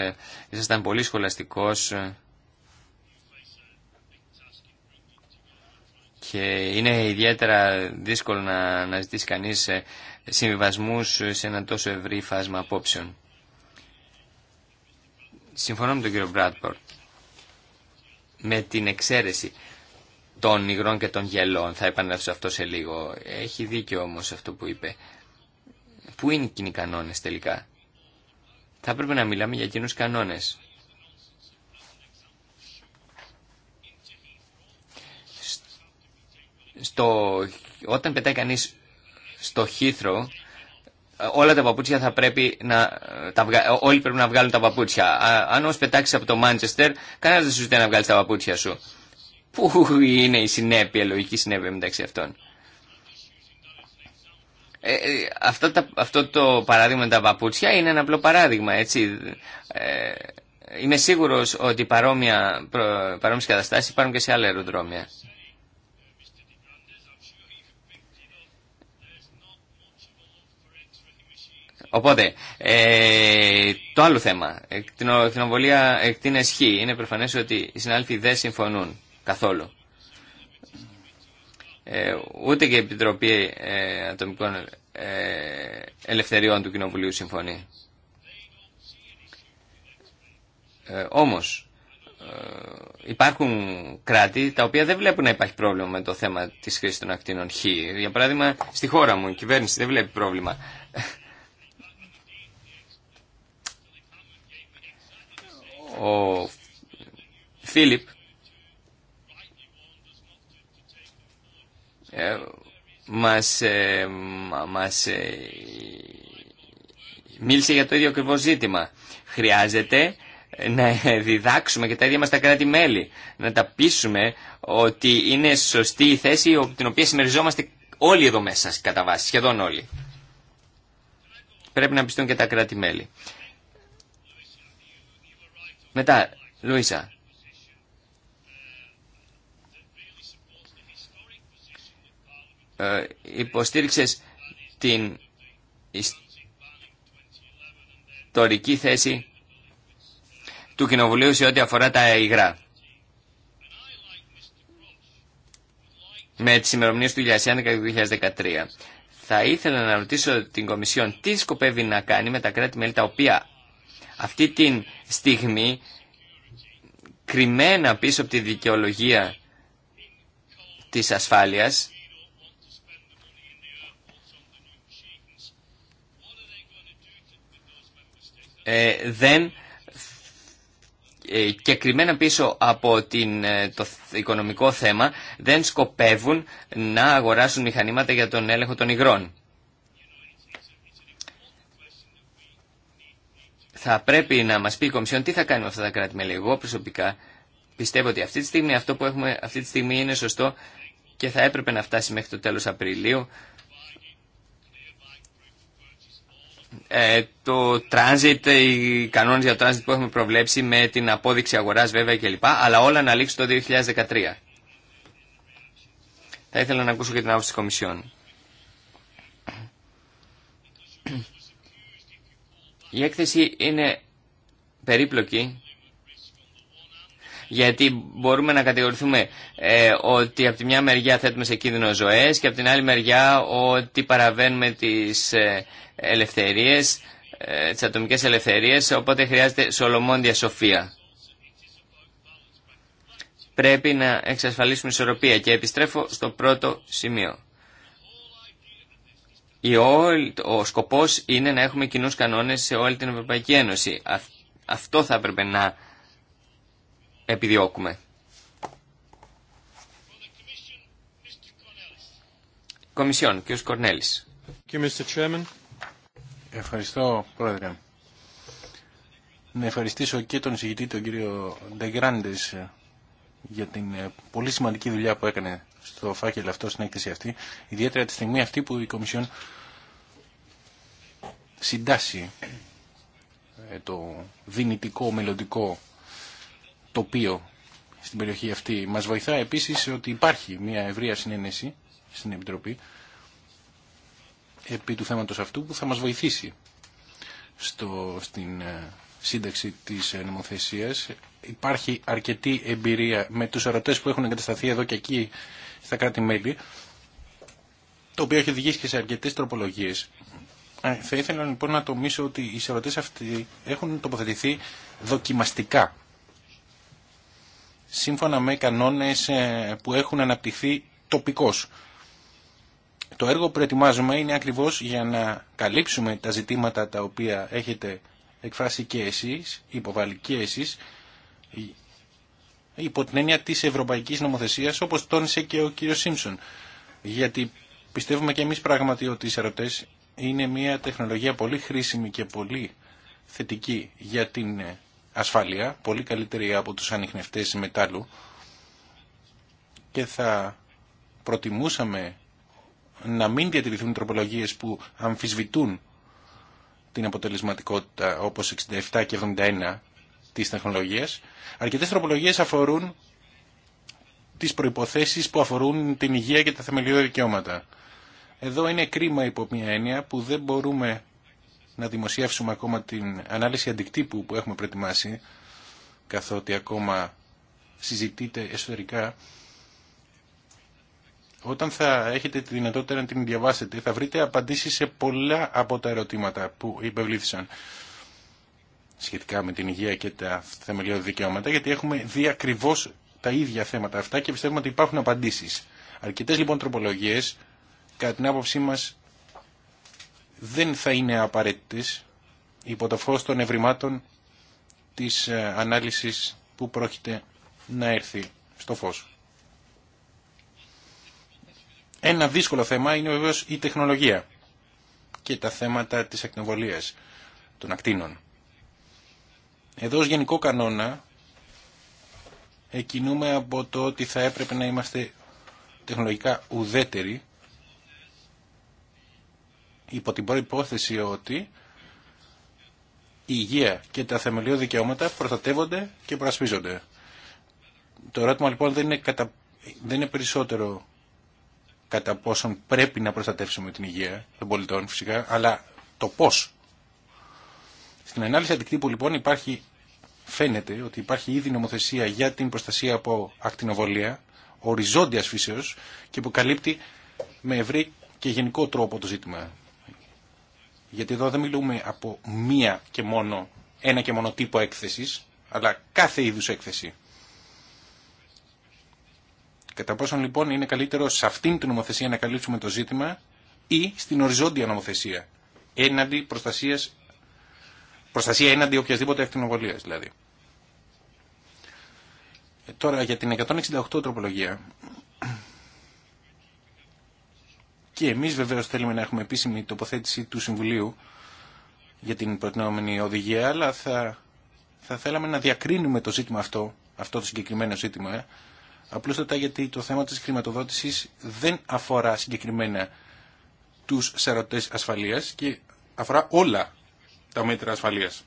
Ήσασταν πολύ σχολαστικός. και είναι ιδιαίτερα δύσκολο να, να ζητήσει κανείς ε, συμβιβασμούς σε ένα τόσο ευρύ φάσμα απόψεων. Συμφωνώ με τον κύριο Μπράτπορτ με την εξαίρεση των υγρών και των γελών. Θα επανέλθω σε αυτό σε λίγο. Έχει δίκιο όμως αυτό που είπε. Πού είναι οι κοινοί κανόνες τελικά. Θα πρέπει να μιλάμε για κοινού κανόνες. στο, όταν πετάει κανεί στο χήθρο, όλα τα παπούτσια θα πρέπει να. Ε, όλοι πρέπει να βγάλουν τα παπούτσια. Αν όμω πετάξει από το Μάντσεστερ, κανένα δεν σου ζητάει να βγάλει τα παπούτσια σου. Πού είναι η συνέπεια, η λογική συνέπεια μεταξύ αυτών. Ε, ε, αυτό, τα, αυτό το παράδειγμα με τα παπούτσια είναι ένα απλό παράδειγμα, έτσι. είμαι σίγουρος ότι παρόμοια, παρόμοιες καταστάσεις υπάρχουν και σε άλλα αεροδρόμια. Οπότε, ε, το άλλο θέμα, εκτινοβολία εκτείνει χ, είναι προφανέ ότι οι συνάδελφοι δεν συμφωνούν καθόλου. Ε, ούτε και η Επιτροπή ε, Ατομικών ε, Ελευθεριών του Κοινοβουλίου συμφωνεί. Ε, όμως, ε, υπάρχουν κράτη τα οποία δεν βλέπουν να υπάρχει πρόβλημα με το θέμα της χρήσης των ακτίνων χ. Για παράδειγμα, στη χώρα μου η κυβέρνηση δεν βλέπει πρόβλημα Ο Φίλιπ ε, μας, ε, μας ε, μίλησε για το ίδιο ακριβώ ζήτημα. Χρειάζεται να διδάξουμε και τα ίδια μας τα κράτη-μέλη, να τα πείσουμε ότι είναι σωστή η θέση την οποία συμμεριζόμαστε όλοι εδώ μέσα κατά βάση, σχεδόν όλοι. Πρέπει να πιστούν και τα κράτη-μέλη. Μετά, Λουίσα. Ε, υποστήριξες την ιστορική θέση του Κοινοβουλίου σε ό,τι αφορά τα υγρά. Με τις ημερομηνίες του 2011 και του 2013. Θα ήθελα να ρωτήσω την Κομισιόν τι σκοπεύει να κάνει με τα κράτη-μέλη τα οποία αυτή τη στιγμή, κρυμμένα πίσω από τη δικαιολογία της ασφάλειας, ε, δεν ε, και κρυμμένα πίσω από ε, το οικονομικό θέμα δεν σκοπεύουν να αγοράσουν μηχανήματα για τον έλεγχο των υγρών. θα πρέπει να μας πει η Κομισιόν τι θα κάνει με αυτά τα κράτη-μέλη. Εγώ προσωπικά πιστεύω ότι αυτή τη στιγμή αυτό που έχουμε αυτή τη στιγμή είναι σωστό και θα έπρεπε να φτάσει μέχρι το τέλος Απριλίου. Ε, το transit, οι κανόνες για το transit που έχουμε προβλέψει με την απόδειξη αγοράς βέβαια κλπ. Αλλά όλα να λήξουν το 2013. Θα ήθελα να ακούσω και την άποψη της Κομισιόν. Η έκθεση είναι περίπλοκη γιατί μπορούμε να κατηγορηθούμε ε, ότι από τη μια μεριά θέτουμε σε κίνδυνο ζωές και από την άλλη μεριά ότι παραβαίνουμε τις ε, ελευθερίες, ε, τις ατομικές ελευθερίες, οπότε χρειάζεται σολομόντια σοφία. Πρέπει να εξασφαλίσουμε ισορροπία και επιστρέφω στο πρώτο σημείο ο σκοπός είναι να έχουμε κοινούς κανόνες σε όλη την Ευρωπαϊκή Ένωση. Αυτό θα έπρεπε να επιδιώκουμε. Κομισιόν, κ. Κορνέλης. Ευχαριστώ, Πρόεδρε. Να ευχαριστήσω και τον συγητή, τον κύριο Ντεγκράντες, για την ε, πολύ σημαντική δουλειά που έκανε στο φάκελο αυτό, στην έκθεση αυτή, ιδιαίτερα τη στιγμή αυτή που η Κομισιόν συντάσσει ε, το δυνητικό μελλοντικό τοπίο στην περιοχή αυτή. Μας βοηθά επίσης ότι υπάρχει μια ευρεία συνένεση στην Επιτροπή επί του θέματος αυτού που θα μας βοηθήσει στο, στην ε, σύνταξη της ε, νομοθεσίας. Υπάρχει αρκετή εμπειρία με τους ερωτές που έχουν εγκατασταθεί εδώ και εκεί στα κράτη-μέλη, το οποίο έχει οδηγήσει και σε αρκετέ τροπολογίε. Ε, θα ήθελα λοιπόν να τομίσω ότι οι σερωτές αυτοί έχουν τοποθετηθεί δοκιμαστικά. Σύμφωνα με κανόνες ε, που έχουν αναπτυχθεί τοπικώς. Το έργο που προετοιμάζουμε είναι ακριβώς για να καλύψουμε τα ζητήματα τα οποία έχετε εκφράσει και εσείς, υποβάλει και εσείς, υπό την έννοια της ευρωπαϊκής νομοθεσίας όπως τόνισε και ο κύριος Σίμψον. Γιατί πιστεύουμε και εμείς πράγματι ότι οι σαρωτές είναι μια τεχνολογία πολύ χρήσιμη και πολύ θετική για την ασφάλεια, πολύ καλύτερη από τους ανιχνευτές μετάλλου και θα προτιμούσαμε να μην διατηρηθούν τροπολογίες που αμφισβητούν την αποτελεσματικότητα όπως 67 και τις τεχνολογίες. Αρκετές τροπολογίες αφορούν τις προϋποθέσεις που αφορούν την υγεία και τα θεμελιώδη δικαιώματα. Εδώ είναι κρίμα υπό μια έννοια που δεν μπορούμε να δημοσιεύσουμε ακόμα την ανάλυση αντικτύπου που έχουμε προετοιμάσει, καθότι ακόμα συζητείται εσωτερικά. Όταν θα έχετε τη δυνατότητα να την διαβάσετε, θα βρείτε απαντήσεις σε πολλά από τα ερωτήματα που υπευλήθησαν σχετικά με την υγεία και τα θεμελιώδη δικαιώματα, γιατί έχουμε δει ακριβώ τα ίδια θέματα αυτά και πιστεύουμε ότι υπάρχουν απαντήσεις. Αρκετές λοιπόν τροπολογίε, κατά την άποψή μα δεν θα είναι απαραίτητες υπό το φω των ευρημάτων της ε, ανάλυσης που πρόκειται να έρθει στο φως. Ένα δύσκολο θέμα είναι βεβαίω η τεχνολογία και τα θέματα της εκνοβολίας των ακτίνων. Εδώ ως γενικό κανόνα εκινούμε από το ότι θα έπρεπε να είμαστε τεχνολογικά ουδέτεροι υπό την προϋπόθεση ότι η υγεία και τα θεμελιώδη δικαιώματα προστατεύονται και προασπίζονται. Το ερώτημα λοιπόν δεν είναι, κατα... δεν είναι περισσότερο κατά πόσον πρέπει να προστατεύσουμε την υγεία των πολιτών φυσικά, αλλά το πώς στην ανάλυση αντικτύπου λοιπόν υπάρχει, φαίνεται ότι υπάρχει ήδη νομοθεσία για την προστασία από ακτινοβολία, οριζόντιας φύσεως και που καλύπτει με ευρύ και γενικό τρόπο το ζήτημα. Γιατί εδώ δεν μιλούμε από μία και μόνο, ένα και μόνο τύπο έκθεσης, αλλά κάθε είδους έκθεση. Κατά πόσον λοιπόν είναι καλύτερο σε αυτήν την νομοθεσία να καλύψουμε το ζήτημα ή στην οριζόντια νομοθεσία έναντι προστασίας προστασία έναντι οποιασδήποτε ευθυνοβολία, δηλαδή. Ε, τώρα για την 168 τροπολογία. Και εμείς βεβαίως θέλουμε να έχουμε επίσημη τοποθέτηση του Συμβουλίου για την προτινόμενη οδηγία, αλλά θα, θα θέλαμε να διακρίνουμε το ζήτημα αυτό, αυτό το συγκεκριμένο ζήτημα, ε. απλούστατα γιατί το θέμα της χρηματοδότησης δεν αφορά συγκεκριμένα τους σαρωτές ασφαλείας και αφορά όλα τα μέτρα ασφαλείας.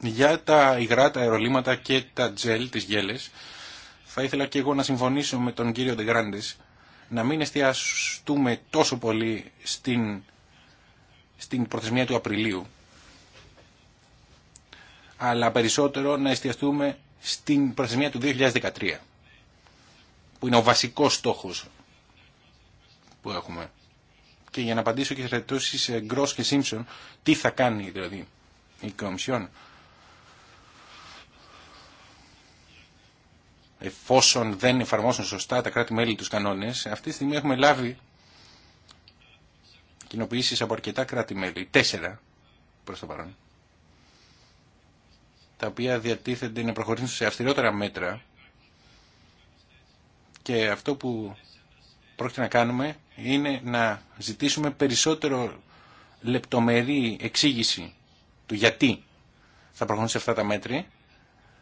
Για τα υγρά, τα αερολήματα και τα τζελ, τις γέλες, θα ήθελα και εγώ να συμφωνήσω με τον κύριο Ντεγκράντης να μην εστιαστούμε τόσο πολύ στην, στην προθεσμία του Απριλίου αλλά περισσότερο να εστιαστούμε στην προθεσμία του 2013 που είναι ο βασικός στόχος που έχουμε και για να απαντήσω και σε ερωτήσει Γκρό ε, και Σίμψον, τι θα κάνει δηλαδή η Κομισιόν. Εφόσον δεν εφαρμόσουν σωστά τα κράτη-μέλη τους κανόνες, αυτή τη στιγμή έχουμε κοινοποιήσει κοινοποιήσεις από αρκετά κράτη-μέλη, τέσσερα προ το παρόν, τα οποία διατίθενται να προχωρήσουν σε αυστηρότερα μέτρα και αυτό που πρόκειται να κάνουμε είναι να ζητήσουμε περισσότερο λεπτομερή εξήγηση του γιατί θα προχωρούν αυτά τα μέτρη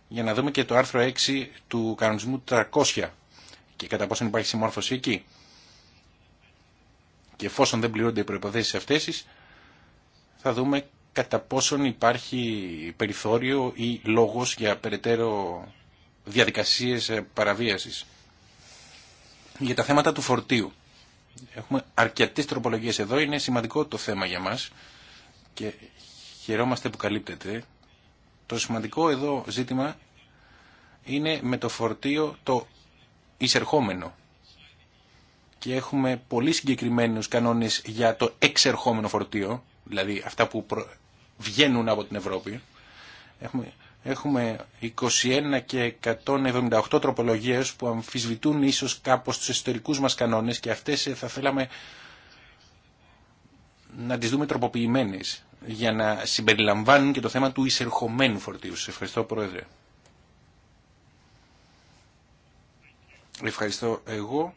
για να δούμε και το άρθρο 6 του κανονισμού 300 και κατά πόσον υπάρχει συμμόρφωση εκεί. Και εφόσον δεν πληρούνται οι προϋποθέσεις αυτές, θα δούμε κατά πόσον υπάρχει περιθώριο ή λόγος για περαιτέρω διαδικασίες παραβίασης για τα θέματα του φορτίου. Έχουμε αρκετές τροπολογίες εδώ, είναι σημαντικό το θέμα για μας και χαιρόμαστε που καλύπτεται. Το σημαντικό εδώ ζήτημα είναι με το φορτίο το εισερχόμενο και έχουμε πολύ συγκεκριμένους κανόνες για το εξερχόμενο φορτίο, δηλαδή αυτά που βγαίνουν από την Ευρώπη. Έχουμε Έχουμε 21 και 178 τροπολογίες που αμφισβητούν ίσως κάπως τους ιστορικούς μας κανόνες και αυτές ε, θα θέλαμε να τις δούμε τροποποιημένες για να συμπεριλαμβάνουν και το θέμα του εισερχομένου φορτίου. ευχαριστώ Πρόεδρε. Ευχαριστώ εγώ,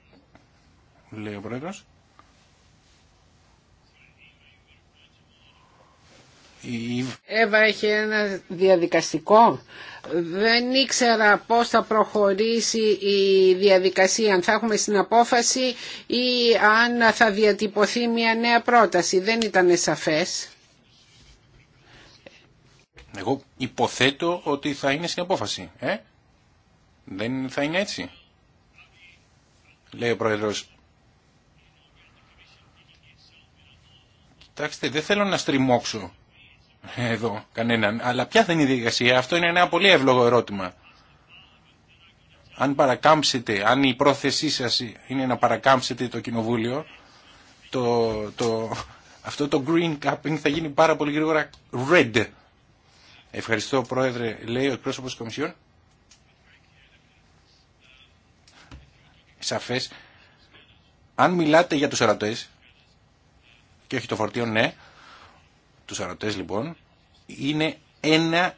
λέει ο Πρόεδρος. Εύα έχει ένα διαδικαστικό. Δεν ήξερα πώς θα προχωρήσει η διαδικασία, αν θα έχουμε στην απόφαση ή αν θα διατυπωθεί μια νέα πρόταση. Δεν ήταν σαφές. Εγώ υποθέτω ότι θα είναι στην απόφαση. Ε? Δεν θα είναι έτσι. Λέει ο Πρόεδρος. Κοιτάξτε, δεν θέλω να στριμώξω εδώ κανέναν. Αλλά ποια θα είναι η διαδικασία, αυτό είναι ένα πολύ εύλογο ερώτημα. Αν παρακάμψετε, αν η πρόθεσή σας είναι να παρακάμψετε το κοινοβούλιο, το, το, αυτό το green capping θα γίνει πάρα πολύ γρήγορα red. Ευχαριστώ πρόεδρε, λέει ο εκπρόσωπος της Κομισιόν. Σαφές. Αν μιλάτε για τους ερωτές, και όχι το φορτίο, ναι, τους αρωτές λοιπόν, είναι ένα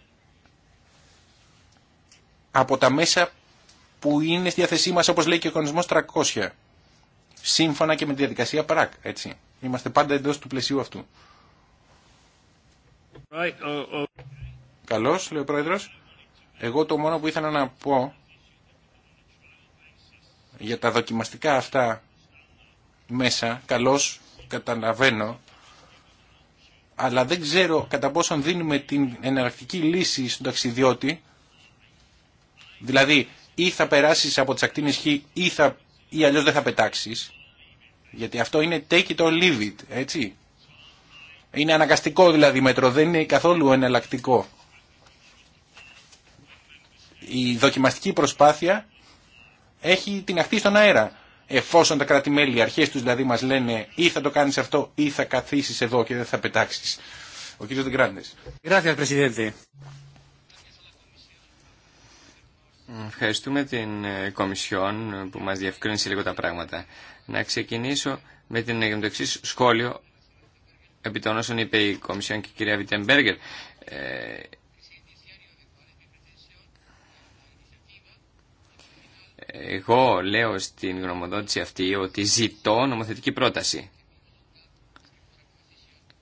από τα μέσα που είναι στη διάθεσή μας, όπως λέει και ο κανονισμός 300, σύμφωνα και με τη διαδικασία ΠΡΑΚ, έτσι. Είμαστε πάντα εντός του πλαισίου αυτού. Right, Καλώς, λέει ο Πρόεδρος. Εγώ το μόνο που ήθελα να πω για τα δοκιμαστικά αυτά μέσα, καλώς καταλαβαίνω αλλά δεν ξέρω κατά πόσον δίνουμε την εναλλακτική λύση στον ταξιδιώτη, δηλαδή ή θα περάσεις από τις ακτίνες χ ή, θα, ή αλλιώς δεν θα πετάξεις, γιατί αυτό είναι take it or leave it, έτσι. Είναι αναγκαστικό δηλαδή μέτρο, δεν είναι καθόλου εναλλακτικό. Η δοκιμαστική προσπάθεια έχει την ακτή στον αέρα εφόσον τα κράτη-μέλη, οι αρχές τους δηλαδή μας λένε ή θα το κάνεις αυτό ή θα καθίσεις εδώ και δεν θα πετάξεις. Ο κ. Δεγκράντες. Ευχαριστούμε την ε, Κομισιόν που μας διευκρίνησε λίγο τα πράγματα. Να ξεκινήσω με την ε, εξή σχόλιο επί των όσων είπε η Κομισιόν και η κυρία Βιτεμπέργκερ. Ε, εγώ λέω στην γνωμοδότηση αυτή ότι ζητώ νομοθετική πρόταση.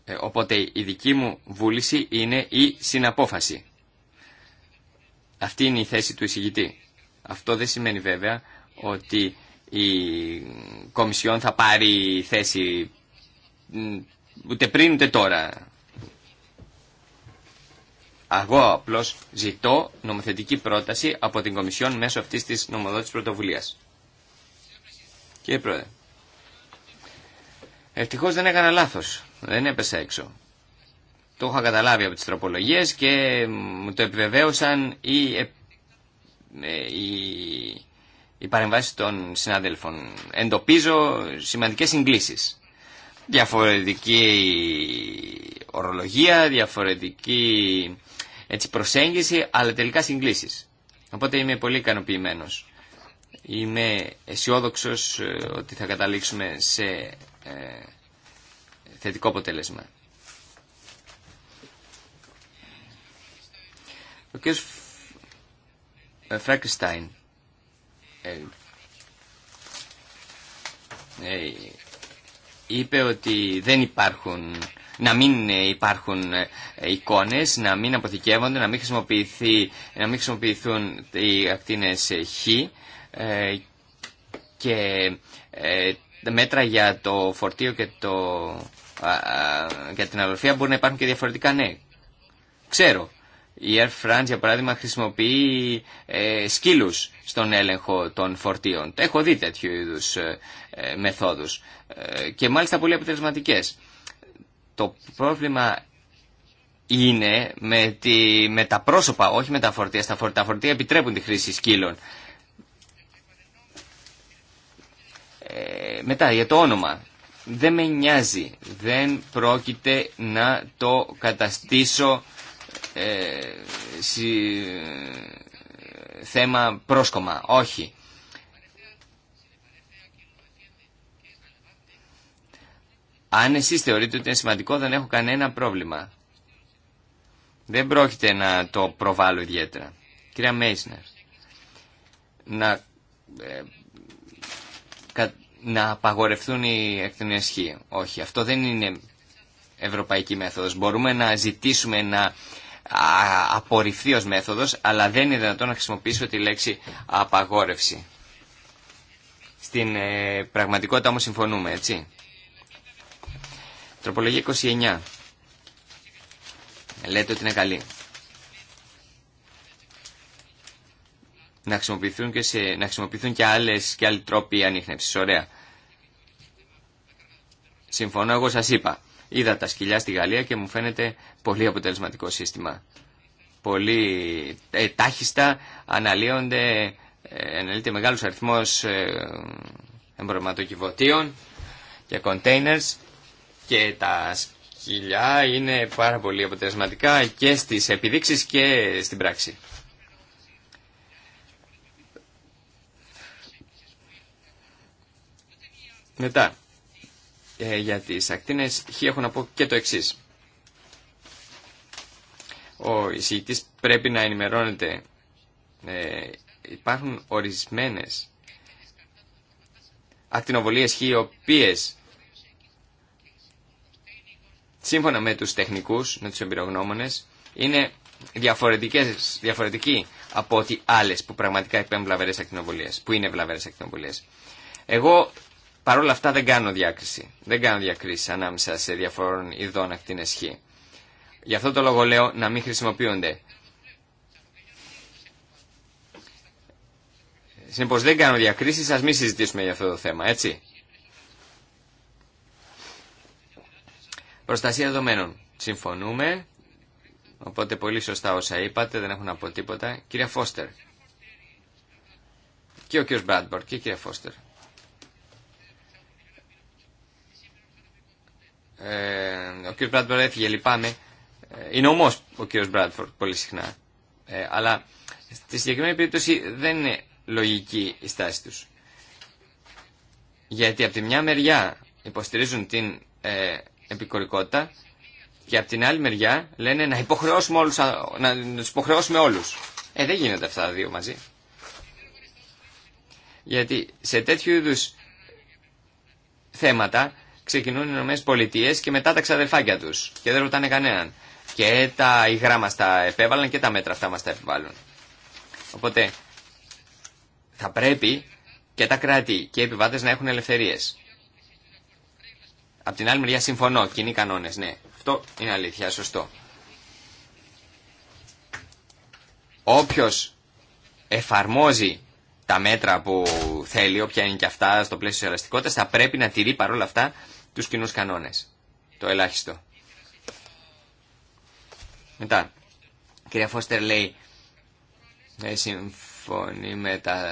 Ε, οπότε η δική μου βούληση είναι η συναπόφαση. Αυτή είναι η θέση του εισηγητή. Αυτό δεν σημαίνει βέβαια ότι η Κομισιόν θα πάρει θέση ούτε πριν ούτε τώρα. Αγώ απλώ ζητώ νομοθετική πρόταση από την Κομισιόν μέσω αυτή τη νομοδότη πρωτοβουλία. Κύριε Πρόεδρε, ευτυχώ δεν έκανα λάθο. Δεν έπεσα έξω. Το είχα καταλάβει από τι τροπολογίε και μου το επιβεβαίωσαν οι, ε, οι, οι παρεμβάσει των συνάδελφων. Εντοπίζω σημαντικέ συγκλήσει. Διαφορετική ορολογία, διαφορετική έτσι, προσέγγιση, αλλά τελικά συγκλήσει. Οπότε είμαι πολύ ικανοποιημένο. Είμαι αισιόδοξο ε, ότι θα καταλήξουμε σε ε, θετικό αποτέλεσμα. Ο κ. Ε, Φράκριστάιν ε, είπε ότι δεν υπάρχουν να μην ε, υπάρχουν ε, εικόνες, να μην αποθηκεύονται, να μην, χρησιμοποιηθεί, να μην χρησιμοποιηθούν οι ακτίνες ε, Χ και μέτρα για το φορτίο και, το, για την αγροφία μπορεί να υπάρχουν και διαφορετικά ναι. Ξέρω. Η Air France, για παράδειγμα, χρησιμοποιεί ε, σκύλους στον έλεγχο των φορτίων. Έχω δει τέτοιου είδους ε, μεθόδους και μάλιστα πολύ αποτελεσματικές. Το πρόβλημα είναι με, τη, με τα πρόσωπα, όχι με τα φορτία. Στα φορτία, τα φορτία επιτρέπουν τη χρήση σκύλων. Ε, μετά, για το όνομα. Δεν με νοιάζει. Δεν πρόκειται να το καταστήσω ε, θέμα πρόσκομα. Όχι. Αν εσείς θεωρείτε ότι είναι σημαντικό δεν έχω κανένα πρόβλημα. Δεν πρόκειται να το προβάλλω ιδιαίτερα. Κυρία Μέισνερ, να, ε, κα, να απαγορευτούν οι εκτενές Όχι, αυτό δεν είναι ευρωπαϊκή μέθοδος. Μπορούμε να ζητήσουμε να απορριφθεί ως μέθοδος, αλλά δεν είναι δυνατόν να χρησιμοποιήσω τη λέξη απαγόρευση. Στην ε, πραγματικότητα όμως συμφωνούμε, έτσι. Τροπολογία 29. Λέτε ότι είναι καλή. Να χρησιμοποιηθούν και, σε, να χρησιμοποιηθούν και, άλλες, και άλλοι τρόποι ανείχνευσης. Ωραία. Συμφωνώ, εγώ σας είπα. Είδα τα σκυλιά στη Γαλλία και μου φαίνεται πολύ αποτελεσματικό σύστημα. Πολύ ε, τάχιστα αναλύονται, ε, αναλύεται μεγάλος αριθμός ε, εμπορευματοκιβωτίων και containers και τα σκυλιά είναι πάρα πολύ αποτελεσματικά και στις επιδείξεις και στην πράξη. Μετά, ε, για τις ακτίνες χ έχω να πω και το εξής. Ο εισηγητής πρέπει να ενημερώνεται. Ε, υπάρχουν ορισμένες ακτινοβολίες χ οι οποίες σύμφωνα με τους τεχνικούς, με τους εμπειρογνώμονες, είναι διαφορετικές, διαφορετική από ότι άλλες που πραγματικά εκπέμπουν βλαβερές ακτινοβολίες, που είναι βλαβερές ακτινοβολίες. Εγώ παρόλα αυτά δεν κάνω διάκριση. Δεν κάνω διάκριση ανάμεσα σε διαφορών ειδών ακτίνες χ. Γι' αυτό το λόγο λέω να μην χρησιμοποιούνται. Συνεπώς δεν κάνω διακρίσεις, ας μην συζητήσουμε για αυτό το θέμα, έτσι. Προστασία δεδομένων. Συμφωνούμε. Οπότε πολύ σωστά όσα είπατε, δεν έχουν να πω τίποτα. Κύριε Φώστερ. Και ο κύριος Μπράντμπορ και η κυρία Φώστερ. Ε, ο κύριος Μπράντφορντ έφυγε, λυπάμαι. Ε, είναι ομός ο κύριος Μπράντφορντ πολύ συχνά. Ε, αλλά στη συγκεκριμένη περίπτωση δεν είναι λογική η στάση τους. Γιατί από τη μια μεριά υποστηρίζουν την ε, επικορικότητα και από την άλλη μεριά λένε να υποχρεώσουμε όλους, να υποχρεώσουμε όλους. Ε, δεν γίνονται αυτά τα δύο μαζί. Γιατί σε τέτοιου είδους θέματα ξεκινούν οι νομές Πολιτείες και μετά τα ξαδελφάκια τους και δεν ρωτάνε κανέναν. Και τα υγρά μας τα επέβαλαν και τα μέτρα αυτά μας τα επιβάλλουν. Οπότε θα πρέπει και τα κράτη και οι επιβάτες να έχουν ελευθερίες. Απ' την άλλη μεριά συμφωνώ, κοινοί κανόνε. ναι. Αυτό είναι αλήθεια, σωστό. Όποιο εφαρμόζει τα μέτρα που θέλει, όποια είναι και αυτά στο πλαίσιο τη ελαστικότητα, θα πρέπει να τηρεί παρόλα αυτά του κοινού κανόνε, Το ελάχιστο. Μετά, η κυρία Φώστερ λέει, ε, συμφωνεί με τα...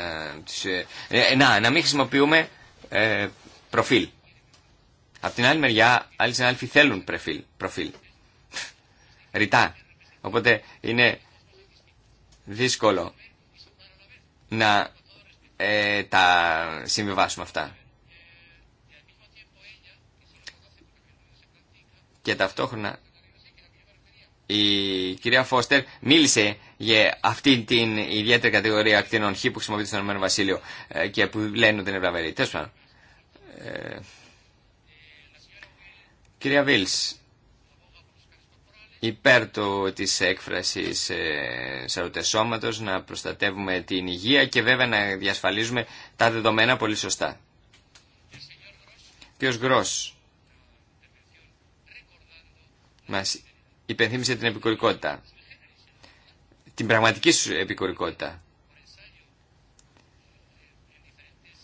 Ε, ε, να, να μην χρησιμοποιούμε ε, προφίλ. Απ' την άλλη μεριά, άλλοι συνάδελφοι θέλουν προφίλ. προφίλ. Ρητά. Οπότε είναι δύσκολο να ε, τα συμβιβάσουμε αυτά. Και ταυτόχρονα η κυρία Φώστερ μίλησε για αυτή την ιδιαίτερη κατηγορία ακτινών χ που χρησιμοποιείται στον Ηνωμένο Βασίλειο ε, και που λένε ότι είναι βραβερή. Τέλο Κυρία Βίλς, υπέρ το, της έκφρασης ε, να προστατεύουμε την υγεία και βέβαια να διασφαλίζουμε τα δεδομένα πολύ σωστά. Ποιος Γκρός μας υπενθύμισε την επικορικότητα, την πραγματική σου επικορικότητα.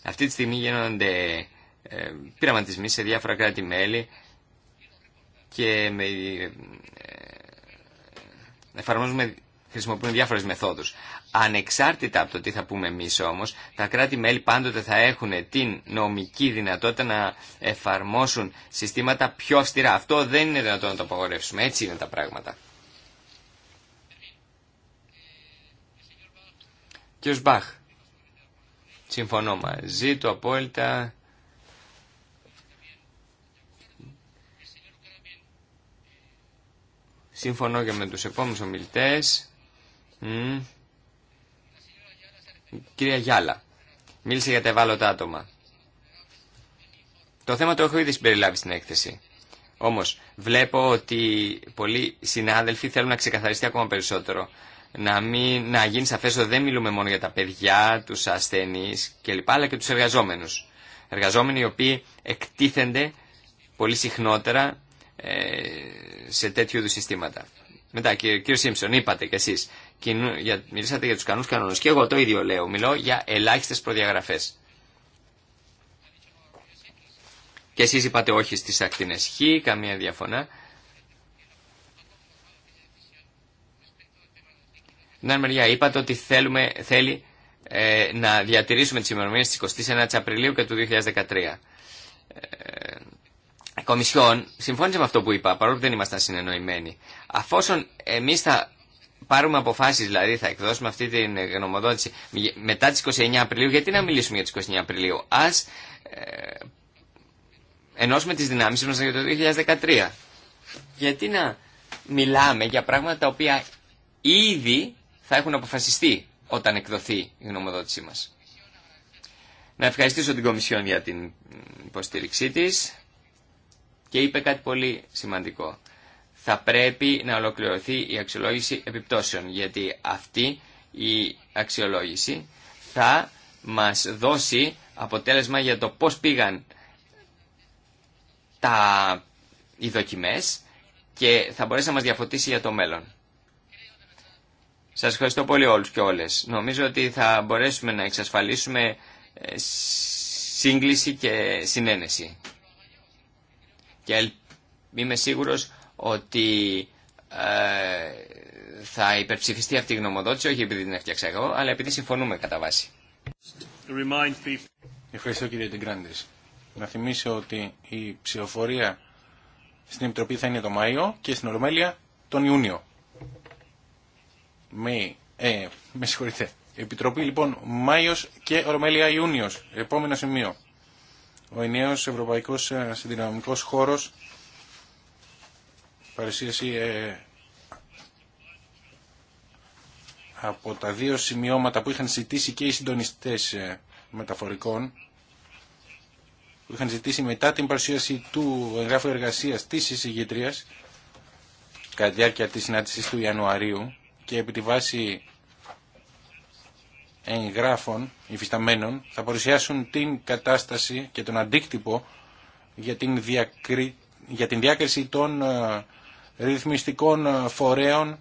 Αυτή τη στιγμή γίνονται ε, πειραματισμοί σε διάφορα κράτη-μέλη και με, ε, εφαρμόζουμε, χρησιμοποιούμε διάφορες μεθόδους. Ανεξάρτητα από το τι θα πούμε εμείς όμως, τα κράτη-μέλη πάντοτε θα έχουν την νομική δυνατότητα να εφαρμόσουν συστήματα πιο αυστηρά. Αυτό δεν είναι δυνατόν να το απαγορεύσουμε. Έτσι είναι τα πράγματα. Κύριος Μπαχ, συμφωνώ μαζί του απόλυτα. Συμφωνώ και με τους επόμενους ομιλητές. Κυρία Γιάλα, μίλησε για τα ευάλωτα άτομα. Το θέμα το έχω ήδη συμπεριλάβει στην έκθεση. Όμως βλέπω ότι πολλοί συνάδελφοι θέλουν να ξεκαθαριστεί ακόμα περισσότερο. Να, μην, να γίνει σαφές ότι δεν μιλούμε μόνο για τα παιδιά, τους ασθενείς κλπ. αλλά και τους εργαζόμενους. Εργαζόμενοι οι οποίοι εκτίθενται πολύ συχνότερα ε, σε τέτοιου είδου συστήματα. Μετά, κύριε Σίμψον, είπατε κι εσεί, μιλήσατε για του κανού κανόνε. Και εγώ το ίδιο λέω. Μιλώ για ελάχιστε προδιαγραφέ. Και εσεί είπατε όχι στι ακτίνε Χ, καμία διαφωνά. Να, άλλη μεριά, είπατε ότι θέλουμε, θέλει ε, να διατηρήσουμε τις ημερομηνίες της 29 Απριλίου και του 2013. Κομισιόν συμφώνησε με αυτό που είπα, παρόλο που δεν ήμασταν συνεννοημένοι. Αφόσον εμεί θα πάρουμε αποφάσει, δηλαδή θα εκδώσουμε αυτή την γνωμοδότηση μετά τι 29 Απριλίου, γιατί να μιλήσουμε για τι 29 Απριλίου. Α ε, ενώσουμε τι δυνάμει μα για το 2013. Γιατί να μιλάμε για πράγματα τα οποία ήδη θα έχουν αποφασιστεί όταν εκδοθεί η γνωμοδότησή μα. Να ευχαριστήσω την Κομισιόν για την υποστήριξή της και είπε κάτι πολύ σημαντικό. Θα πρέπει να ολοκληρωθεί η αξιολόγηση επιπτώσεων, γιατί αυτή η αξιολόγηση θα μας δώσει αποτέλεσμα για το πώς πήγαν τα, οι και θα μπορέσει να μας διαφωτίσει για το μέλλον. Σας ευχαριστώ πολύ όλους και όλες. Νομίζω ότι θα μπορέσουμε να εξασφαλίσουμε ε, σύγκληση και συνένεση και είμαι σίγουρος ότι ε, θα υπερψηφιστεί αυτή η γνωμοδότηση, όχι επειδή την έφτιαξα εγώ, αλλά επειδή συμφωνούμε κατά βάση. Ευχαριστώ κύριε Τιγκράντης. Να θυμίσω ότι η ψηφοφορία στην Επιτροπή θα είναι το Μάιο και στην Ολομέλεια τον Ιούνιο. Με, ε, συγχωρείτε. Επιτροπή λοιπόν Μάιος και Ορμέλεια Ιούνιος. Επόμενο σημείο. Ο ενιαίος ευρωπαϊκός ε, συνδυναμικός χώρος παρουσίαση ε, από τα δύο σημειώματα που είχαν ζητήσει και οι συντονιστές ε, μεταφορικών που είχαν ζητήσει μετά την παρουσίαση του εγγράφου εργασίας της εισηγήτριας κατά τη διάρκεια της συνάντησης του Ιανουαρίου και επί τη βάση εγγράφων υφισταμένων θα παρουσιάσουν την κατάσταση και τον αντίκτυπο για την, για την διάκριση των ε, ρυθμιστικών ε, φορέων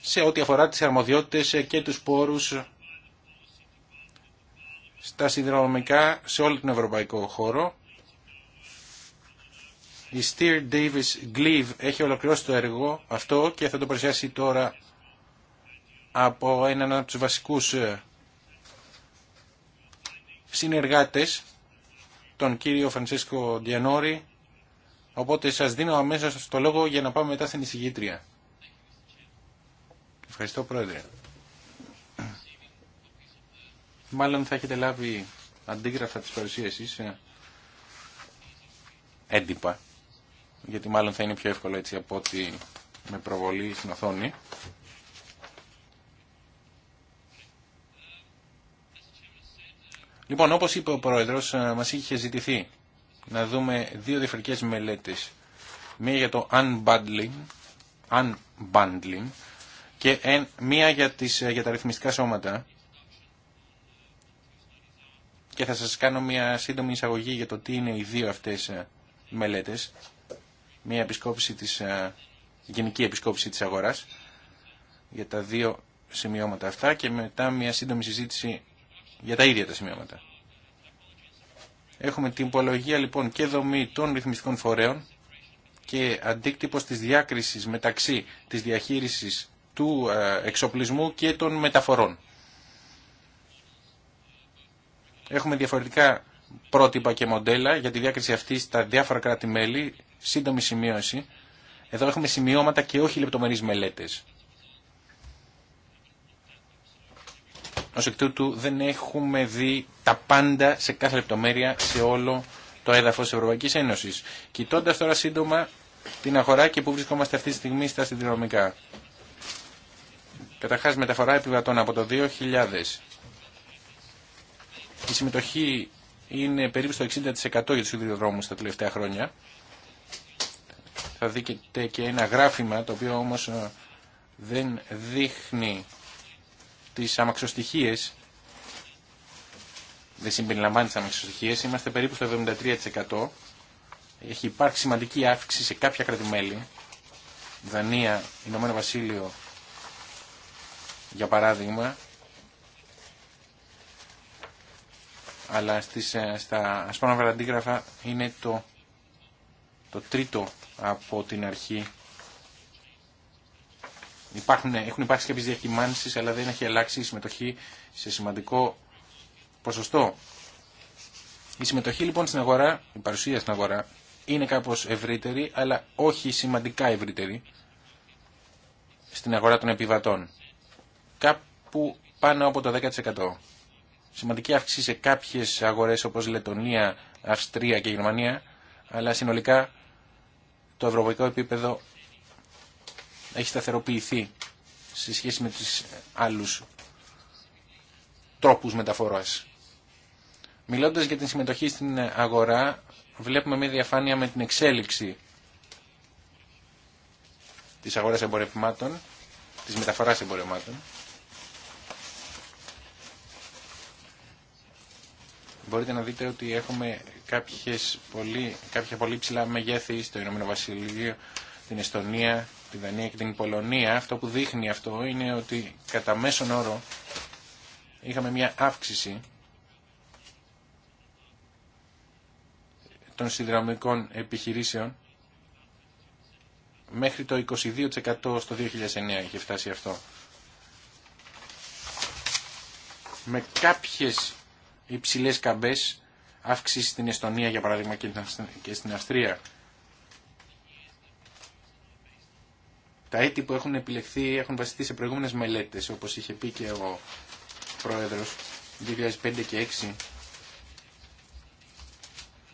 σε ό,τι αφορά τις αρμοδιότητες και τους πόρους στα συνδρομικά σε όλο τον ευρωπαϊκό χώρο. Η Steer Davis Gleave έχει ολοκληρώσει το έργο αυτό και θα το παρουσιάσει τώρα από έναν από τους βασικούς ε, συνεργάτες, τον κύριο Φρανσίσκο Διανόρη, οπότε σας δίνω αμέσως το λόγο για να πάμε μετά στην εισηγήτρια. Ευχαριστώ Πρόεδρε. Μάλλον θα έχετε λάβει αντίγραφα της παρουσίασης ε, έντυπα, γιατί μάλλον θα είναι πιο εύκολο έτσι από ότι με προβολή στην οθόνη. Λοιπόν, όπως είπε ο Πρόεδρος, ε, μας είχε ζητηθεί να δούμε δύο διαφορετικές μελέτες. Μία για το unbundling, unbundling και μία για, τις, ε, για τα ρυθμιστικά σώματα. Και θα σας κάνω μία σύντομη εισαγωγή για το τι είναι οι δύο αυτές ε, μελέτες. Μία επισκόπηση της, γενική επισκόπηση της αγοράς για τα δύο σημειώματα αυτά και μετά μία σύντομη συζήτηση για τα ίδια τα σημειώματα. Έχουμε την υπολογία λοιπόν και δομή των ρυθμιστικών φορέων και αντίκτυπος της διάκρισης μεταξύ της διαχείρισης του ε, εξοπλισμού και των μεταφορών. Έχουμε διαφορετικά πρότυπα και μοντέλα για τη διάκριση αυτή στα διάφορα κράτη-μέλη, σύντομη σημείωση. Εδώ έχουμε σημειώματα και όχι λεπτομερείς μελέτες. Ω εκ τούτου δεν έχουμε δει τα πάντα σε κάθε λεπτομέρεια σε όλο το έδαφος της Ευρωπαϊκής Ένωσης. Κοιτώντα τώρα σύντομα την αγορά και που βρισκόμαστε αυτή τη στιγμή στα συνδρομικά. Καταρχά, μεταφορά επιβατών από το 2000. Η συμμετοχή είναι περίπου στο 60% για του σιδηροδρόμους τα τελευταία χρόνια. Θα δείτε και ένα γράφημα το οποίο όμω ε, δεν δείχνει τις αμαξοστοιχίες, δεν συμπεριλαμβάνει τις αμαξοστοιχίες, είμαστε περίπου στο 73%. Έχει υπάρξει σημαντική αύξηση σε κάποια κρατημέλη, Δανία, Ηνωμένο Βασίλειο, για παράδειγμα, αλλά στις, ε, στα ασπάνω αντίγραφα είναι το, το τρίτο από την αρχή Υπάρχουν, έχουν υπάρξει κάποιε διακυμάνσει, αλλά δεν έχει αλλάξει η συμμετοχή σε σημαντικό ποσοστό. Η συμμετοχή λοιπόν στην αγορά, η παρουσία στην αγορά, είναι κάπως ευρύτερη, αλλά όχι σημαντικά ευρύτερη στην αγορά των επιβατών. Κάπου πάνω από το 10%. Σημαντική αύξηση σε κάποιες αγορές όπω Λετωνία, Αυστρία και Γερμανία, αλλά συνολικά το ευρωπαϊκό επίπεδο έχει σταθεροποιηθεί σε σχέση με τους άλλους τρόπους μεταφοράς. Μιλώντας για την συμμετοχή στην αγορά, βλέπουμε μια διαφάνεια με την εξέλιξη της αγοράς εμπορευμάτων, της μεταφοράς εμπορευμάτων. Μπορείτε να δείτε ότι έχουμε κάποιες πολύ, κάποια πολύ ψηλά μεγέθη στο Ηνωμένο Βασιλείο, την Εστονία, τη Δανία και την Πολωνία, αυτό που δείχνει αυτό είναι ότι κατά μέσον όρο είχαμε μια αύξηση των συνδραμικών επιχειρήσεων μέχρι το 22% στο 2009 είχε φτάσει αυτό. Με κάποιες υψηλές καμπές αύξηση στην Εστονία για παράδειγμα και στην Αυστρία Τα έτη που έχουν επιλεχθεί έχουν βασιστεί σε προηγούμενες μελέτες, όπως είχε πει και ο Πρόεδρος 2005 και 2006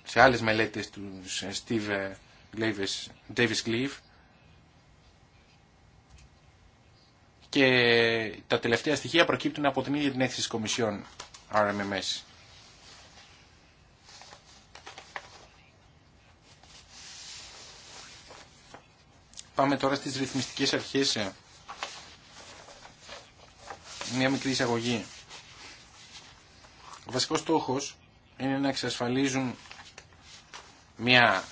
σε άλλες μελέτες του Steve Glavis, Davis Gleave και τα τελευταία στοιχεία προκύπτουν από την ίδια την έκθεση της Κομισιόν RMMS. Πάμε τώρα στις ρυθμιστικές αρχές. Μια μικρή εισαγωγή. Ο βασικός στόχος είναι να εξασφαλίζουν μια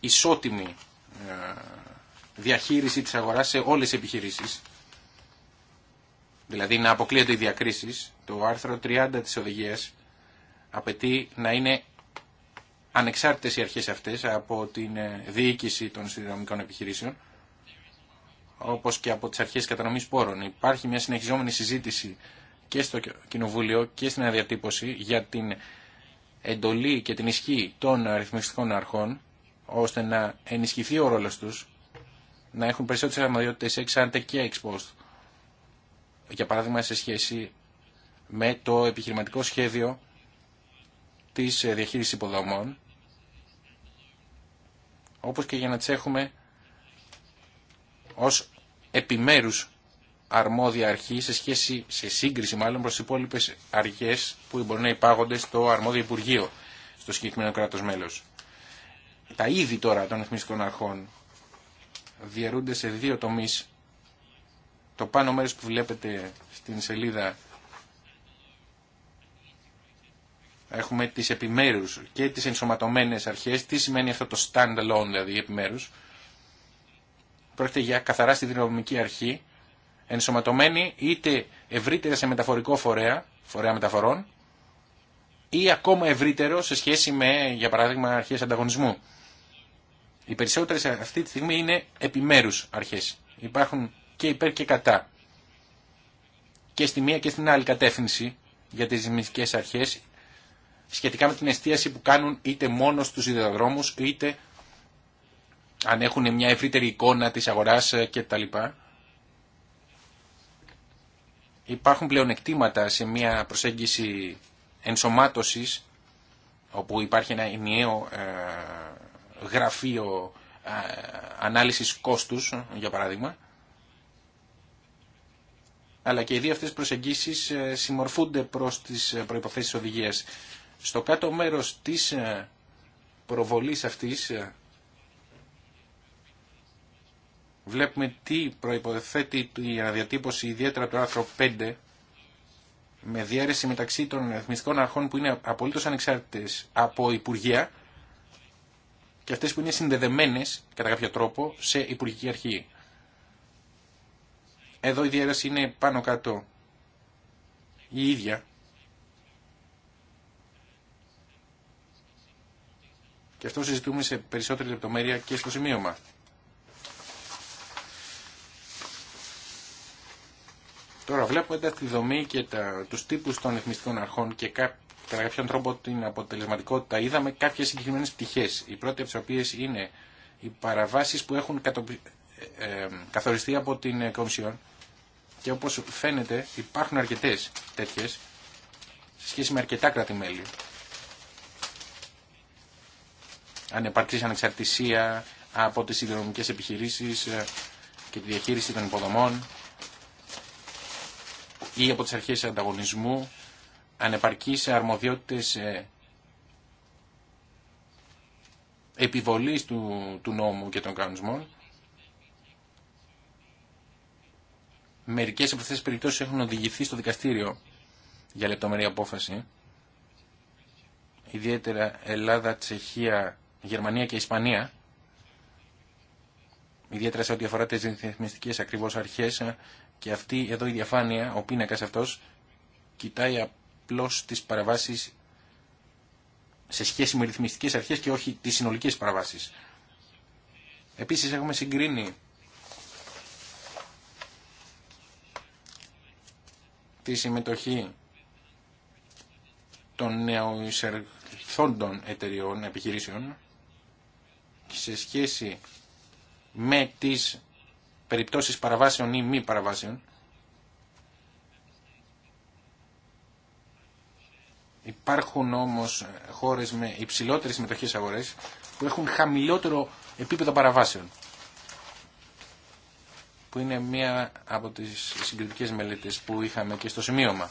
ισότιμη ε, διαχείριση της αγοράς σε όλες τις επιχειρήσεις. Δηλαδή να αποκλείονται οι διακρίσεις. Το άρθρο 30 της οδηγίας απαιτεί να είναι ανεξάρτητες οι αρχές αυτές από την ε, διοίκηση των συνδρομικών επιχειρήσεων όπως και από τις αρχές κατανομής πόρων. Υπάρχει μια συνεχιζόμενη συζήτηση και στο Κοινοβούλιο και στην αδιατύπωση για την εντολή και την ισχύ των αριθμιστικών αρχών ώστε να ενισχυθεί ο ρόλος τους, να έχουν περισσότερες αρμοδιότητες εξάρτητα και εξπόστ. Για παράδειγμα σε σχέση με το επιχειρηματικό σχέδιο της διαχείρισης υποδομών, όπως και για να τις έχουμε ως επιμέρους αρμόδια αρχή σε, σχέση, σε σύγκριση μάλλον προς τις υπόλοιπες αρχές που μπορεί να υπάγονται στο αρμόδιο Υπουργείο στο συγκεκριμένο κράτος μέλος. Τα είδη τώρα των εθνικών αρχών διαιρούνται σε δύο τομείς. Το πάνω μέρος που βλέπετε στην σελίδα έχουμε τις επιμέρους και τις ενσωματωμένες αρχές. Τι σημαίνει αυτό το stand alone δηλαδή επιμέρους. Πρόκειται για καθαρά στη δυναμική αρχή, ενσωματωμένη είτε ευρύτερα σε μεταφορικό φορέα, φορέα μεταφορών, ή ακόμα ευρύτερο σε σχέση με, για παράδειγμα, αρχές ανταγωνισμού. Οι περισσότερε αυτή τη στιγμή είναι επιμέρους αρχές. Υπάρχουν και υπέρ και κατά. Και στη μία και στην άλλη κατεύθυνση για τις δημιουργικέ αρχές σχετικά με την εστίαση που κάνουν είτε μόνο στους ιδεοδρόμους είτε αν έχουν μια ευρύτερη εικόνα της αγοράς ε, και τα λοιπά. Υπάρχουν πλέον εκτίματα σε μια προσέγγιση ενσωμάτωσης, όπου υπάρχει ένα ενιαίο ε, γραφείο ε, ανάλυσης κόστους, για παράδειγμα, αλλά και οι δύο αυτές προσεγγίσεις συμμορφούνται προς τις προϋποθέσεις οδηγίας. Στο κάτω μέρος της προβολής αυτής βλέπουμε τι προϋποθέτει η αναδιατύπωση ιδιαίτερα του το άρθρο 5 με διαίρεση μεταξύ των εθνικών αρχών που είναι απολύτως ανεξάρτητες από Υπουργεία και αυτές που είναι συνδεδεμένες κατά κάποιο τρόπο σε Υπουργική Αρχή. Εδώ η διαίρεση είναι πάνω κάτω η ίδια. Και αυτό συζητούμε σε περισσότερη λεπτομέρεια και στο σημείωμα. Τώρα βλέποντα τη δομή και τα, τους τύπους των εθνιστικών αρχών και κά, κατά κάποιον τρόπο την αποτελεσματικότητα είδαμε κάποιες συγκεκριμένες πτυχές. Η πρώτη από τις οποίες είναι οι παραβάσεις που έχουν ε, ε, καθοριστεί από την Κομισιόν και όπως φαίνεται υπάρχουν αρκετές τέτοιες σε σχέση με αρκετά κράτη-μέλη. Ανεπαρκής ανεξαρτησία από τις ιδεονομικές επιχειρήσεις ε, και τη διαχείριση των υποδομών ή από τις αρχές ανταγωνισμού σε αρμοδιότητες ε, επιβολής του, του νόμου και των κανονισμών. Μερικές από αυτές τις περιπτώσεις έχουν οδηγηθεί στο δικαστήριο για λεπτομερή απόφαση. Ιδιαίτερα Ελλάδα, Τσεχία, Γερμανία και Ισπανία. Ιδιαίτερα σε ό,τι αφορά τις διεθνιστικές ακριβώς αρχές ε, και αυτή εδώ η διαφάνεια, ο πίνακα αυτό κοιτάει απλώς τις παραβάσεις σε σχέση με ρυθμιστικές αρχές και όχι τις συνολικές παραβάσεις. Επίσης έχουμε συγκρίνει τη συμμετοχή των νεοεισερθόντων εταιριών επιχειρήσεων σε σχέση με τις περιπτώσεις παραβάσεων ή μη παραβάσεων. Υπάρχουν όμως χώρες με υψηλότερες συμμετοχές αγορές που έχουν χαμηλότερο επίπεδο παραβάσεων. Που είναι μία από τις συγκριτικές μελέτες που είχαμε και στο σημείωμα.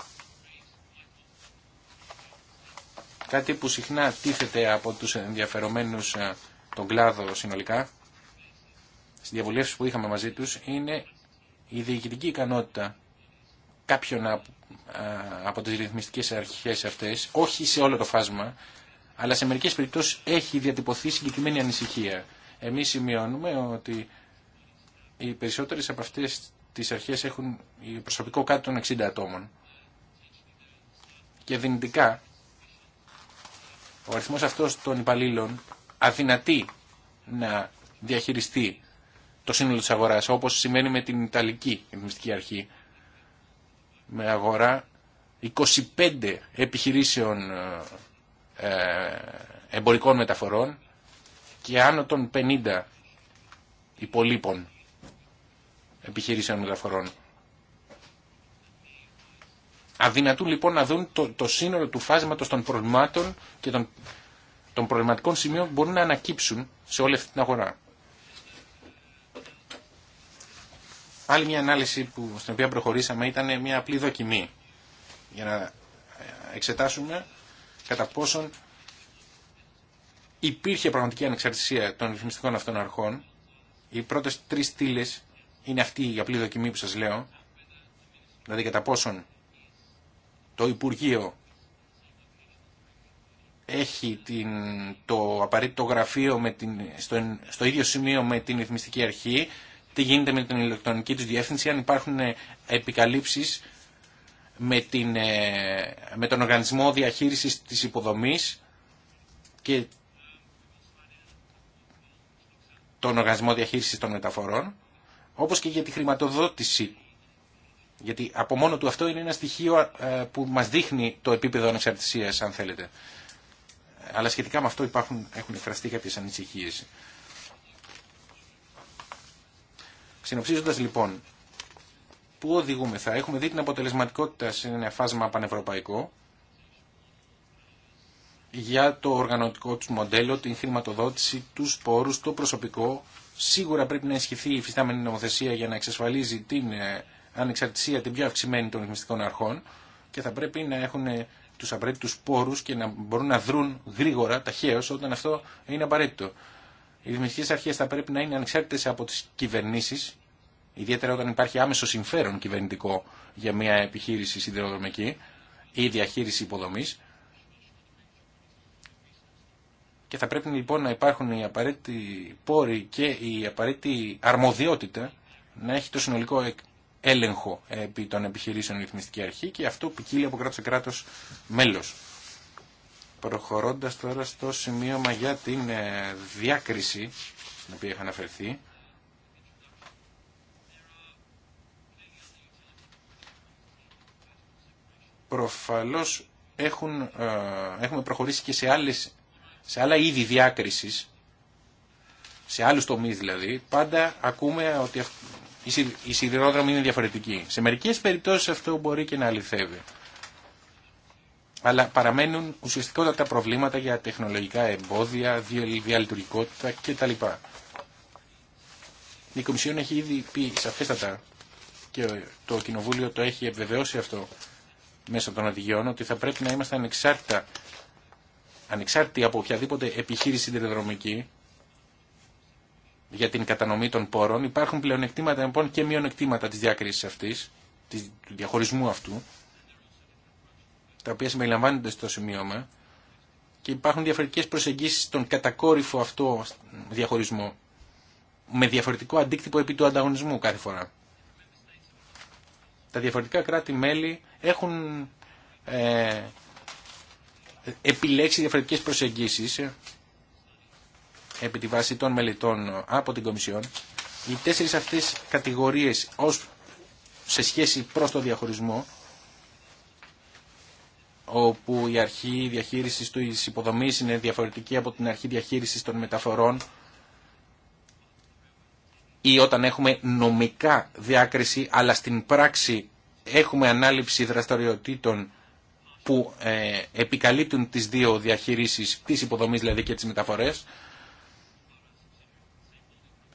Κάτι που συχνά τίθεται από τους ενδιαφερομένους ε, τον κλάδο συνολικά Στι που είχαμε μαζί τους είναι η διοικητική ικανότητα κάποιων από τις ρυθμιστικές αρχές αυτές, όχι σε όλο το φάσμα, αλλά σε μερικές περιπτώσεις έχει διατυπωθεί συγκεκριμένη ανησυχία. Εμείς σημειώνουμε ότι οι περισσότερες από αυτές τις αρχές έχουν προσωπικό κάτω των 60 ατόμων. Και δυνητικά, ο αριθμός αυτός των υπαλλήλων αδυνατεί να διαχειριστεί το σύνολο της αγοράς, όπως σημαίνει με την Ιταλική Ρυθμιστική Αρχή. Με αγορά 25 επιχειρήσεων ε, ε, εμπορικών μεταφορών και άνω των 50 υπολείπων επιχειρήσεων μεταφορών. Αδυνατούν λοιπόν να δουν το, το σύνολο του φάσματος των προβλημάτων και των, των προβληματικών σημείων που μπορούν να ανακύψουν σε όλη αυτή την αγορά. Άλλη μια ανάλυση που, στην οποία προχωρήσαμε ήταν μια απλή δοκιμή για να εξετάσουμε κατά πόσον υπήρχε πραγματική ανεξαρτησία των ρυθμιστικών αυτών αρχών. Οι πρώτες τρεις στήλε είναι αυτή η απλή δοκιμή που σας λέω, δηλαδή κατά πόσον το Υπουργείο έχει την, το απαραίτητο γραφείο με την, στο, στο ίδιο σημείο με την ρυθμιστική αρχή, τι γίνεται με την ηλεκτρονική τους διεύθυνση, αν υπάρχουν ε, επικαλύψεις με, την, ε, με τον οργανισμό διαχείρισης της υποδομής και τον οργανισμό διαχείρισης των μεταφορών, όπως και για τη χρηματοδότηση. Γιατί από μόνο του αυτό είναι ένα στοιχείο ε, που μας δείχνει το επίπεδο ανεξαρτησίας, αν θέλετε. Αλλά σχετικά με αυτό υπάρχουν, έχουν εκφραστεί κάποιες ανησυχίες. Συνοψίζοντας λοιπόν, πού οδηγούμε θα έχουμε δει την αποτελεσματικότητα σε ένα φάσμα πανευρωπαϊκό για το οργανωτικό του μοντέλο, την χρηματοδότηση, του πόρου, το προσωπικό. Σίγουρα πρέπει να ισχυθεί η φυστάμενη νομοθεσία για να εξασφαλίζει την ε, ανεξαρτησία την πιο αυξημένη των ρυθμιστικών αρχών και θα πρέπει να έχουν ε, του απαραίτητου πόρου και να μπορούν να δρουν γρήγορα, ταχαίω, όταν αυτό είναι απαραίτητο. Οι ρυθμιστικέ αρχέ θα πρέπει να είναι ανεξάρτητε από τι κυβερνήσει, ιδιαίτερα όταν υπάρχει άμεσο συμφέρον κυβερνητικό για μια επιχείρηση σιδηροδρομική ή διαχείριση υποδομή. Και θα πρέπει λοιπόν να υπάρχουν οι απαραίτητοι πόροι και η απαραίτητη αρμοδιότητα να έχει το συνολικό έλεγχο επί των επιχειρήσεων η ρυθμιστική αρχή και αυτό ποικίλει από κράτο σε κράτο μέλο. Προχωρώντας τώρα στο σημείωμα για την ε, διάκριση, στην οποία είχα αναφερθεί, προφαλώς έχουν, ε, έχουμε προχωρήσει και σε, άλλες, σε άλλα είδη διάκρισης, σε άλλους τομείς δηλαδή, πάντα ακούμε ότι η σιδηρόδρομη είναι διαφορετική Σε μερικές περιπτώσεις αυτό μπορεί και να αληθεύει αλλά παραμένουν ουσιαστικότατα προβλήματα για τεχνολογικά εμπόδια, διαλειτουργικότητα κτλ. Η Κομισιόν έχει ήδη πει σαφέστατα και το Κοινοβούλιο το έχει επιβεβαιώσει αυτό μέσα των οδηγιών ότι θα πρέπει να είμαστε ανεξάρτητα ανεξάρτητοι από οποιαδήποτε επιχείρηση τηλεδρομική για την κατανομή των πόρων. Υπάρχουν πλεονεκτήματα λοιπόν και μειονεκτήματα της διάκρισης αυτής, του διαχωρισμού αυτού τα οποία συμπεριλαμβάνονται στο σημείωμα και υπάρχουν διαφορετικές προσεγγίσεις στον κατακόρυφο αυτό διαχωρισμό με διαφορετικό αντίκτυπο επί του ανταγωνισμού κάθε φορά. Τα διαφορετικά κράτη-μέλη έχουν ε, επιλέξει διαφορετικές προσεγγίσεις ε, επί τη βάση των μελετών από την Κομισιόν. Οι τέσσερις αυτές κατηγορίες ως, σε σχέση προς το διαχωρισμό όπου η αρχή διαχείρισης του υποδομής είναι διαφορετική από την αρχή διαχείρισης των μεταφορών ή όταν έχουμε νομικά διάκριση αλλά στην πράξη έχουμε ανάληψη δραστηριοτήτων που ε, επικαλύπτουν τις δύο διαχείρισεις της υποδομής δηλαδή και τις μεταφορές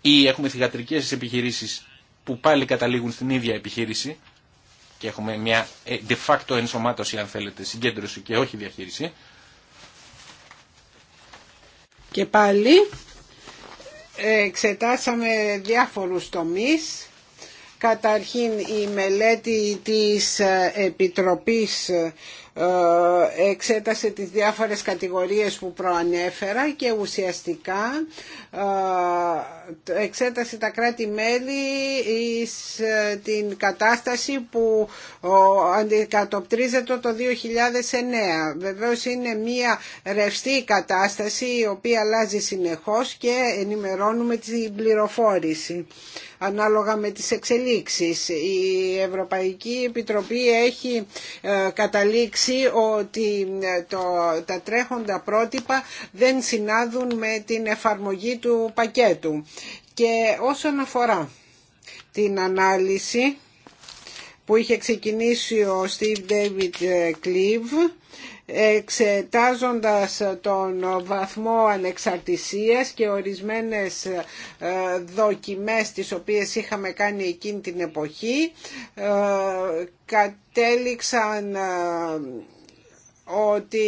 ή έχουμε θηγατρικές επιχειρήσεις που πάλι καταλήγουν στην ίδια επιχείρηση και έχουμε μια ε, de facto ενσωμάτωση αν θέλετε, συγκέντρωση και όχι διαχείριση. Και πάλι εξετάσαμε διάφορους τομείς. Καταρχήν η μελέτη της Επιτροπής ε, εξέτασε τις διάφορες κατηγορίες που προανέφερα και ουσιαστικά ε, εξέτασε τα κράτη-μέλη ε, την κατάσταση που αντικατοπτρίζεται το 2009. Βεβαίως είναι μια ρευστή κατάσταση η οποία αλλάζει συνεχώς και ενημερώνουμε την πληροφόρηση ανάλογα με τις εξελίξεις. Η Ευρωπαϊκή Επιτροπή έχει ε, καταλήξει ότι ε, το, τα τρέχοντα πρότυπα δεν συνάδουν με την εφαρμογή του πακέτου. Και όσον αφορά την ανάλυση που είχε ξεκινήσει ο Steve David ε, Cleave εξετάζοντας τον βαθμό ανεξαρτησίας και ορισμένες ε, δοκιμές τις οποίες είχαμε κάνει εκείνη την εποχή ε, κατέληξαν ε, ότι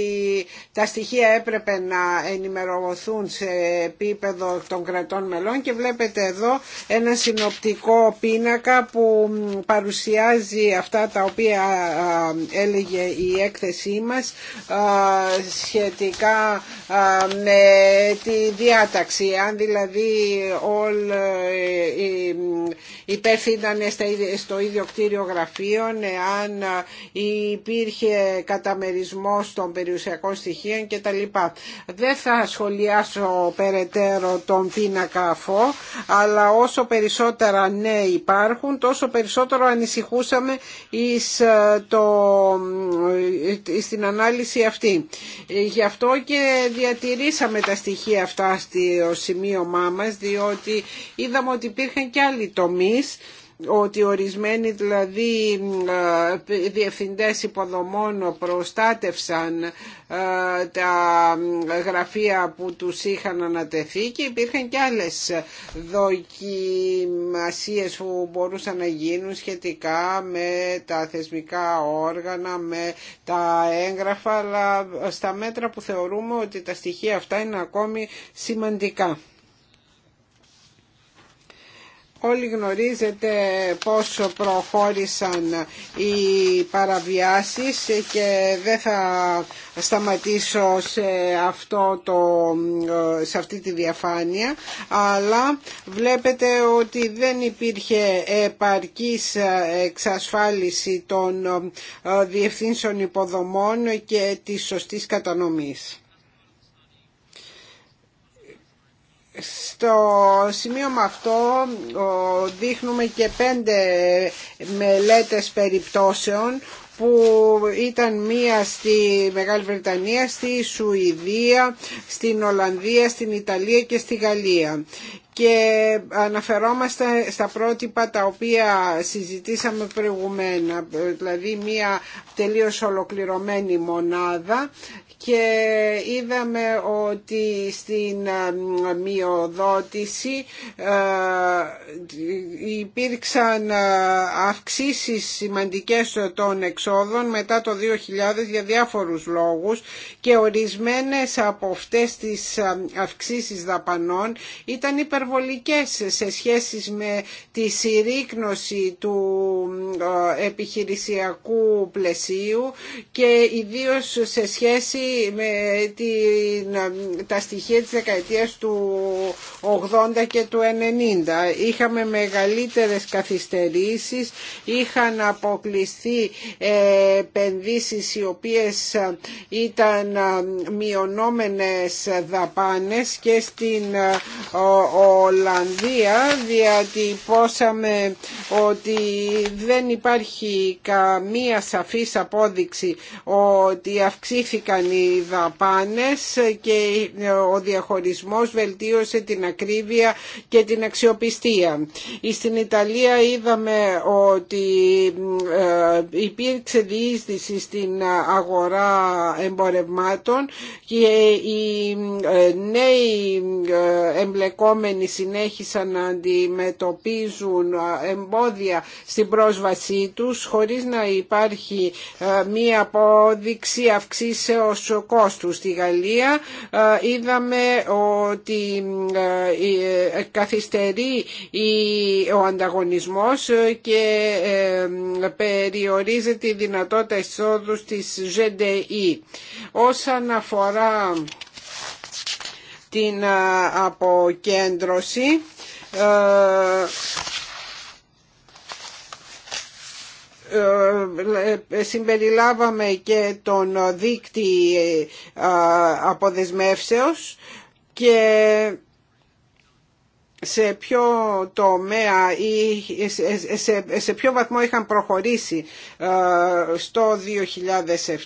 τα στοιχεία έπρεπε να ενημερωθούν σε επίπεδο των κρατών μελών και βλέπετε εδώ ένα συνοπτικό πίνακα που παρουσιάζει αυτά τα οποία έλεγε η έκθεσή μας σχετικά με τη διάταξη. Αν δηλαδή όλοι ε, οι στο ίδιο κτίριο γραφείων, αν ε, υπήρχε καταμερισμό ρυθμός των περιουσιακών στοιχείων λοιπά. Δεν θα σχολιάσω περαιτέρω τον πίνακα αφό, αλλά όσο περισσότερα ναι υπάρχουν, τόσο περισσότερο ανησυχούσαμε εις ε, το, ε, στην ανάλυση αυτή. Γι' αυτό και διατηρήσαμε τα στοιχεία αυτά στο σημείωμά μας, διότι είδαμε ότι υπήρχαν και άλλοι τομείς ότι ορισμένοι δηλαδή ε, διευθυντές υποδομών προστάτευσαν ε, τα γραφεία που τους είχαν ανατεθεί και υπήρχαν και άλλες δοκιμασίες που μπορούσαν να γίνουν σχετικά με τα θεσμικά όργανα, με τα έγγραφα αλλά στα μέτρα που θεωρούμε ότι τα στοιχεία αυτά είναι ακόμη σημαντικά. Όλοι γνωρίζετε πόσο προχώρησαν οι παραβιάσεις και δεν θα σταματήσω σε, αυτό το, σε αυτή τη διαφάνεια αλλά βλέπετε ότι δεν υπήρχε επαρκής εξασφάλιση των ε, διευθύνσεων υποδομών και της σωστής κατανομής. Στο σημείο με αυτό δείχνουμε και πέντε μελέτες περιπτώσεων που ήταν μία στη Μεγάλη Βρετανία, στη Σουηδία, στην Ολλανδία, στην Ιταλία και στη Γαλλία. Και αναφερόμαστε στα πρότυπα τα οποία συζητήσαμε προηγουμένα, δηλαδή μία τελείως ολοκληρωμένη μονάδα και είδαμε ότι στην ε, μειοδότηση ε, υπήρξαν ε, αυξήσεις σημαντικές των εξόδων μετά το 2000 για διάφορους λόγους και ορισμένες από αυτές τις αυξήσεις δαπανών ήταν υπερβολικές σε σχέση με τη συρρήκνωση του επιχειρησιακού πλαισίου και ιδίως σε σχέση με τα στοιχεία της δεκαετίας του 80 και του 90. Είχαμε μεγαλύτερες καθυστερήσεις, είχαν αποκλειστεί ε, επενδύσεις οι οποίες ήταν μειωνόμενες δαπάνες και στην ε, Ολλανδία διατυπώσαμε ότι δεν υπάρχει καμία σαφής απόδειξη ότι αυξήθηκαν οι οι δαπάνες και ο διαχωρισμός βελτίωσε την ακρίβεια και την αξιοπιστία. Στην Ιταλία είδαμε ότι ε, υπήρξε διείσδυση στην αγορά εμπορευμάτων και οι ε, νέοι ε, εμπλεκόμενοι συνέχισαν να αντιμετωπίζουν εμπόδια στην πρόσβασή τους χωρίς να υπάρχει μία απόδειξη αυξήσεως Στη Γαλλία ε, είδαμε ότι ε, ε, καθυστερεί ο ανταγωνισμός και περιορίζεται η δυνατότητα εισόδου της GDI. Όσον αφορά την αποκέντρωση Ε, ε, συμπεριλάβαμε και τον δίκτυ ε, αποδεσμεύσεως και σε ποιο τομέα ή σε, ποιο βαθμό είχαν προχωρήσει στο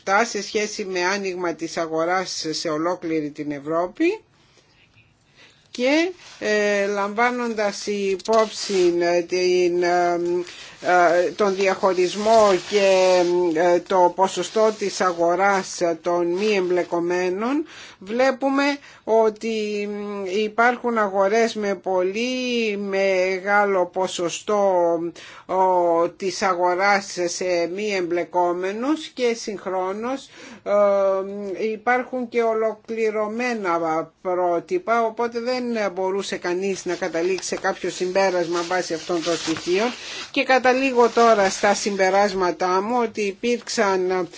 2007 σε σχέση με άνοιγμα της αγοράς σε ολόκληρη την Ευρώπη και λαμβάνοντας υπόψη την ε, τον διαχωρισμό και ε, το ποσοστό της αγοράς των μη εμπλεκομένων βλέπουμε ότι υπάρχουν αγορές με πολύ μεγάλο ποσοστό της αγοράς σε μη εμπλεκόμενους και συγχρόνως ε, υπάρχουν και ολοκληρωμένα πρότυπα οπότε δεν μπορούσε κανείς να καταλήξει σε κάποιο συμπέρασμα βάσει αυτών των στοιχείων και κατά λίγο τώρα στα συμπεράσματά μου ότι υπήρξαν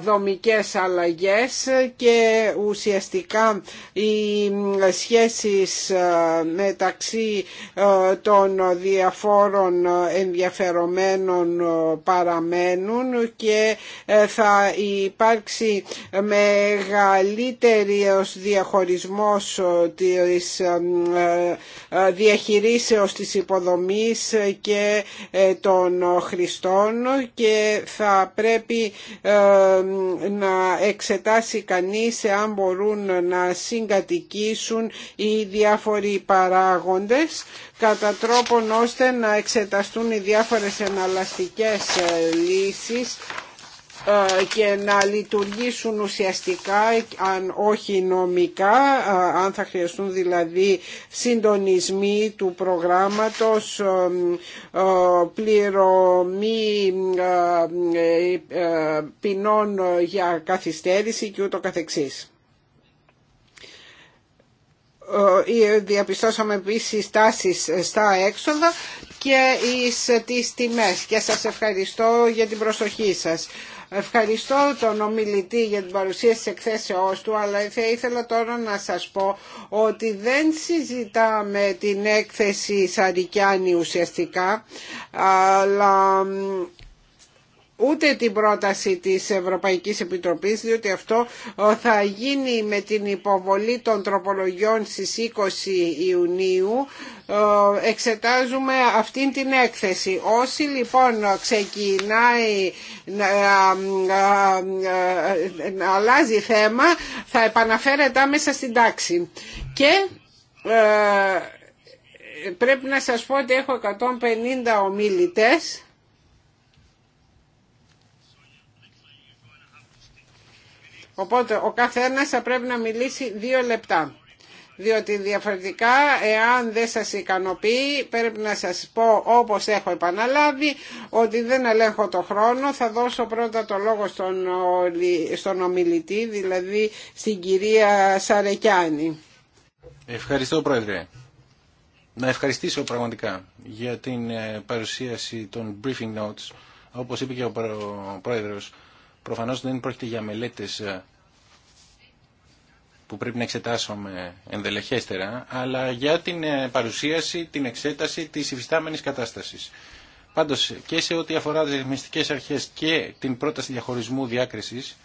δομικές αλλαγές και ουσιαστικά οι σχέσεις μεταξύ των διαφόρων ενδιαφερομένων παραμένουν και ε, θα υπάρξει μεγαλύτερος διαχωρισμός της διαχειρήσεως της υποδομής και ε, των χρηστών και θα πρέπει ε, ε, να εξετάσει κανείς εάν μπορούν να συγκατοικήσουν οι διάφοροι παράγοντες κατά τρόπον ώστε να εξεταστούν οι διάφορες εναλλαστικές ε, λύσεις ε, και να λειτουργήσουν ουσιαστικά, αν όχι νομικά, ε, αν θα χρειαστούν δηλαδή συντονισμοί του προγράμματος, ε, πληρωμή ποινών για καθυστέρηση και ούτω καθεξής διαπιστώσαμε επίσης τάσεις στα έξοδα και τις τιμές και σας ευχαριστώ για την προσοχή σας. Ευχαριστώ τον ομιλητή για την παρουσία της εκθέσεώς του, αλλά θα ήθελα τώρα να σας πω ότι δεν συζητάμε την έκθεση Σαρικιάνη ουσιαστικά, ούτε την πρόταση της Ευρωπαϊκής Επιτροπής διότι αυτό ε, θα γίνει με την υποβολή των τροπολογιών στις 20 Ιουνίου ε, εξετάζουμε αυτήν την έκθεση. Όσοι λοιπόν ξεκινάει να, ε, αλλάζει θέμα θα επαναφέρεται άμεσα στην τάξη. Και πρέπει να σας πω ότι έχω 150 ομιλητές Οπότε ο καθένας θα πρέπει να μιλήσει δύο λεπτά. Διότι διαφορετικά, εάν δεν σας ικανοποιεί, πρέπει να σας πω όπως έχω επαναλάβει, ότι δεν ελέγχω το χρόνο. Θα δώσω πρώτα το λόγο στον, στον ομιλητή, δηλαδή στην κυρία Σαρεκιάνη. Ευχαριστώ Πρόεδρε. Να ευχαριστήσω πραγματικά για την ε, παρουσίαση των briefing notes, όπως είπε και ο Πρόεδρος Προφανώς δεν πρόκειται για μελέτες ε, που πρέπει να εξετάσουμε ενδελεχέστερα, αλλά για την ε, παρουσίαση, την εξέταση της υφιστάμενης κατάστασης. Πάντως και σε ό,τι αφορά τις ρυθμιστικές αρχές και την πρόταση διαχωρισμού διάκρισης,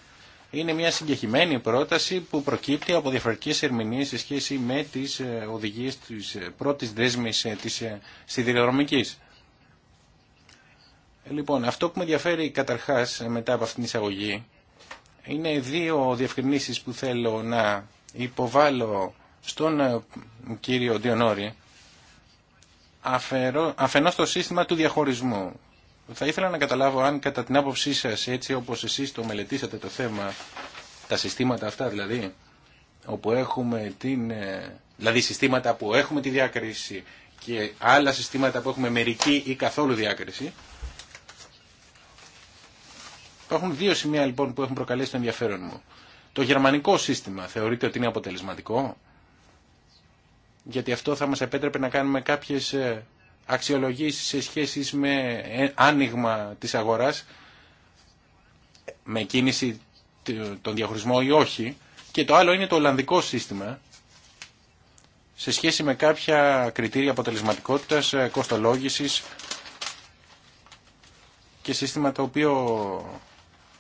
είναι μια συγκεκριμένη πρόταση που προκύπτει από διαφορετικές ερμηνείες σε σχέση με τις ε, οδηγίες της πρώτης δέσμης της σιδηροδρομικής. Λοιπόν, αυτό που με ενδιαφέρει καταρχάς ε, μετά από αυτήν την εισαγωγή είναι δύο διευκρινήσεις που θέλω να υποβάλω στον ε, κύριο Διονόρη αφαιρώ, αφενός το σύστημα του διαχωρισμού. Θα ήθελα να καταλάβω αν κατά την άποψή σας έτσι όπως εσείς το μελετήσατε το θέμα τα συστήματα αυτά δηλαδή όπου έχουμε την, ε, δηλαδή συστήματα που έχουμε τη διάκριση και άλλα συστήματα που έχουμε μερική ή καθόλου διάκριση Υπάρχουν δύο σημεία λοιπόν που έχουν προκαλέσει το ενδιαφέρον μου. Το γερμανικό σύστημα θεωρείται ότι είναι αποτελεσματικό, γιατί αυτό θα μας επέτρεπε να κάνουμε κάποιες ε, αξιολογήσεις σε σχέση με ε, άνοιγμα της αγοράς, με κίνηση τον διαχωρισμό ή όχι. Και το άλλο είναι το Ολλανδικό σύστημα, σε σχέση με κάποια κριτήρια αποτελεσματικότητας, ε, κοστολόγησης και σύστημα το οποίο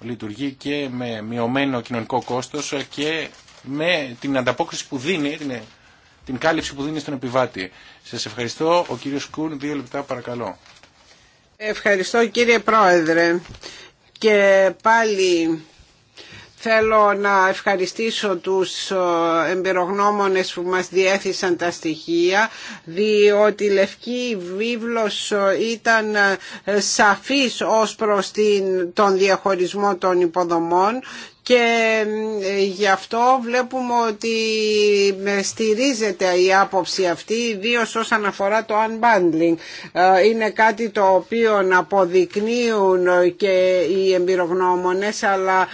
λειτουργεί και με μειωμένο κοινωνικό κόστος και με την ανταπόκριση που δίνει, την, κάλυψη που δίνει στον επιβάτη. Σας ευχαριστώ. Ο κύριος Κούν, δύο λεπτά παρακαλώ. Ευχαριστώ κύριε Πρόεδρε. Και πάλι Θέλω να ευχαριστήσω τους ε, εμπειρογνώμονες που μας διέθεσαν τα στοιχεία διότι η Λευκή Βίβλος ε, ήταν ε, σαφής ως προς την, τον διαχωρισμό των υποδομών και ε, γι' αυτό βλέπουμε ότι ε, στηρίζεται η άποψη αυτή ιδίω όσον αφορά το unbundling ε, είναι κάτι το οποίο να αποδεικνύουν και οι εμπειρογνώμονες αλλά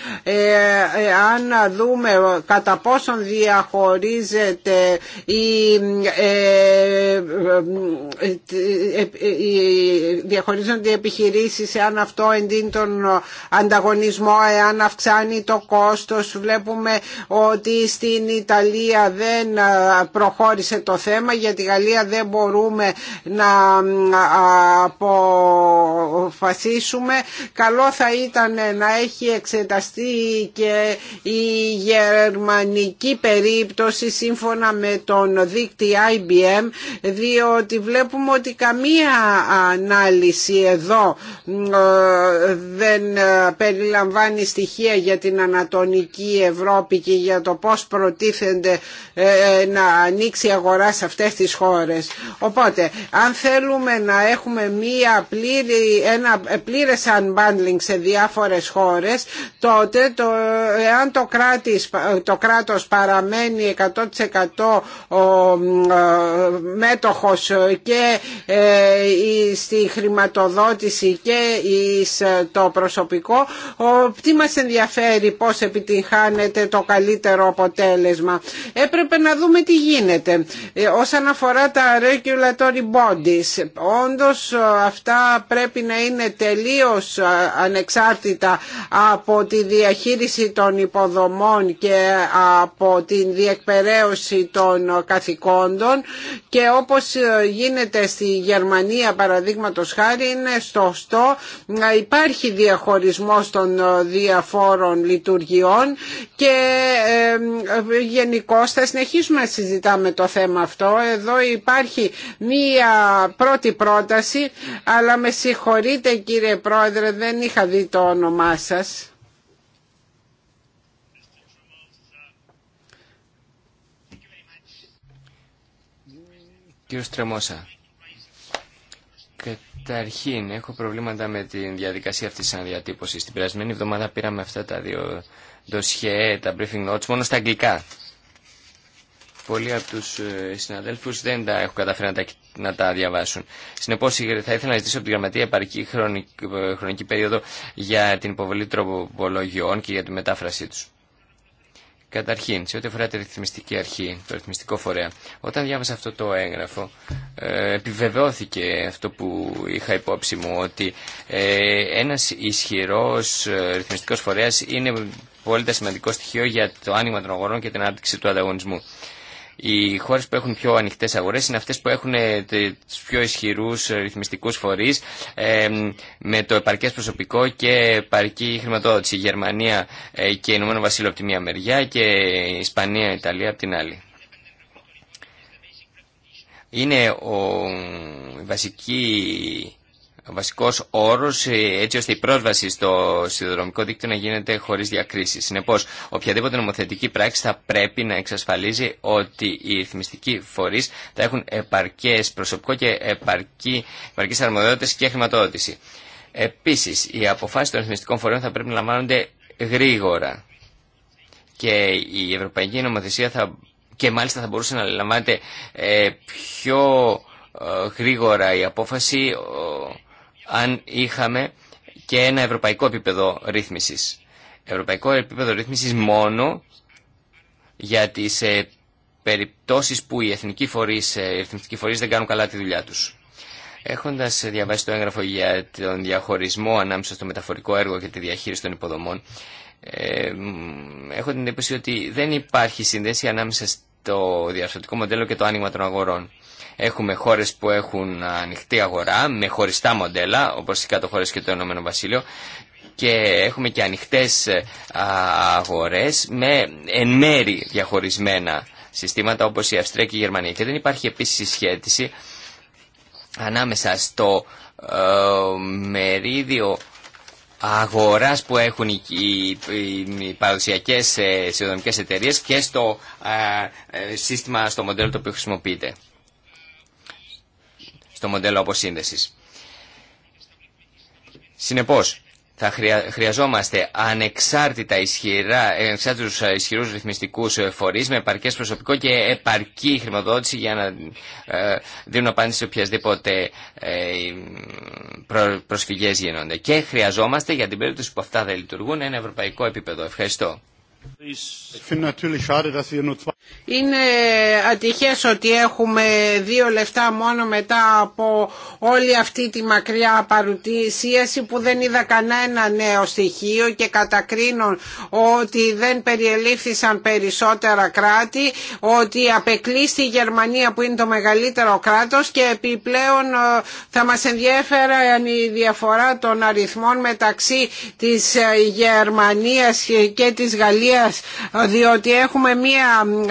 αν δούμε κατά πόσον διαχωρίζεται η, διαχωρίζονται οι επιχειρήσεις εάν αυτό εντείνει τον ανταγωνισμό εάν αυξάνει το Βλέπουμε ότι στην Ιταλία δεν προχώρησε το θέμα. Για τη Γαλλία δεν μπορούμε να αποφασίσουμε. Καλό θα ήταν να έχει εξεταστεί και η γερμανική περίπτωση σύμφωνα με τον δίκτυ IBM διότι βλέπουμε ότι καμία ανάλυση εδώ δεν περιλαμβάνει στοιχεία για την Ανατολική Ευρώπη και για το πώς προτίθενται ε, ε, να ανοίξει η αγορά σε αυτές τις χώρες. Οπότε, αν θέλουμε να έχουμε μία πλήρη, ένα ε, πλήρες unbundling σε διάφορες χώρες, τότε το, το, κράτης, το κράτος παραμένει 100% μέτοχος και στη χρηματοδότηση και το προσωπικό, τι μας ενδιαφέρει πώς επιτυγχάνεται το καλύτερο αποτέλεσμα. Έπρεπε να δούμε τι γίνεται. Ε, όσον αφορά τα regulatory bodies, όντως ε, αυτά πρέπει να είναι τελείως ε, ανεξάρτητα από τη διαχείριση των υποδομών και από την διεκπαιρέωση των καθηκόντων και όπως γίνεται στη Γερμανία παραδείγματος χάρη είναι σωστό να υπάρχει διαχωρισμός των διαφόρων λειτουργών λειτουργιών και γενικώ θα συνεχίσουμε να συζητάμε το θέμα αυτό. Εδώ υπάρχει μία πρώτη πρόταση, αλλά με συγχωρείτε κύριε Πρόεδρε, δεν είχα δει το όνομά σας. Κύριο Στρεμόσα. Καταρχήν, έχω προβλήματα με τη διαδικασία αυτή τη αναδιατύπωση. Την περασμένη εβδομάδα πήραμε αυτά τα δύο ντοσιέ, τα briefing notes, μόνο στα αγγλικά. Πολλοί από του ε, συναδέλφου δεν τα έχουν καταφέρει να τα, να τα διαβάσουν. Συνεπώ, θα ήθελα να ζητήσω από την Γραμματεία επαρκή χρονική, ε, χρονική περίοδο για την υποβολή τροπολογιών και για τη μετάφρασή του. Καταρχήν, σε ό,τι αφορά τη ρυθμιστική αρχή, το ρυθμιστικό φορέα, όταν διάβασα αυτό το έγγραφο, ε, επιβεβαιώθηκε αυτό που είχα υπόψη μου, ότι ε, ένας ισχυρός ε, ρυθμιστικός φορέας είναι πολύ σημαντικό στοιχείο για το άνοιγμα των αγορών και την ανάπτυξη του ανταγωνισμού. Οι χώρες που έχουν πιο ανοιχτές αγορές είναι αυτές που έχουν ε, του πιο ισχυρούς ε, ρυθμιστικούς φορείς ε, με το επαρκές προσωπικό και επαρκή χρηματοδότηση. Η Γερμανία και η Ηνωμένο Βασίλειο από τη μία μεριά και η Ισπανία, η Ιταλία από την άλλη. Είναι ο, η βασική βασικό όρο ε, έτσι ώστε η πρόσβαση στο σιδηροδρομικό δίκτυο να γίνεται χωρί διακρίσει. Συνεπώ, οποιαδήποτε νομοθετική πράξη θα πρέπει να εξασφαλίζει ότι οι ρυθμιστικοί φορεί θα έχουν επαρκέ προσωπικό και επαρκή, αρμοδιότητε και χρηματοδότηση. Επίση, οι αποφάσει των ρυθμιστικών φορέων θα πρέπει να λαμβάνονται γρήγορα και η Ευρωπαϊκή Νομοθεσία θα, και μάλιστα θα μπορούσε να λαμβάνεται ε, πιο ε, γρήγορα η απόφαση αν είχαμε και ένα ευρωπαϊκό επίπεδο ρύθμισης. Ευρωπαϊκό επίπεδο ρύθμισης μόνο για τις ε, περιπτώσεις που οι εθνικοί φορείς, ε, οι εθνικοί φορείς δεν κάνουν καλά τη δουλειά τους. Έχοντας διαβάσει το έγγραφο για τον διαχωρισμό ανάμεσα στο μεταφορικό έργο και τη διαχείριση των υποδομών, ε, έχω την εντύπωση ότι δεν υπάρχει σύνδεση ανάμεσα στο διαρθρωτικό μοντέλο και το άνοιγμα των αγορών. Έχουμε χώρες που έχουν ανοιχτή αγορά με χωριστά μοντέλα, όπω οι κάτω χώρε και το Ηνωμένο Βασίλειο, και έχουμε και ανοιχτέ ε, αγορές με εν μέρη διαχωρισμένα συστήματα όπως η Αυστρία και η Γερμανία. Και δεν υπάρχει επίσης σχέτιση ανάμεσα στο ε, μερίδιο αγοράς που έχουν οι, οι, οι παραδοσιακές ε, και στο ε, σύστημα, στο μοντέλο το οποίο χρησιμοποιείται στο μοντέλο αποσύνδεσης. Συνεπώς, θα χρειαζόμαστε ανεξάρτητα ισχυρά, ανεξάρτητους ε, ισχυρούς ρυθμιστικούς ε, φορείς με επαρκές προσωπικό και επαρκή χρηματοδότηση για να ε, δίνουν απάντηση σε οποιασδήποτε ε, προσφυγές γίνονται. Και χρειαζόμαστε για την περίπτωση που αυτά δεν λειτουργούν ένα ευρωπαϊκό επίπεδο. Ευχαριστώ. Είναι ατυχές ότι έχουμε δύο λεφτά μόνο μετά από όλη αυτή τη μακριά παρουσίαση που δεν είδα κανένα νέο στοιχείο και κατακρίνω ότι δεν περιελήφθησαν περισσότερα κράτη, ότι απεκλείστη η Γερμανία που είναι το μεγαλύτερο κράτος και επιπλέον ε, θα μας αν η διαφορά των αριθμών μεταξύ της ε, Γερμανίας και της Γαλλίας διότι έχουμε μία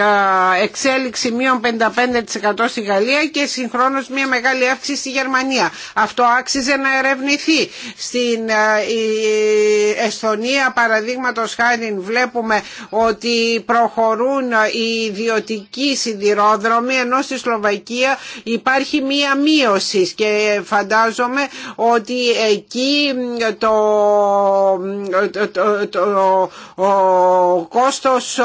ε, εξέλιξη μείον 55% στη Γαλλία και συγχρόνως μια μεγάλη αύξηση στη Γερμανία. Αυτό άξιζε να ερευνηθεί. Στην ε, Εσθονία παραδείγματος χάρη βλέπουμε ότι προχωρούν οι ιδιωτικοί σιδηρόδρομοι ενώ στη Σλοβακία υπάρχει μία μείωση και φαντάζομαι ότι εκεί το, το, το κόστος ε,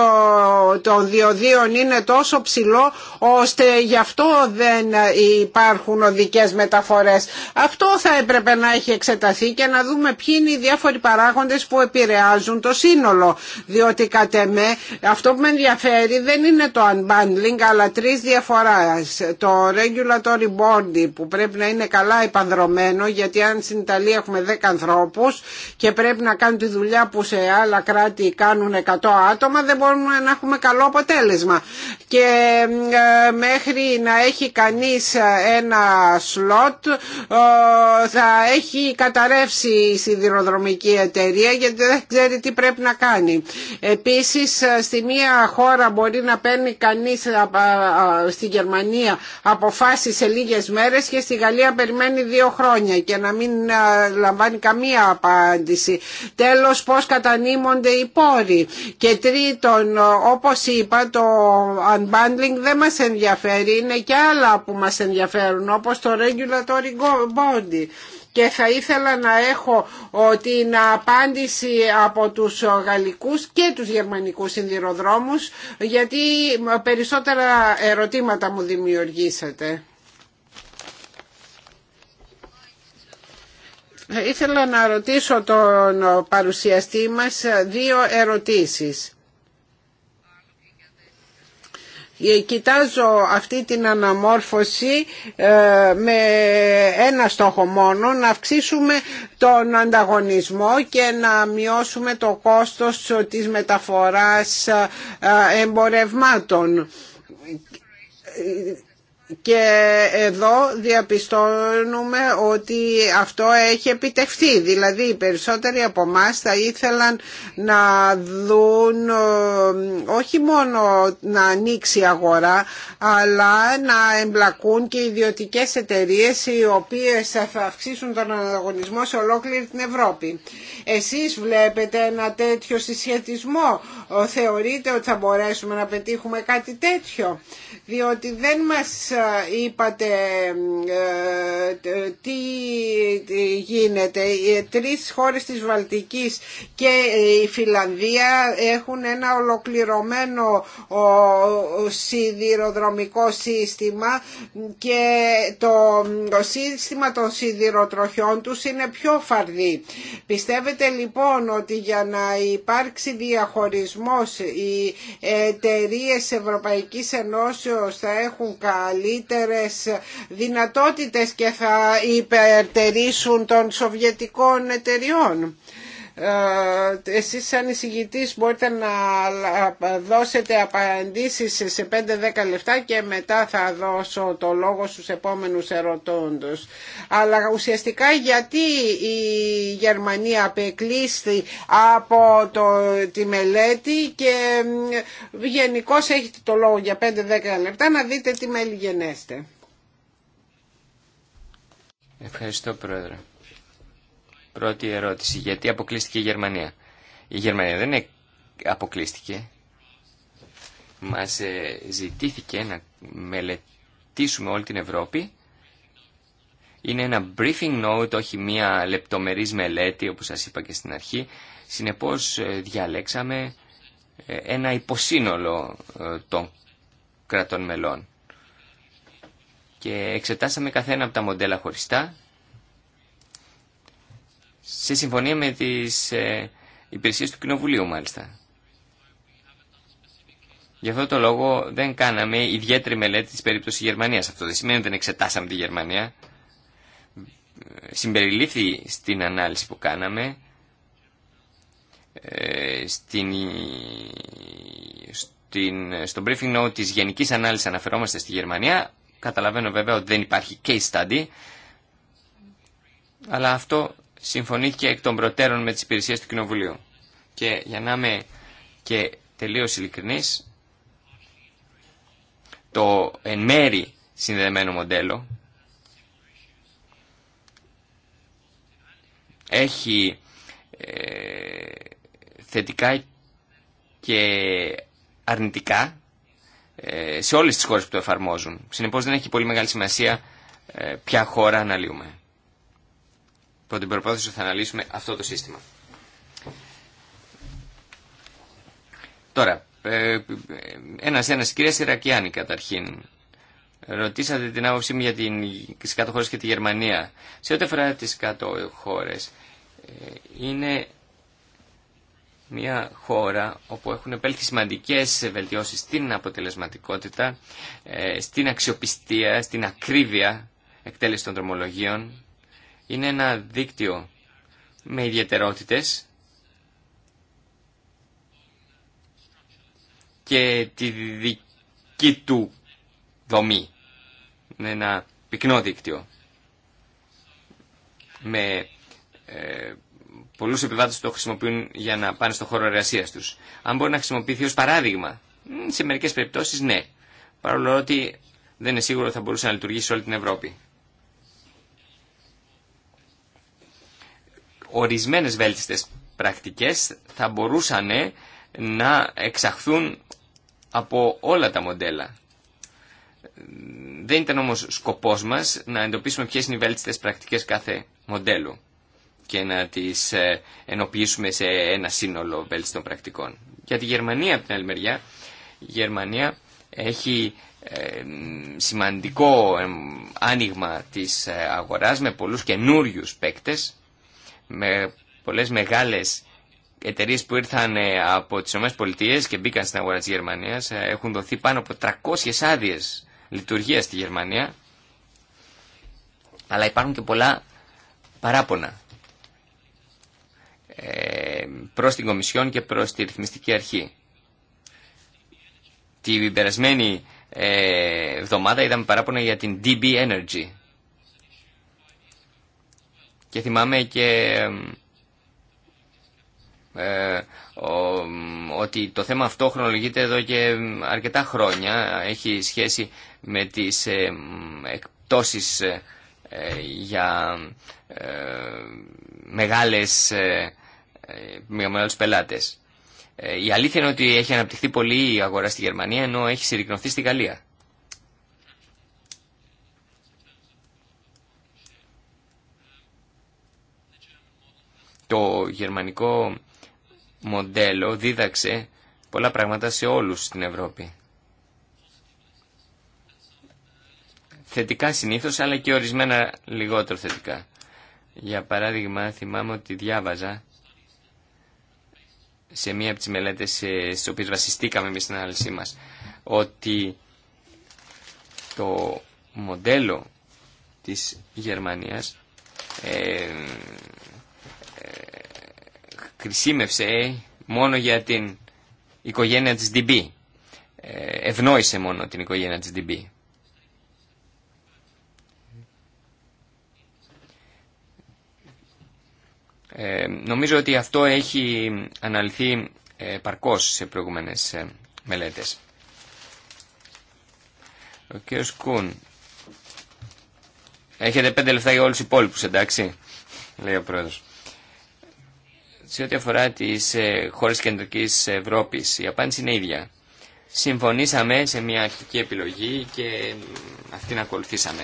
των διοδίων είναι τόσο ψηλό ώστε γι' αυτό δεν υπάρχουν οδικές μεταφορές. Αυτό θα έπρεπε να έχει εξεταθεί και να δούμε ποιοι είναι οι διάφοροι παράγοντες που επηρεάζουν το σύνολο. Διότι κατ' εμέ αυτό που με ενδιαφέρει δεν είναι το unbundling αλλά τρεις διαφορά. Το regulatory body που πρέπει να είναι καλά επανδρομένο γιατί αν στην Ιταλία έχουμε 10 ανθρώπους και πρέπει να κάνουν τη δουλειά που σε άλλα κράτη κάνουν 100 άτομα δεν μπορούμε να έχουμε καλό αποτέλεσμα και ε, μέχρι να έχει κανείς ένα σλότ ε, θα έχει καταρρεύσει η σιδηροδρομική εταιρεία γιατί δεν ξέρει τι πρέπει να κάνει. Επίσης ε, στη μία χώρα μπορεί να παίρνει κανείς στη Γερμανία αποφάσει σε λίγες μέρες και στη Γαλλία περιμένει δύο χρόνια και να μην λαμβάνει καμία απάντηση. Τέλος πώς κατανείμονται οι πόροι. Και τρίτον όπως είπα το unbundling δεν μας ενδιαφέρει, είναι και άλλα που μας ενδιαφέρουν όπως το regulatory body και θα ήθελα να έχω την απάντηση από τους γαλλικούς και τους γερμανικούς συνδυροδρόμους γιατί περισσότερα ερωτήματα μου δημιουργήσατε. Ήθελα να ρωτήσω τον παρουσιαστή μας δύο ερωτήσεις. κοιτάζω αυτή την αναμόρφωση ε, με ένα στόχο μόνο, να αυξήσουμε τον ανταγωνισμό και να μειώσουμε το κόστος της μεταφοράς ε, εμπορευμάτων και εδώ διαπιστώνουμε ότι αυτό έχει επιτευχθεί. Δηλαδή οι περισσότεροι από εμά θα ήθελαν να δουν ε, όχι μόνο να ανοίξει η αγορά αλλά να εμπλακούν και ιδιωτικές εταιρείες οι οποίες θα αυξήσουν τον ανταγωνισμό σε ολόκληρη την Ευρώπη. Εσείς βλέπετε ένα τέτοιο συσχετισμό. Ε, θεωρείτε ότι θα μπορέσουμε να πετύχουμε κάτι τέτοιο διότι δεν μας είπατε ε, τι γίνεται. Οι τρεις χώρες της Βαλτικής και η Φιλανδία έχουν ένα ολοκληρωμένο σιδηροδρομικό σύστημα και το σύστημα των σιδηροτροχιών τους είναι πιο φαρδί. Πιστεύετε λοιπόν ότι για να υπάρξει διαχωρισμός οι εταιρείε Ευρωπαϊκής Ενώσεως θα έχουν καλή μεγαλύτερες δυνατότητες και θα υπερτερήσουν των σοβιετικών εταιριών. Ε, εσείς σαν εισηγητής μπορείτε να δώσετε απαντήσεις σε 5-10 λεπτά και μετά θα δώσω το λόγο στους επόμενους ερωτώντους. Αλλά ουσιαστικά γιατί η Γερμανία απεκλείστη από το, τη μελέτη και γενικώ έχετε το λόγο για 5-10 λεπτά να δείτε τι μελιγενέστε. Ευχαριστώ Πρόεδρε. Πρώτη ερώτηση. Γιατί αποκλείστηκε η Γερμανία. Η Γερμανία δεν αποκλείστηκε. Μας ε, ζητήθηκε να μελετήσουμε όλη την Ευρώπη. Είναι ένα briefing note, όχι μία λεπτομερής μελέτη, όπως σας είπα και στην αρχή. Συνεπώς ε, διαλέξαμε ε, ένα υποσύνολο των κρατών μελών. Και εξετάσαμε καθένα από τα μοντέλα χωριστά σε συμφωνία με τις ε, υπηρεσίες του Κοινοβουλίου μάλιστα. Γι' αυτό το λόγο δεν κάναμε ιδιαίτερη μελέτη της περίπτωσης Γερμανίας. Αυτό δεν σημαίνει ότι δεν εξετάσαμε τη Γερμανία. Συμπεριλήφθη στην ανάλυση που κάναμε, ε, στην, στην, στο briefing note της γενικής ανάλυσης αναφερόμαστε στη Γερμανία. Καταλαβαίνω βέβαια ότι δεν υπάρχει case study, αλλά αυτό συμφωνήθηκε εκ των προτέρων με τι υπηρεσίε του Κοινοβουλίου. Και για να είμαι και τελείω ειλικρινή, το εν μέρη συνδεδεμένο μοντέλο έχει ε, θετικά και αρνητικά ε, σε όλες τις χώρες που το εφαρμόζουν. Συνεπώς δεν έχει πολύ μεγάλη σημασία ε, ποια χώρα αναλύουμε υπό την προπόθεση ότι θα αναλύσουμε αυτό το σύστημα. Τώρα, ε, ε, ένας ένας, κυρία Σιρακιάνη καταρχήν. Ρωτήσατε την άποψή μου για τις κάτω χώρες και τη Γερμανία. Σε ό,τι αφορά τις κάτω χώρες, ε, είναι μια χώρα όπου έχουν επέλθει σημαντικέ βελτιώσεις στην αποτελεσματικότητα, στην αξιοπιστία, στην ακρίβεια εκτέλεση των δρομολογίων είναι ένα δίκτυο με ιδιαιτερότητες και τη δική του δομή. Είναι ένα πυκνό δίκτυο με ε, πολλούς επιβάτες που το χρησιμοποιούν για να πάνε στο χώρο εργασίας τους. Αν μπορεί να χρησιμοποιηθεί ως παράδειγμα, σε μερικές περιπτώσεις ναι, παρόλο ότι δεν είναι σίγουρο ότι θα μπορούσε να λειτουργήσει σε όλη την Ευρώπη. ορισμένες βέλτιστες πρακτικές θα μπορούσαν να εξαχθούν από όλα τα μοντέλα. Δεν ήταν όμως σκοπός μας να εντοπίσουμε ποιες είναι οι βέλτιστες πρακτικές κάθε μοντέλου και να τις ε, ενοποιήσουμε σε ένα σύνολο βέλτιστων πρακτικών. Για τη Γερμανία, από την άλλη μεριά, η Γερμανία έχει ε, σημαντικό άνοιγμα της ε, αγοράς με πολλούς καινούριου παίκτες με πολλές μεγάλες εταιρείε που ήρθαν ε, από τις ΗΠΑ και μπήκαν στην αγορά της Γερμανίας ε, έχουν δοθεί πάνω από 300 άδειε λειτουργία στη Γερμανία αλλά υπάρχουν και πολλά παράπονα ε, προς την Κομισιόν και προς τη Ρυθμιστική Αρχή. Την περασμένη εβδομάδα είδαμε παράπονα για την DB Energy και θυμάμαι και ε, ότι το θέμα αυτό χρονολογείται εδώ και αρκετά χρόνια. Έχει σχέση με τις ε, εκπτώσεις ε, για ε, μεγάλες, ε, ε, για μεγάλους πελάτες. Η αλήθεια είναι ότι έχει αναπτυχθεί πολύ η αγορά στη Γερμανία ενώ έχει συρρυκνωθεί στη Γαλλία. Το γερμανικό μοντέλο δίδαξε πολλά πράγματα σε όλους στην Ευρώπη. Θετικά συνήθως, αλλά και ορισμένα λιγότερο θετικά. Για παράδειγμα, θυμάμαι ότι διάβαζα σε μία από τις μελέτες στις οποίες βασιστήκαμε εμείς στην ανάλυση μας, ότι το μοντέλο της Γερμανίας ε, κρισίμευσε ε, μόνο για την οικογένεια της DB. Ε, ευνόησε μόνο την οικογένεια της DB. Ε, νομίζω ότι αυτό έχει αναλυθεί ε, παρκώς σε προηγούμενες ε, μελέτες. Ο κ. Κούν. Έχετε πέντε λεφτά για όλους τους υπόλοιπους, εντάξει, λέει ο πρόεδρος. Σε ό,τι αφορά τις ε, χώρες κεντρικής Ευρώπης, η απάντηση είναι ίδια. Συμφωνήσαμε σε μια αρχική επιλογή και αυτήν ακολουθήσαμε.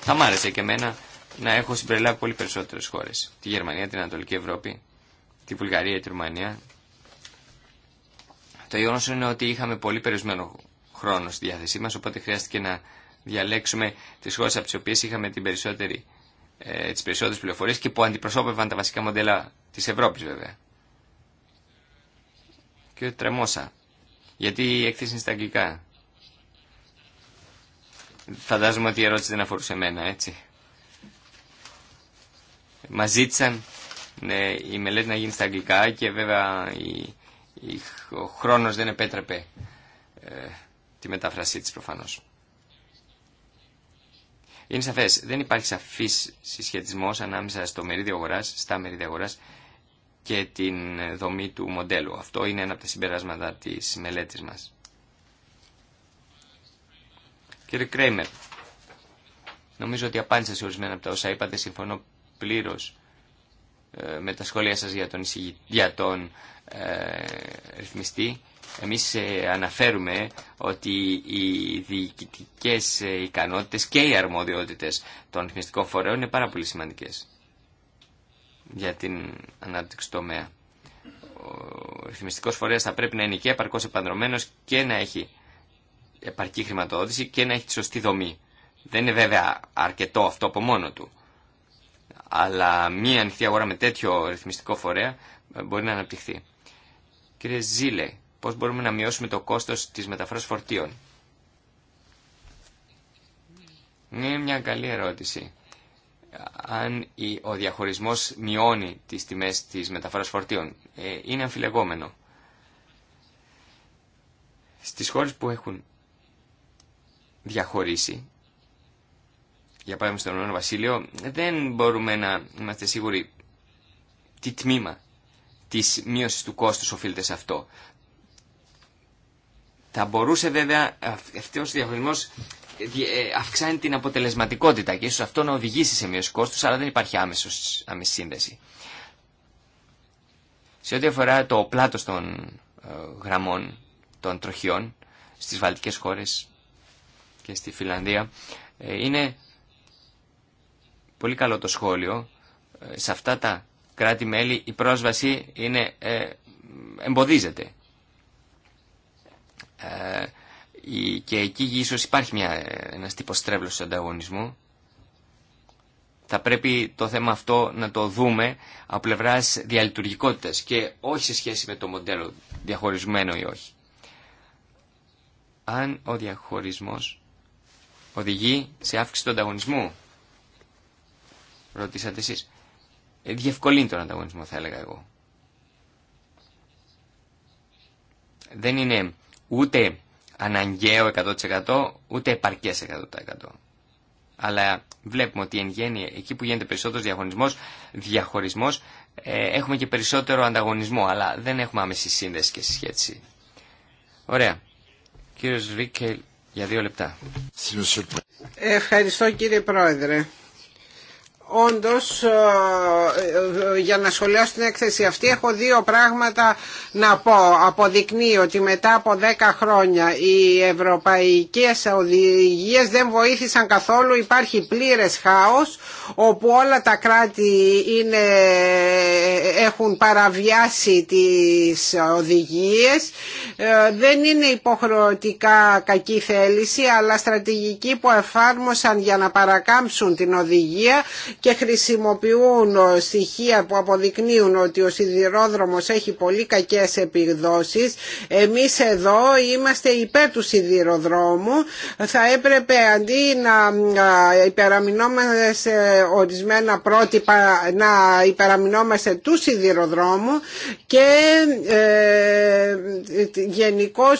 Θα μ' άρεσε και εμένα να έχω συμπεριλάβει πολύ περισσότερες χώρες. Τη Γερμανία, την Ανατολική Ευρώπη, τη Βουλγαρία, τη Ρουμανία. Το γεγονό είναι ότι είχαμε πολύ περιορισμένο χρόνο στη διάθεσή μας, οπότε χρειάστηκε να διαλέξουμε τις χώρες από τις οποίες είχαμε την περισσότερη, ε, τις περισσότερες πληροφορίες και που αντιπροσώπευαν τα βασικά μοντέλα της Ευρώπης βέβαια. Και τρεμόσα. Γιατί η έκθεση είναι στα αγγλικά. Φαντάζομαι ότι η ερώτηση δεν αφορούσε εμένα, έτσι. Μα ζήτησαν ναι, η μελέτη να γίνει στα αγγλικά και βέβαια η, ο χρόνος δεν επέτρεπε ε, τη μετάφρασή της προφανώς. Είναι σαφές, δεν υπάρχει σαφής συσχετισμός ανάμεσα στο μερίδιο αγοράς, στα μερίδια αγοράς και την δομή του μοντέλου. Αυτό είναι ένα από τα συμπεράσματα της μελέτης μας. Κύριε Κρέιμερ, νομίζω ότι απάντησα σε ορισμένα από τα όσα είπατε. Συμφωνώ πλήρως ε, με τα σχόλια σας για τον, για τον ε, ρυθμιστή. Εμείς ε, αναφέρουμε ότι οι διοικητικές ικανότητες και οι αρμοδιότητες των ρυθμιστικών φορέων είναι πάρα πολύ σημαντικές για την ανάπτυξη τομέα. Ο ρυθμιστικό φορέας θα πρέπει να είναι και επαρκώ επανδρομένο και να έχει επαρκή χρηματοδότηση και να έχει τη σωστή δομή. Δεν είναι βέβαια αρκετό αυτό από μόνο του. Αλλά μία ανοιχτή αγορά με τέτοιο ρυθμιστικό φορέα ε, μπορεί να αναπτυχθεί. Κύριε Ζήλε, πώς μπορούμε να μειώσουμε το κόστος της μεταφράσης φορτίων. Είναι μια ανοιχτη αγορα με τετοιο ρυθμιστικο φορεα μπορει να αναπτυχθει κυριε ζηλε πω μπορουμε να μειωσουμε το κοστο τη μεταφορα φορτιων ειναι μια καλη ερωτηση αν ο διαχωρισμός μειώνει τις τιμές της μεταφοράς φορτίων. Ε, είναι αμφιλεγόμενο. Στις χώρες που έχουν διαχωρίσει, για παράδειγμα στον Ηνωμένο Βασίλειο, δεν μπορούμε να είμαστε σίγουροι τι τμήμα της μείωσης του κόστους οφείλεται σε αυτό. Θα μπορούσε βέβαια αυτός ο διαχωρισμός ε, αυξάνει την αποτελεσματικότητα και ίσως αυτό να οδηγήσει σε μείωση κόστους, αλλά δεν υπάρχει άμεσος, άμεση σύνδεση. Σε ό,τι αφορά το πλάτος των ε, γραμμών των τροχιών στις βαλτικές χώρες και στη Φιλανδία, ε, είναι πολύ καλό το σχόλιο. Σε αυτά τα κράτη-μέλη η πρόσβαση είναι, εμποδίζεται και εκεί ίσως υπάρχει μια, ένας τύπος στρέβλος του ανταγωνισμού. Θα πρέπει το θέμα αυτό να το δούμε από πλευρά διαλειτουργικότητας και όχι σε σχέση με το μοντέλο διαχωρισμένο ή όχι. Αν ο διαχωρισμός οδηγεί σε αύξηση του ανταγωνισμού, ρωτήσατε εσείς, ε, διευκολύνει τον ανταγωνισμό θα έλεγα εγώ. Δεν είναι ούτε αναγκαίο 100% ούτε επαρκές 100%. Αλλά βλέπουμε ότι εν γέννη, εκεί που γίνεται περισσότερο διαχωρισμός, διαχωρισμός ε, έχουμε και περισσότερο ανταγωνισμό, αλλά δεν έχουμε άμεση σύνδεση και σχέση. Ωραία. Κύριος Ρίκελ, για δύο λεπτά. Ευχαριστώ κύριε Πρόεδρε όντως ε, ε, για να σχολιάσω την έκθεση αυτή έχω δύο πράγματα να πω. Αποδεικνύει ότι μετά από 10 χρόνια οι ευρωπαϊκές οδηγίες δεν βοήθησαν καθόλου. Υπάρχει πλήρες χάος όπου όλα τα κράτη είναι, έχουν παραβιάσει τις οδηγίες. Ε, δεν είναι υποχρεωτικά κακή θέληση αλλά στρατηγική που εφάρμοσαν για να παρακάμψουν την οδηγία και χρησιμοποιούν ε, στοιχεία που αποδεικνύουν ότι ο σιδηρόδρομος έχει πολύ κακές επιδόσεις. Εμείς εδώ είμαστε υπέρ του σιδηροδρόμου. Θα έπρεπε αντί να ε, υπεραμεινόμαστε ορισμένα πρότυπα να υπεραμεινόμαστε του σιδηροδρόμου και ε, γενικώ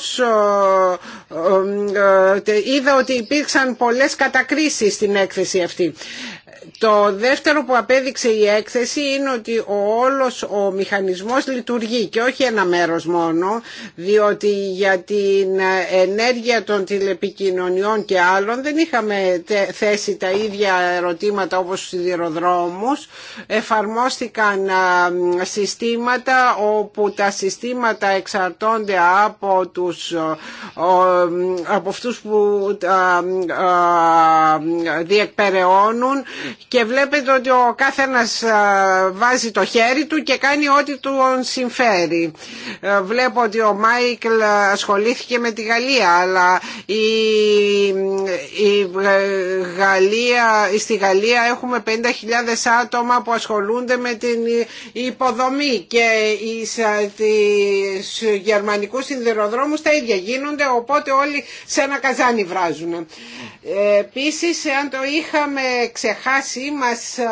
ε, είδα ότι υπήρξαν πολλές κατακρίσεις στην έκθεση αυτή. Το δεύτερο που απέδειξε η έκθεση είναι ότι ο όλος ο μηχανισμός λειτουργεί και όχι ένα μέρος μόνο, διότι για την ενέργεια των τηλεπικοινωνιών και άλλων δεν είχαμε θέσει τα ίδια ερωτήματα όπως στους σιδηροδρόμους. Εφαρμόστηκαν συστήματα όπου τα συστήματα εξαρτώνται από, τους, από αυτούς που διεκπεραιώνουν και βλέπετε ότι ο κάθε βάζει το χέρι του και κάνει ό,τι του συμφέρει. Ε, βλέπω ότι ο Μάικλ ασχολήθηκε με τη Γαλλία αλλά η, η ε, Γαλλία, στη Γαλλία έχουμε 50.000 άτομα που ασχολούνται με την υποδομή και στους ε, γερμανικούς συνδεροδρόμους τα ίδια γίνονται οπότε όλοι σε ένα καζάνι βράζουν. Επίσης, αν το είχαμε ξεχάσει μας ε,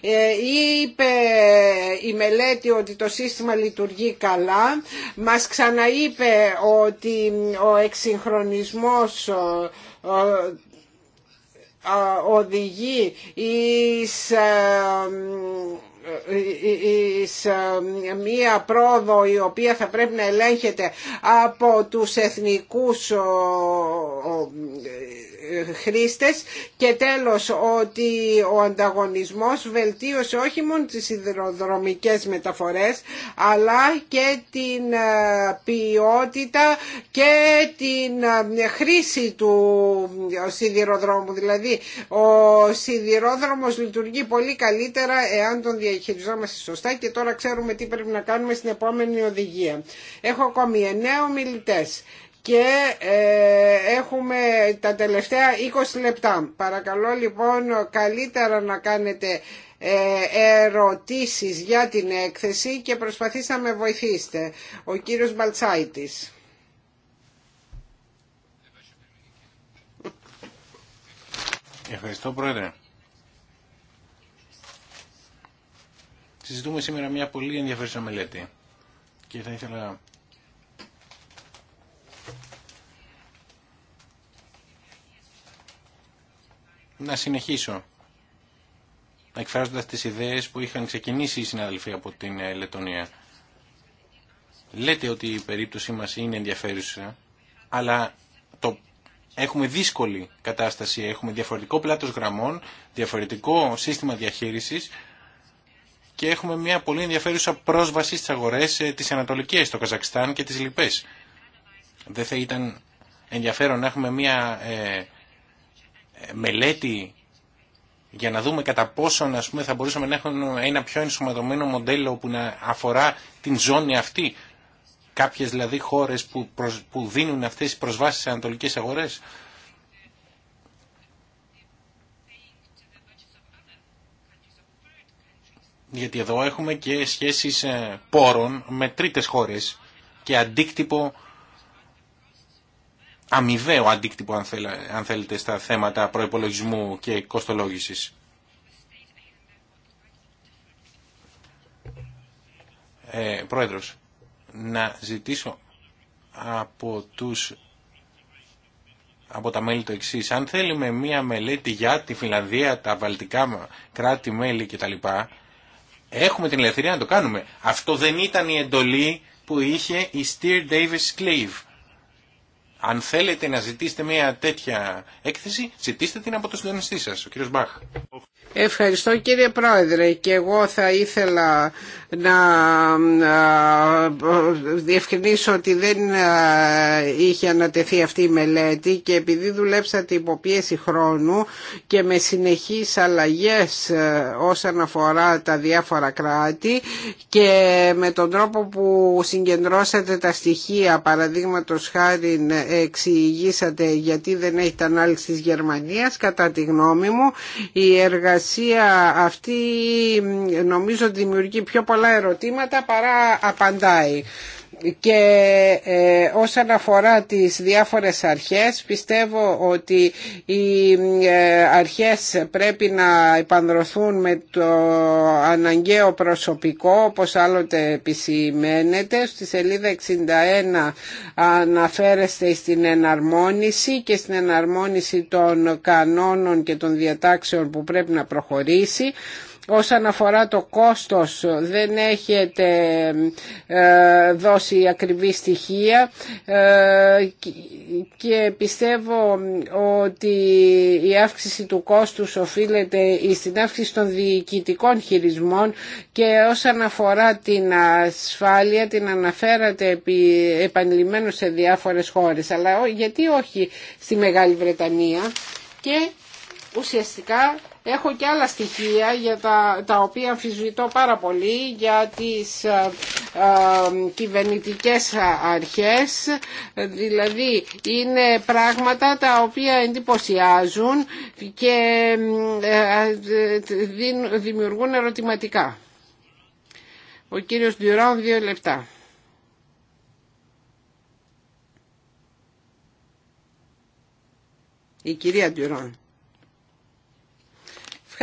ε, είπε η μελέτη ότι το σύστημα λειτουργεί καλά. Μας ξαναείπε ότι ο εξυγχρονισμός ε, οδηγεί εις ε, μία πρόοδο η οποία θα πρέπει να ελέγχεται από τους εθνικούς ε, χρήστες και τέλος ότι ο ανταγωνισμός βελτίωσε όχι μόνο τις σιδηροδρομικές μεταφορές αλλά και την ε, ποιότητα και την χρήση του σιδηροδρόμου δηλαδή ο σιδηρόδρομος λειτουργεί πολύ καλύτερα εάν τον διαχειριστεί χειριζόμαστε σωστά και τώρα ξέρουμε τι πρέπει να κάνουμε στην επόμενη οδηγία. Έχω ακόμη εννέα ομιλητέ και ε, έχουμε τα τελευταία 20 λεπτά. Παρακαλώ λοιπόν καλύτερα να κάνετε ε, ερωτήσεις για την έκθεση και προσπαθήστε να με βοηθήσετε. Ο κύριος Μπαλτσάιτης. Ευχαριστώ πρόεδρε. συζητούμε σήμερα μια πολύ ενδιαφέρουσα μελέτη και θα ήθελα να συνεχίσω εκφράζοντας τις ιδέες που είχαν ξεκινήσει οι συναδελφοί από την ε, Λετωνία. Λέτε ότι η περίπτωσή μας είναι ενδιαφέρουσα, αλλά το έχουμε δύσκολη κατάσταση, έχουμε διαφορετικό πλάτος γραμμών, διαφορετικό σύστημα διαχείρισης, και έχουμε μια πολύ ενδιαφέρουσα πρόσβαση στις αγορές ε, της Ανατολικής, το Καζακστάν και τις Λιπές. Δεν θα ήταν ενδιαφέρον να έχουμε μια ε, μελέτη για να δούμε κατά πόσον ας πούμε, θα μπορούσαμε να έχουμε ένα πιο ενσωματωμένο μοντέλο που να αφορά την ζώνη αυτή. Κάποιες δηλαδή χώρες που, που δίνουν αυτές τις προσβάσεις σε ανατολικές αγορές. γιατί εδώ έχουμε και σχέσεις ε, πόρων με τρίτες χώρες και αντίκτυπο αμοιβαίο αντίκτυπο αν θέλετε στα θέματα προϋπολογισμού και κοστολόγησης. Ε, πρόεδρος, να ζητήσω από τους από τα μέλη το εξή. Αν θέλουμε μία μελέτη για τη Φιλανδία, τα βαλτικά κράτη-μέλη κτλ. Έχουμε την ελευθερία να το κάνουμε. Αυτό δεν ήταν η εντολή που είχε η Steer Davis Cleave. Αν θέλετε να ζητήσετε μια τέτοια έκθεση, ζητήστε την από το συντονιστή σας, ο κύριος Μπαχ. Ευχαριστώ κύριε Πρόεδρε και εγώ θα ήθελα να διευκρινίσω ότι δεν είχε ανατεθεί αυτή η μελέτη και επειδή δουλέψατε υπό πίεση χρόνου και με συνεχείς αλλαγές όσον αφορά τα διάφορα κράτη και με τον τρόπο που συγκεντρώσατε τα στοιχεία παραδείγματος χάρη εξηγήσατε γιατί δεν έχει ανάλυση της Γερμανίας κατά τη γνώμη μου η εργασία διαδικασία αυτή νομίζω δημιουργεί πιο πολλά ερωτήματα παρά απαντάει και ε, όσον αφορά τις διάφορες αρχές πιστεύω ότι οι ε, αρχές πρέπει να επανδρωθούν με το αναγκαίο προσωπικό όπως άλλοτε επισημαίνεται στη σελίδα 61 αναφέρεστε στην εναρμόνιση και στην εναρμόνιση των κανόνων και των διατάξεων που πρέπει να προχωρήσει όσον αφορά το κόστος δεν έχετε ε, δώσει ακριβή στοιχεία ε, και πιστεύω ότι η αύξηση του κόστους οφείλεται στην αύξηση των διοικητικών χειρισμών και όσον αφορά την ασφάλεια την αναφέρατε επί, επανειλημμένως σε διάφορες χώρες αλλά γιατί όχι στη Μεγάλη Βρετανία και ουσιαστικά Έχω και άλλα στοιχεία για τα, τα οποία αμφισβητώ πάρα πολύ για τις α, ε, ε, κυβερνητικές αρχές, δηλαδή είναι πράγματα τα οποία εντυπωσιάζουν και ε, ε, δημιουργούν ερωτηματικά. Ο κύριος Ντιουράν, δύο λεπτά. Η κυρία Ντιουράν.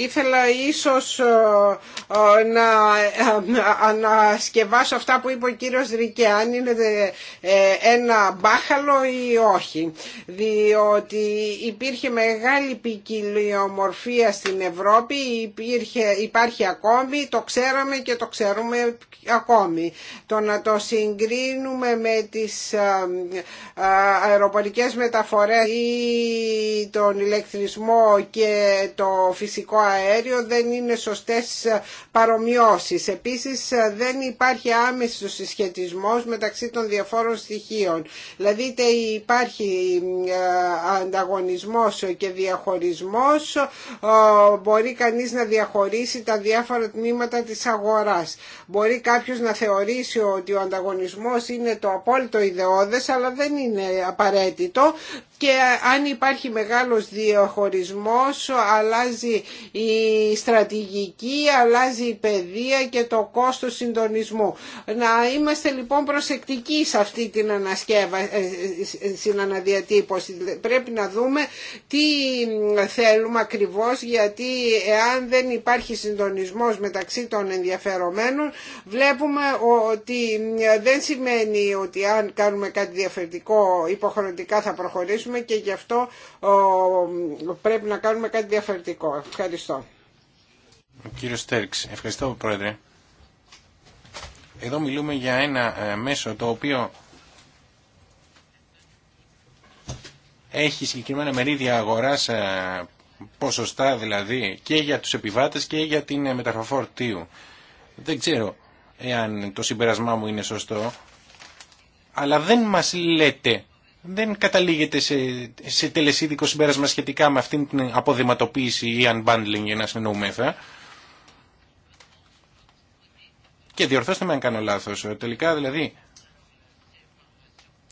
Ήθελα ίσως ε, ε, ε, να ανασκευάσω αυτά που είπε ο κύριος Ρικέ, αν είναι ένα μπάχαλο ή όχι. Διότι υπήρχε μεγάλη ποικιλιομορφία στην Ευρώπη, υπήρχε, υπάρχει ακόμη, το ξέραμε και το ξέρουμε ακόμη. Το να το συγκρίνουμε με τις αεροπορικές μεταφορές ή τον ηλεκτρισμό και το φυσικό αέριο δεν είναι σωστές παρομοιώσεις. Επίσης δεν υπάρχει άμεσος συσχετισμός μεταξύ των διαφόρων στοιχείων. Δηλαδή είτε υπάρχει ε, ανταγωνισμός και διαχωρισμός ε, μπορεί κανείς να διαχωρίσει τα διάφορα τμήματα της αγοράς. Μπορεί κάποιος να θεωρήσει ότι ο ανταγωνισμός είναι το απόλυτο ιδεώδες αλλά δεν είναι απαραίτητο και αν υπάρχει μεγάλος διαχωρισμός αλλάζει η στρατηγική, αλλάζει η παιδεία και το κόστος συντονισμού. Να είμαστε λοιπόν προσεκτικοί σε αυτή την, ανασκεύα, ε, ε, στην αναδιατύπωση. Πρέπει να δούμε τι θέλουμε ακριβώς γιατί εάν δεν υπάρχει συντονισμός μεταξύ των ενδιαφερομένων βλέπουμε ότι δεν σημαίνει ότι αν κάνουμε κάτι διαφορετικό υποχρεωτικά θα προχωρήσουμε και γι' αυτό πρέπει να κάνουμε κάτι διαφορετικό. Ευχαριστώ. Ο κύριος Στέρξ, ευχαριστώ Πρόεδρε. Εδώ μιλούμε για ένα ε, μέσο το οποίο έχει συγκεκριμένα μερίδια αγοράς ε, ποσοστά δηλαδή και για τους επιβάτες και για την ε, μεταφορτίου. Δεν ξέρω εάν το συμπερασμά μου είναι σωστό, αλλά δεν μας λέτε δεν καταλήγεται σε, σε τελεσίδικο συμπέρασμα σχετικά με αυτήν την αποδηματοποίηση ή unbundling για να συνεννοούμεθα. Και διορθώστε με αν κάνω λάθος. Τελικά δηλαδή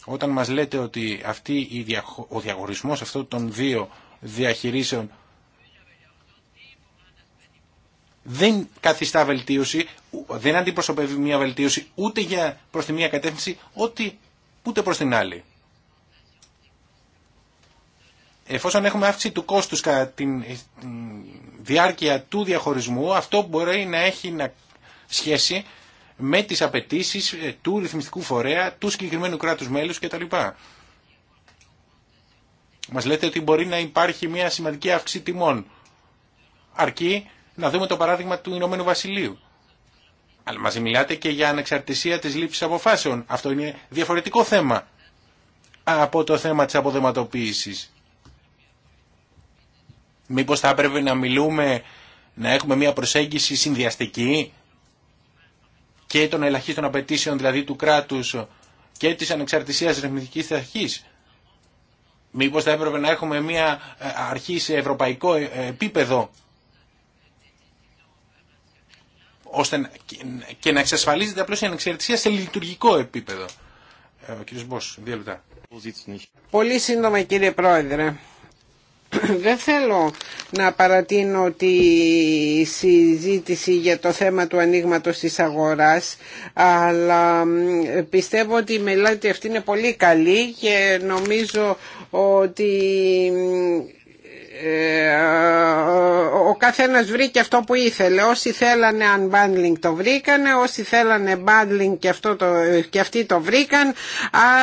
όταν μας λέτε ότι αυτή η ο διαχωρισμός αυτών των δύο διαχειρήσεων δεν καθιστά βελτίωση, δεν αντιπροσωπεύει μια βελτίωση ούτε για προς τη μία κατεύθυνση, ούτε προς την άλλη εφόσον έχουμε αύξηση του κόστους κατά τη διάρκεια του διαχωρισμού, αυτό μπορεί να έχει να σχέση με τις απαιτήσει ε, του ρυθμιστικού φορέα, του συγκεκριμένου κράτους μέλους κτλ. Μας λέτε ότι μπορεί να υπάρχει μια σημαντική αύξηση τιμών. Αρκεί να δούμε το παράδειγμα του Ηνωμένου Βασιλείου. Αλλά μαζί μιλάτε και για ανεξαρτησία της λήψης αποφάσεων. Αυτό είναι διαφορετικό θέμα από το θέμα της αποδεματοποίησης. Μήπως θα έπρεπε να μιλούμε, να έχουμε μια προσέγγιση συνδυαστική και των ελαχίστων απαιτήσεων δηλαδή του κράτους και της ανεξαρτησίας ρυθμιστικής αρχής. Μήπως θα έπρεπε να έχουμε μια ε, αρχή σε ευρωπαϊκό ε, επίπεδο ώστε και να εξασφαλίζεται απλώς η ανεξαρτησία σε λειτουργικό επίπεδο. Ε, ο κύριος δύο λεπτά. Πολύ σύντομα κύριε Πρόεδρε. Δεν θέλω να παρατείνω τη συζήτηση για το θέμα του ανοίγματο της αγοράς αλλά πιστεύω ότι η μελάτη αυτή είναι πολύ καλή και νομίζω ότι ε, ο καθένας βρήκε αυτό που ήθελε όσοι θέλανε unbundling το βρήκανε όσοι θέλανε bundling και, αυτό το, και αυτοί το βρήκαν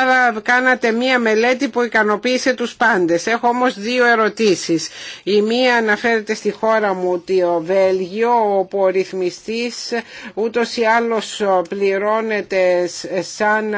άρα κάνατε μία μελέτη που ικανοποίησε τους πάντες έχω όμως δύο ερωτήσεις η μία αναφέρεται στη χώρα μου ότι ο Βέλγιο ο ρυθμιστής ούτως ή άλλως πληρώνεται σαν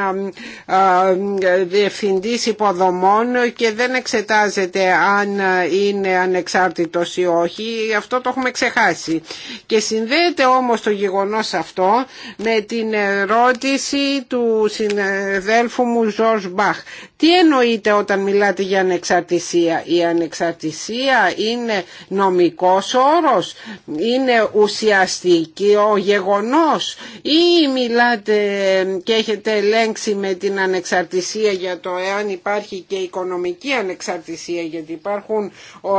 διευθυντής υποδομών και δεν εξετάζεται αν είναι είναι ανεξάρτητος ή όχι, αυτό το έχουμε ξεχάσει. Και συνδέεται όμως το γεγονός αυτό με την ερώτηση του συνδέλφου μου Ζορς Μπαχ. Τι εννοείται όταν μιλάτε για ανεξαρτησία. Η ανεξαρτησία είναι νομικός όρος, είναι ουσιαστική ο γεγονός ή μιλάτε και έχετε ελέγξει με την ανεξαρτησία για το εάν υπάρχει και οικονομική ανεξαρτησία γιατί υπάρχουν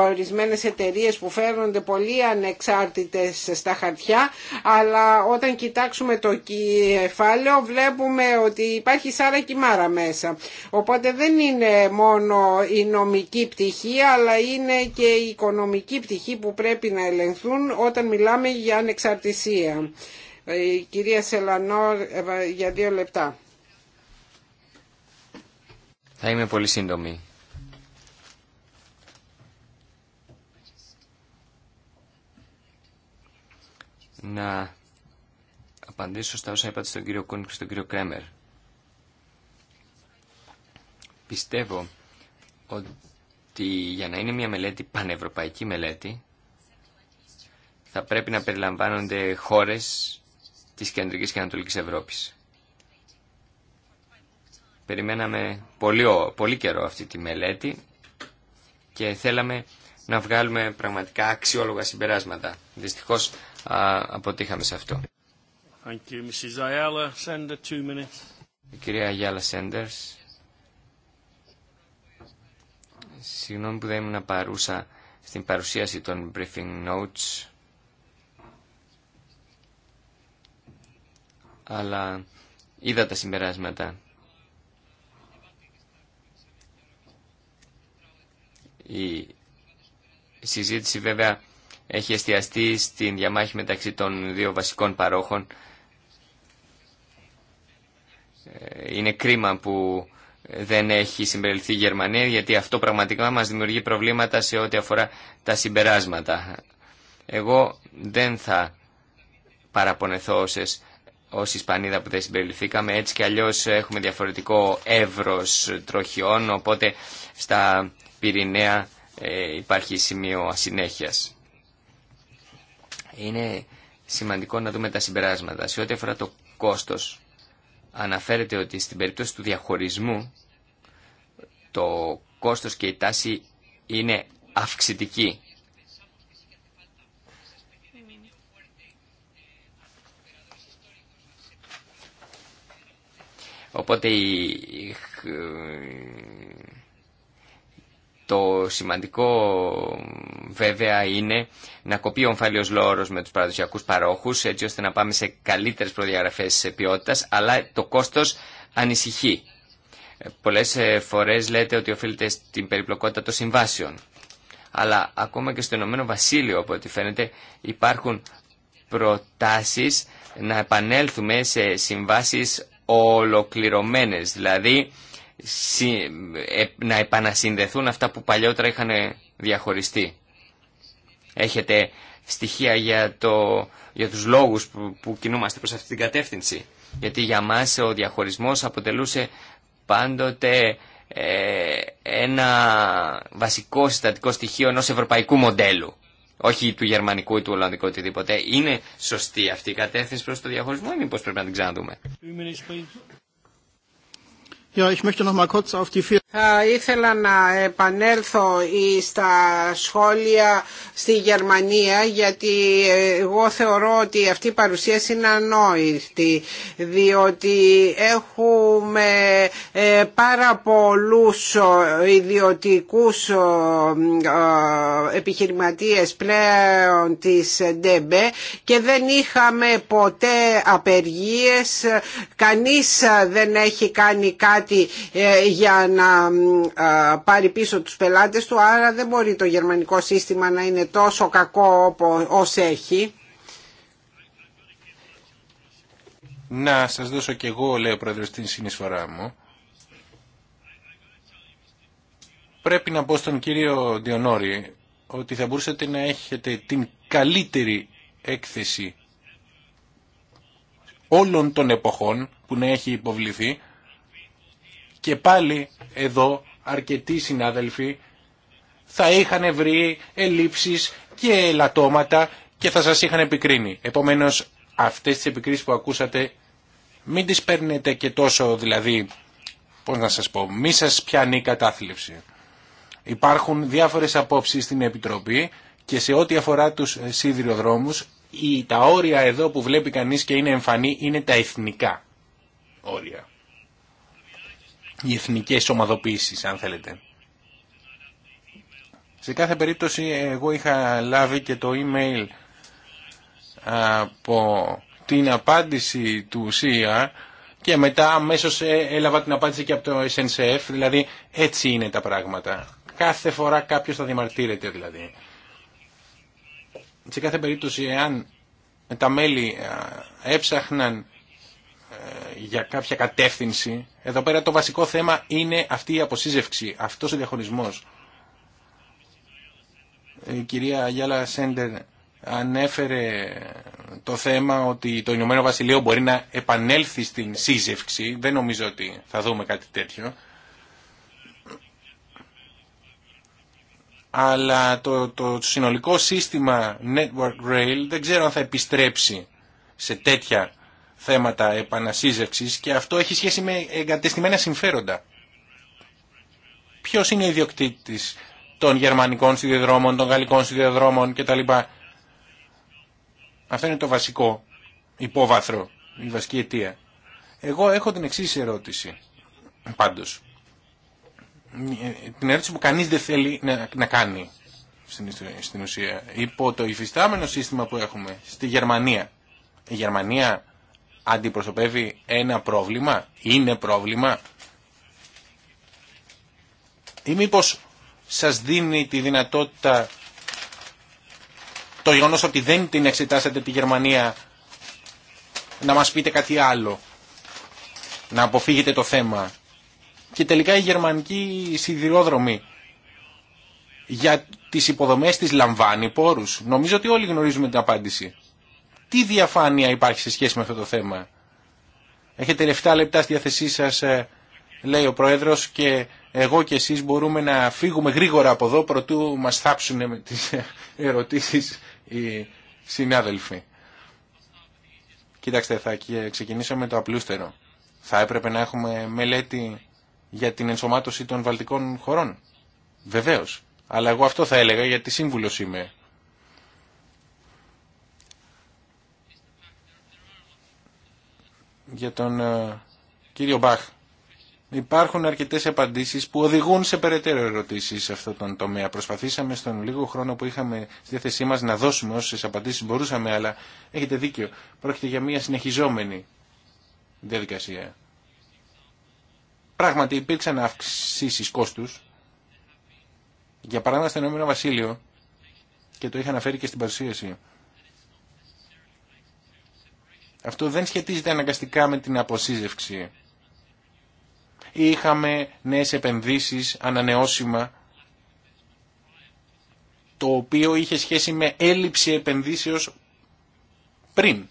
ορισμένες εταιρείες που φέρνονται πολύ ανεξάρτητες στα χαρτιά αλλά όταν κοιτάξουμε το κεφάλαιο βλέπουμε ότι υπάρχει σάρα κοιμάρα μέσα. Οπότε δεν είναι μόνο η νομική πτυχή αλλά είναι και η οικονομική πτυχή που πρέπει να ελεγχθούν όταν μιλάμε για ανεξαρτησία. Η ε, κυρία Σελανό ε, για δύο λεπτά. Θα είμαι πολύ σύντομη. να απαντήσω στα όσα είπατε στον κύριο Κούνικ και στον κύριο Κρέμερ. Πιστεύω ότι για να είναι μια μελέτη, πανευρωπαϊκή μελέτη, θα πρέπει να περιλαμβάνονται χώρες της Κεντρικής και Ανατολικής Ευρώπης. Περιμέναμε πολύ, πολύ καιρό αυτή τη μελέτη και θέλαμε να βγάλουμε πραγματικά αξιόλογα συμπεράσματα. Δυστυχώς αποτύχαμε σε αυτό. Η κυρία Αγιάλα Σέντερς. Συγγνώμη που δεν ήμουν παρούσα στην παρουσίαση των briefing notes. Αλλά είδα τα συμπεράσματα. Η συζήτηση βέβαια έχει εστιαστεί στην διαμάχη μεταξύ των δύο βασικών παρόχων. Ε, είναι κρίμα που δεν έχει συμπεριληφθεί η Γερμανία γιατί αυτό πραγματικά μας δημιουργεί προβλήματα σε ό,τι αφορά τα συμπεράσματα. Εγώ δεν θα παραπονεθώ όσες Ω Ισπανίδα που δεν συμπεριληφθήκαμε, έτσι κι αλλιώς έχουμε διαφορετικό εύρος τροχιών, οπότε στα Πυρηναία ε, υπάρχει σημείο ασυνέχειας είναι σημαντικό να δούμε τα συμπεράσματα. Σε ό,τι αφορά το κόστος, αναφέρεται ότι στην περίπτωση του διαχωρισμού το κόστος και η τάση είναι αυξητική. Οπότε η το σημαντικό βέβαια είναι να κοπεί ο ομφάλιος λόρος με τους παραδοσιακούς παρόχους έτσι ώστε να πάμε σε καλύτερες προδιαγραφές ποιότητας αλλά το κόστος ανησυχεί. Πολλές ε, φορές λέτε ότι οφείλεται στην περιπλοκότητα των συμβάσεων. Αλλά ακόμα και στο Ηνωμένο Βασίλειο από ό,τι φαίνεται υπάρχουν προτάσεις να επανέλθουμε σε συμβάσεις ολοκληρωμένες. Δηλαδή ε, να επανασυνδεθούν αυτά που παλιότερα είχαν διαχωριστεί. Έχετε στοιχεία για, το, για τους λόγους που, κινούμαστε προς αυτή την κατεύθυνση. Γιατί για μας ο διαχωρισμός αποτελούσε πάντοτε ε, ένα βασικό συστατικό στοιχείο ενός ευρωπαϊκού μοντέλου. Όχι του γερμανικού ή του ολλανδικού οτιδήποτε. Είναι σωστή αυτή η κατεύθυνση προς το διαχωρισμό ή μήπως πρέπει να την ξαναδούμε. Θα ήθελα να επανέλθω στα σχόλια στη Γερμανία γιατί εγώ θεωρώ ότι αυτή η παρουσίαση είναι ανόητη διότι έχουμε ε, πάρα πολλούς ε, ιδιωτικούς ε, επιχειρηματίες πλέον της ΔΕΜΠΕ και δεν είχαμε ποτέ απεργίες, κανείς δεν έχει κάνει κάτι ε, για να πάρει πίσω τους πελάτες του, άρα δεν μπορεί το γερμανικό σύστημα να είναι τόσο κακό ως έχει. Να σας δώσω κι εγώ, λέει ο Πρόεδρος, την συνεισφορά μου. Πρέπει να πω στον κύριο Διονόρη ότι θα μπορούσατε να έχετε την καλύτερη έκθεση όλων των εποχών που να έχει υποβληθεί και πάλι εδώ αρκετοί συνάδελφοι θα είχαν βρει ελλείψεις και ελαττώματα και θα σας είχαν επικρίνει. Επομένως αυτές τις επικρίσεις που ακούσατε μην τις παίρνετε και τόσο δηλαδή, πώς να σας πω, μη σας πιάνει η κατάθλιψη. Υπάρχουν διάφορες απόψεις στην Επιτροπή και σε ό,τι αφορά τους σιδηροδρόμους τα όρια εδώ που βλέπει κανείς και είναι εμφανή είναι τα εθνικά όρια οι εθνικές ομαδοποίησεις αν θέλετε. Σε κάθε περίπτωση εγώ είχα λάβει και το email από την απάντηση του ΣΥΑ και μετά αμέσως ε, έλαβα την απάντηση και από το SNCF, δηλαδή έτσι είναι τα πράγματα. Κάθε φορά κάποιος θα διαμαρτύρεται δηλαδή. Σε κάθε περίπτωση εάν τα μέλη ε, έψαχναν ε, για κάποια κατεύθυνση. Εδώ πέρα το βασικό θέμα είναι αυτή η αποσύζευξη, αυτός ο διαχωρισμός. Η κυρία Αγιάλα Σέντερ ανέφερε το θέμα ότι το Ηνωμένο Βασιλείο μπορεί να επανέλθει στην σύζευξη. Δεν νομίζω ότι θα δούμε κάτι τέτοιο. Αλλά το, το συνολικό σύστημα Network Rail δεν ξέρω αν θα επιστρέψει σε τέτοια θέματα επανασύζευξης και αυτό έχει σχέση με εγκατεστημένα συμφέροντα. Ποιος είναι ο ιδιοκτήτης των γερμανικών σιδηροδρόμων, των γαλλικών σιδηροδρόμων κτλ. Αυτό είναι το βασικό υπόβαθρο, η βασική αιτία. Εγώ έχω την εξή ερώτηση, πάντως. Την ερώτηση που κανείς δεν θέλει να κάνει στην ουσία. Υπό το υφιστάμενο σύστημα που έχουμε στη Γερμανία. Η Γερμανία αντιπροσωπεύει ένα πρόβλημα, είναι πρόβλημα ή μήπω σας δίνει τη δυνατότητα το γεγονός ότι δεν την εξετάσατε τη Γερμανία να μας πείτε κάτι άλλο, να αποφύγετε το θέμα. Και τελικά η γερμανική σιδηρόδρομη για τις υποδομές της λαμβάνει πόρους. Νομίζω ότι όλοι γνωρίζουμε την απάντηση. Τι διαφάνεια υπάρχει σε σχέση με αυτό το θέμα. Έχετε 7 λεπτά στη διάθεσή σα, ε, λέει ο Πρόεδρος, και εγώ και εσείς μπορούμε να φύγουμε γρήγορα από εδώ, προτού μας θάψουν με τις ερωτήσεις οι συνάδελφοι. Κοίταξτε, θα ξεκινήσω με το απλούστερο. Θα έπρεπε να έχουμε μελέτη για την ενσωμάτωση των βαλτικών χωρών. Βεβαίω. Αλλά εγώ αυτό θα έλεγα γιατί σύμβουλο είμαι. για τον ε, κύριο Μπαχ. Υπάρχουν αρκετές απαντήσεις που οδηγούν σε περαιτέρω ερωτήσεις σε αυτόν τον τομέα. Προσπαθήσαμε στον λίγο χρόνο που είχαμε στη διάθεσή μας να δώσουμε όσες απαντήσεις μπορούσαμε, αλλά έχετε δίκιο. Πρόκειται για μια συνεχιζόμενη διαδικασία. Πράγματι υπήρξαν αυξήσει κόστους. Για παράδειγμα, στο Ηνωμένο Βασίλειο, και το είχα αναφέρει και στην παρουσίαση, αυτό δεν σχετίζεται αναγκαστικά με την αποσύζευξη. Είχαμε νέες επενδύσεις, ανανεώσιμα, το οποίο είχε σχέση με έλλειψη επενδύσεως πριν,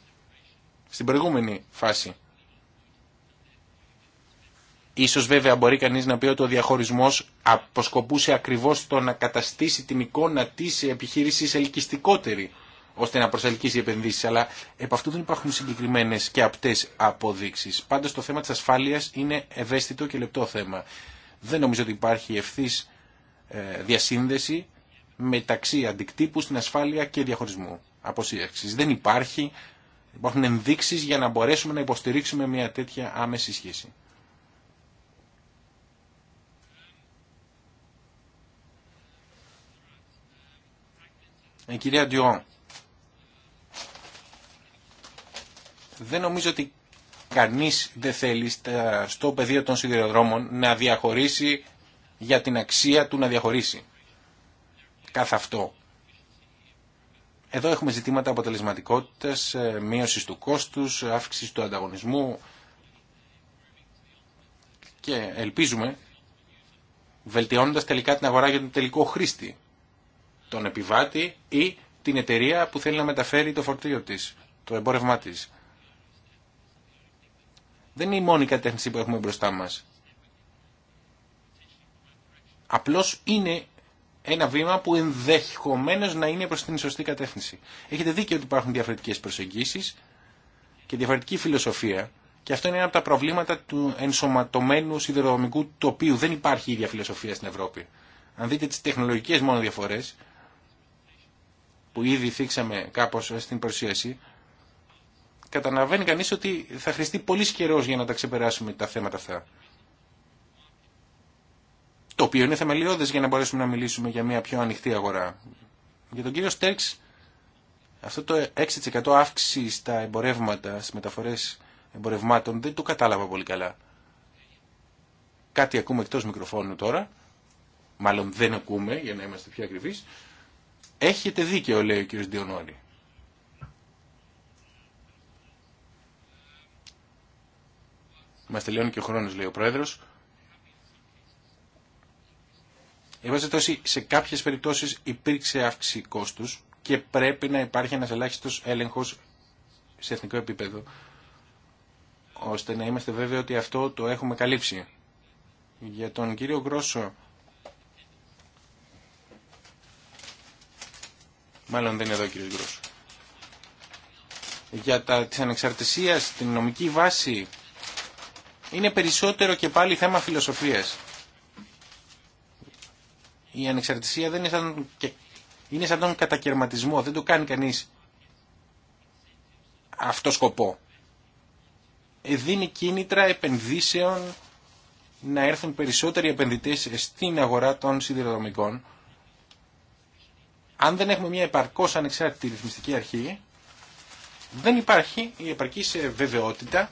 στην προηγούμενη φάση. Ίσως βέβαια μπορεί κανείς να πει ότι ο διαχωρισμός αποσκοπούσε ακριβώς το να καταστήσει την εικόνα της επιχείρησης ελκυστικότερη ώστε να προσελκύσει επενδύσει, αλλά επ' αυτού δεν υπάρχουν συγκεκριμένες και απτές αποδείξεις. Πάντως το θέμα της ασφάλεια είναι ευαίσθητο και λεπτό θέμα. Δεν νομίζω ότι υπάρχει ευθύ ε, διασύνδεση μεταξύ αντικτύπου στην ασφάλεια και διαχωρισμού αποσύραξης. Δεν υπάρχει, υπάρχουν ενδείξει για να μπορέσουμε να υποστηρίξουμε μια τέτοια άμεση σχέση. Η ε, κυρία Ντιόν δεν νομίζω ότι κανείς δεν θέλει στο πεδίο των σιδηροδρόμων να διαχωρίσει για την αξία του να διαχωρίσει. Καθ' αυτό. Εδώ έχουμε ζητήματα αποτελεσματικότητας, ε, μείωσης του κόστους, αύξηση του ανταγωνισμού και ελπίζουμε βελτιώνοντας τελικά την αγορά για τον τελικό χρήστη, τον επιβάτη ή την εταιρεία που θέλει να μεταφέρει το φορτίο της, το εμπόρευμά της. Δεν είναι η μόνη κατεύθυνση που έχουμε μπροστά μας. Απλώς είναι ένα βήμα που ενδεχομένως να είναι προς την σωστή κατεύθυνση. Έχετε δίκιο ότι υπάρχουν διαφορετικές προσεγγίσεις και διαφορετική φιλοσοφία και αυτό είναι ένα από τα προβλήματα του ενσωματωμένου σιδηροδρομικού τοπίου. Δεν υπάρχει ίδια φιλοσοφία στην Ευρώπη. Αν δείτε τις τεχνολογικές μόνο διαφορές που ήδη θίξαμε κάπως στην παρουσίαση, καταλαβαίνει κανείς ότι θα χρειαστεί πολύ καιρό για να τα ξεπεράσουμε τα θέματα αυτά. Το οποίο είναι θεμελιώδες για να μπορέσουμε να μιλήσουμε για μια πιο ανοιχτή αγορά. Για τον κύριο Στέρξ, αυτό το 6% αύξηση στα εμπορεύματα, στις μεταφορές εμπορευμάτων, δεν το κατάλαβα πολύ καλά. Κάτι ακούμε εκτός μικροφώνου τώρα, μάλλον δεν ακούμε για να είμαστε πιο ακριβείς. Έχετε δίκαιο λέει ο κύριος Διονόρη. Μας τελειώνει και ο χρόνος, λέει ο Πρόεδρος. Είμαστε τόσοι, σε κάποιες περιπτώσεις υπήρξε αύξηση κόστους και πρέπει να υπάρχει ένας ελάχιστος έλεγχος σε εθνικό επίπεδο, ώστε να είμαστε βέβαιοι ότι αυτό το έχουμε καλύψει. Για τον κύριο Γκρόσο, μάλλον δεν είναι εδώ ο κύριος Γκρόσο, για τα, της ανεξαρτησίας, την νομική βάση είναι περισσότερο και πάλι θέμα φιλοσοφίας. Η ανεξαρτησία δεν είναι σαν, είναι σαν τον κατακαιρματισμό, δεν το κάνει κανείς αυτό σκοπό. Ε, δίνει κίνητρα επενδύσεων να έρθουν περισσότεροι επενδυτές στην αγορά των σιδηροδρομικών. Αν δεν έχουμε μια επαρκώς ανεξάρτητη ρυθμιστική αρχή, δεν υπάρχει η επαρκής ε, βεβαιότητα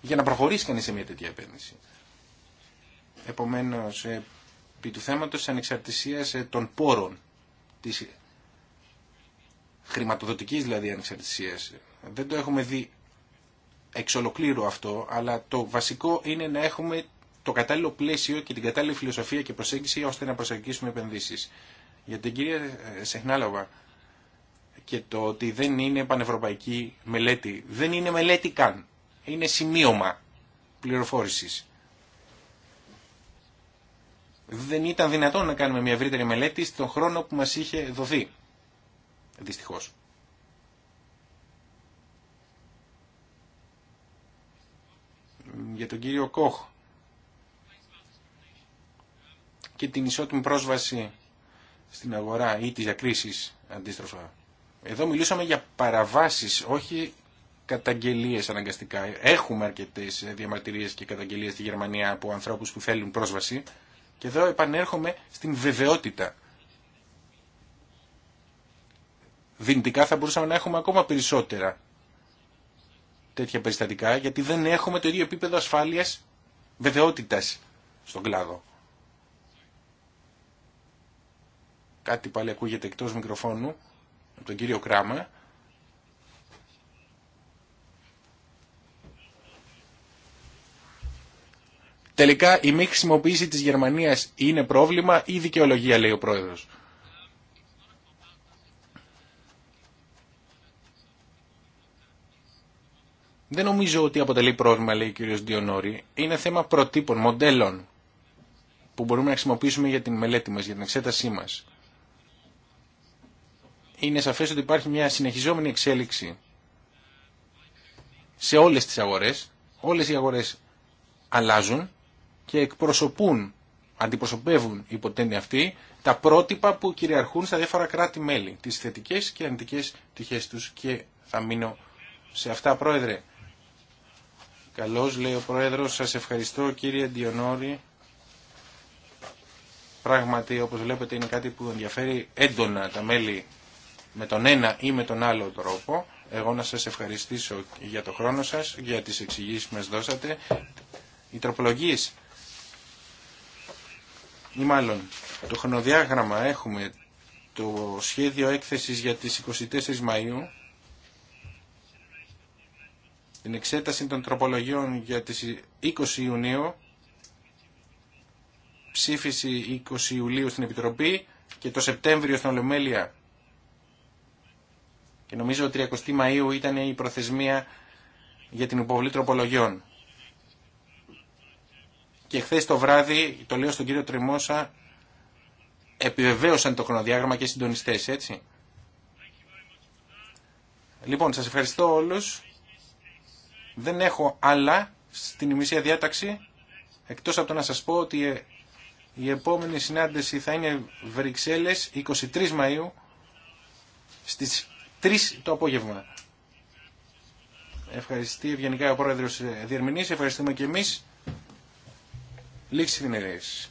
για να προχωρήσει κανείς σε μια τέτοια επένδυση. Επομένως, επί του θέματος ανεξαρτησίας ε, των πόρων, της χρηματοδοτικής δηλαδή ανεξαρτησίας, δεν το έχουμε δει εξ ολοκλήρου αυτό, αλλά το βασικό είναι να έχουμε το κατάλληλο πλαίσιο και την κατάλληλη φιλοσοφία και προσέγγιση ώστε να προσεγγίσουμε επενδύσεις. Για την κυρία ε, Σεχνάλαβα και το ότι δεν είναι πανευρωπαϊκή μελέτη. Δεν είναι μελέτη καν είναι σημείωμα πληροφόρησης. Δεν ήταν δυνατόν να κάνουμε μια ευρύτερη μελέτη στον χρόνο που μας είχε δοθεί. Δυστυχώς. Για τον κύριο Κόχ και την ισότιμη πρόσβαση στην αγορά ή τις διακρίσεις αντίστροφα. Εδώ μιλούσαμε για παραβάσεις, όχι καταγγελίες αναγκαστικά. Έχουμε αρκετές διαμαρτυρίες και καταγγελίες στη Γερμανία από ανθρώπους που θέλουν πρόσβαση. Και εδώ επανέρχομαι στην βεβαιότητα. Δυνητικά θα μπορούσαμε να έχουμε ακόμα περισσότερα τέτοια περιστατικά, γιατί δεν έχουμε το ίδιο επίπεδο ασφάλειας βεβαιότητας στον κλάδο. Κάτι πάλι ακούγεται εκτός μικροφώνου από τον κύριο Κράμα. Τελικά η μη χρησιμοποίηση της Γερμανίας είναι πρόβλημα ή δικαιολογία λέει ο πρόεδρος. Δεν νομίζω ότι αποτελεί πρόβλημα, λέει ο κύριος Διονόρη. Είναι θέμα προτύπων, μοντέλων που μπορούμε να χρησιμοποιήσουμε για την μελέτη μας, για την εξέτασή μας. Είναι σαφές ότι υπάρχει μια συνεχιζόμενη εξέλιξη σε όλες τις αγορές. Όλες οι αγορές αλλάζουν και εκπροσωπούν, αντιπροσωπεύουν υποτένει αυτοί, αυτή, τα πρότυπα που κυριαρχούν στα διάφορα κράτη-μέλη, τις θετικές και αντικές πτυχές τους και θα μείνω σε αυτά, Πρόεδρε. Καλώς, λέει ο Πρόεδρος, σας ευχαριστώ κύριε Ντιονόρη. Πράγματι, όπως βλέπετε, είναι κάτι που ενδιαφέρει έντονα τα μέλη με τον ένα ή με τον άλλο τρόπο. Εγώ να σας ευχαριστήσω για το χρόνο σας, για τις εξηγήσεις που μας δώσατε. Οι τροπολογίες ή μάλλον το χρονοδιάγραμμα έχουμε το σχέδιο έκθεσης για τις 24 Μαΐου, την εξέταση των τροπολογιών για τις 20 Ιουνίου, ψήφιση 20 Ιουλίου στην Επιτροπή και το Σεπτέμβριο στην Ολομέλεια. Και νομίζω 30 Μαΐου ήταν η προθεσμία για την υποβολή τροπολογιών και χθε το βράδυ, το λέω στον κύριο Τριμόσα, επιβεβαίωσαν το χρονοδιάγραμμα και οι συντονιστέ, έτσι. Λοιπόν, σας ευχαριστώ όλους. Δεν έχω άλλα στην ημισία διάταξη, εκτός από το να σας πω ότι ε, η επόμενη συνάντηση θα είναι Βρυξέλλες, 23 Μαΐου, στις 3 το απόγευμα. Ευχαριστεί ευγενικά ο πρόεδρος ε, Διερμηνής, ευχαριστούμε και εμείς. Λήξη την συνεδρίαση.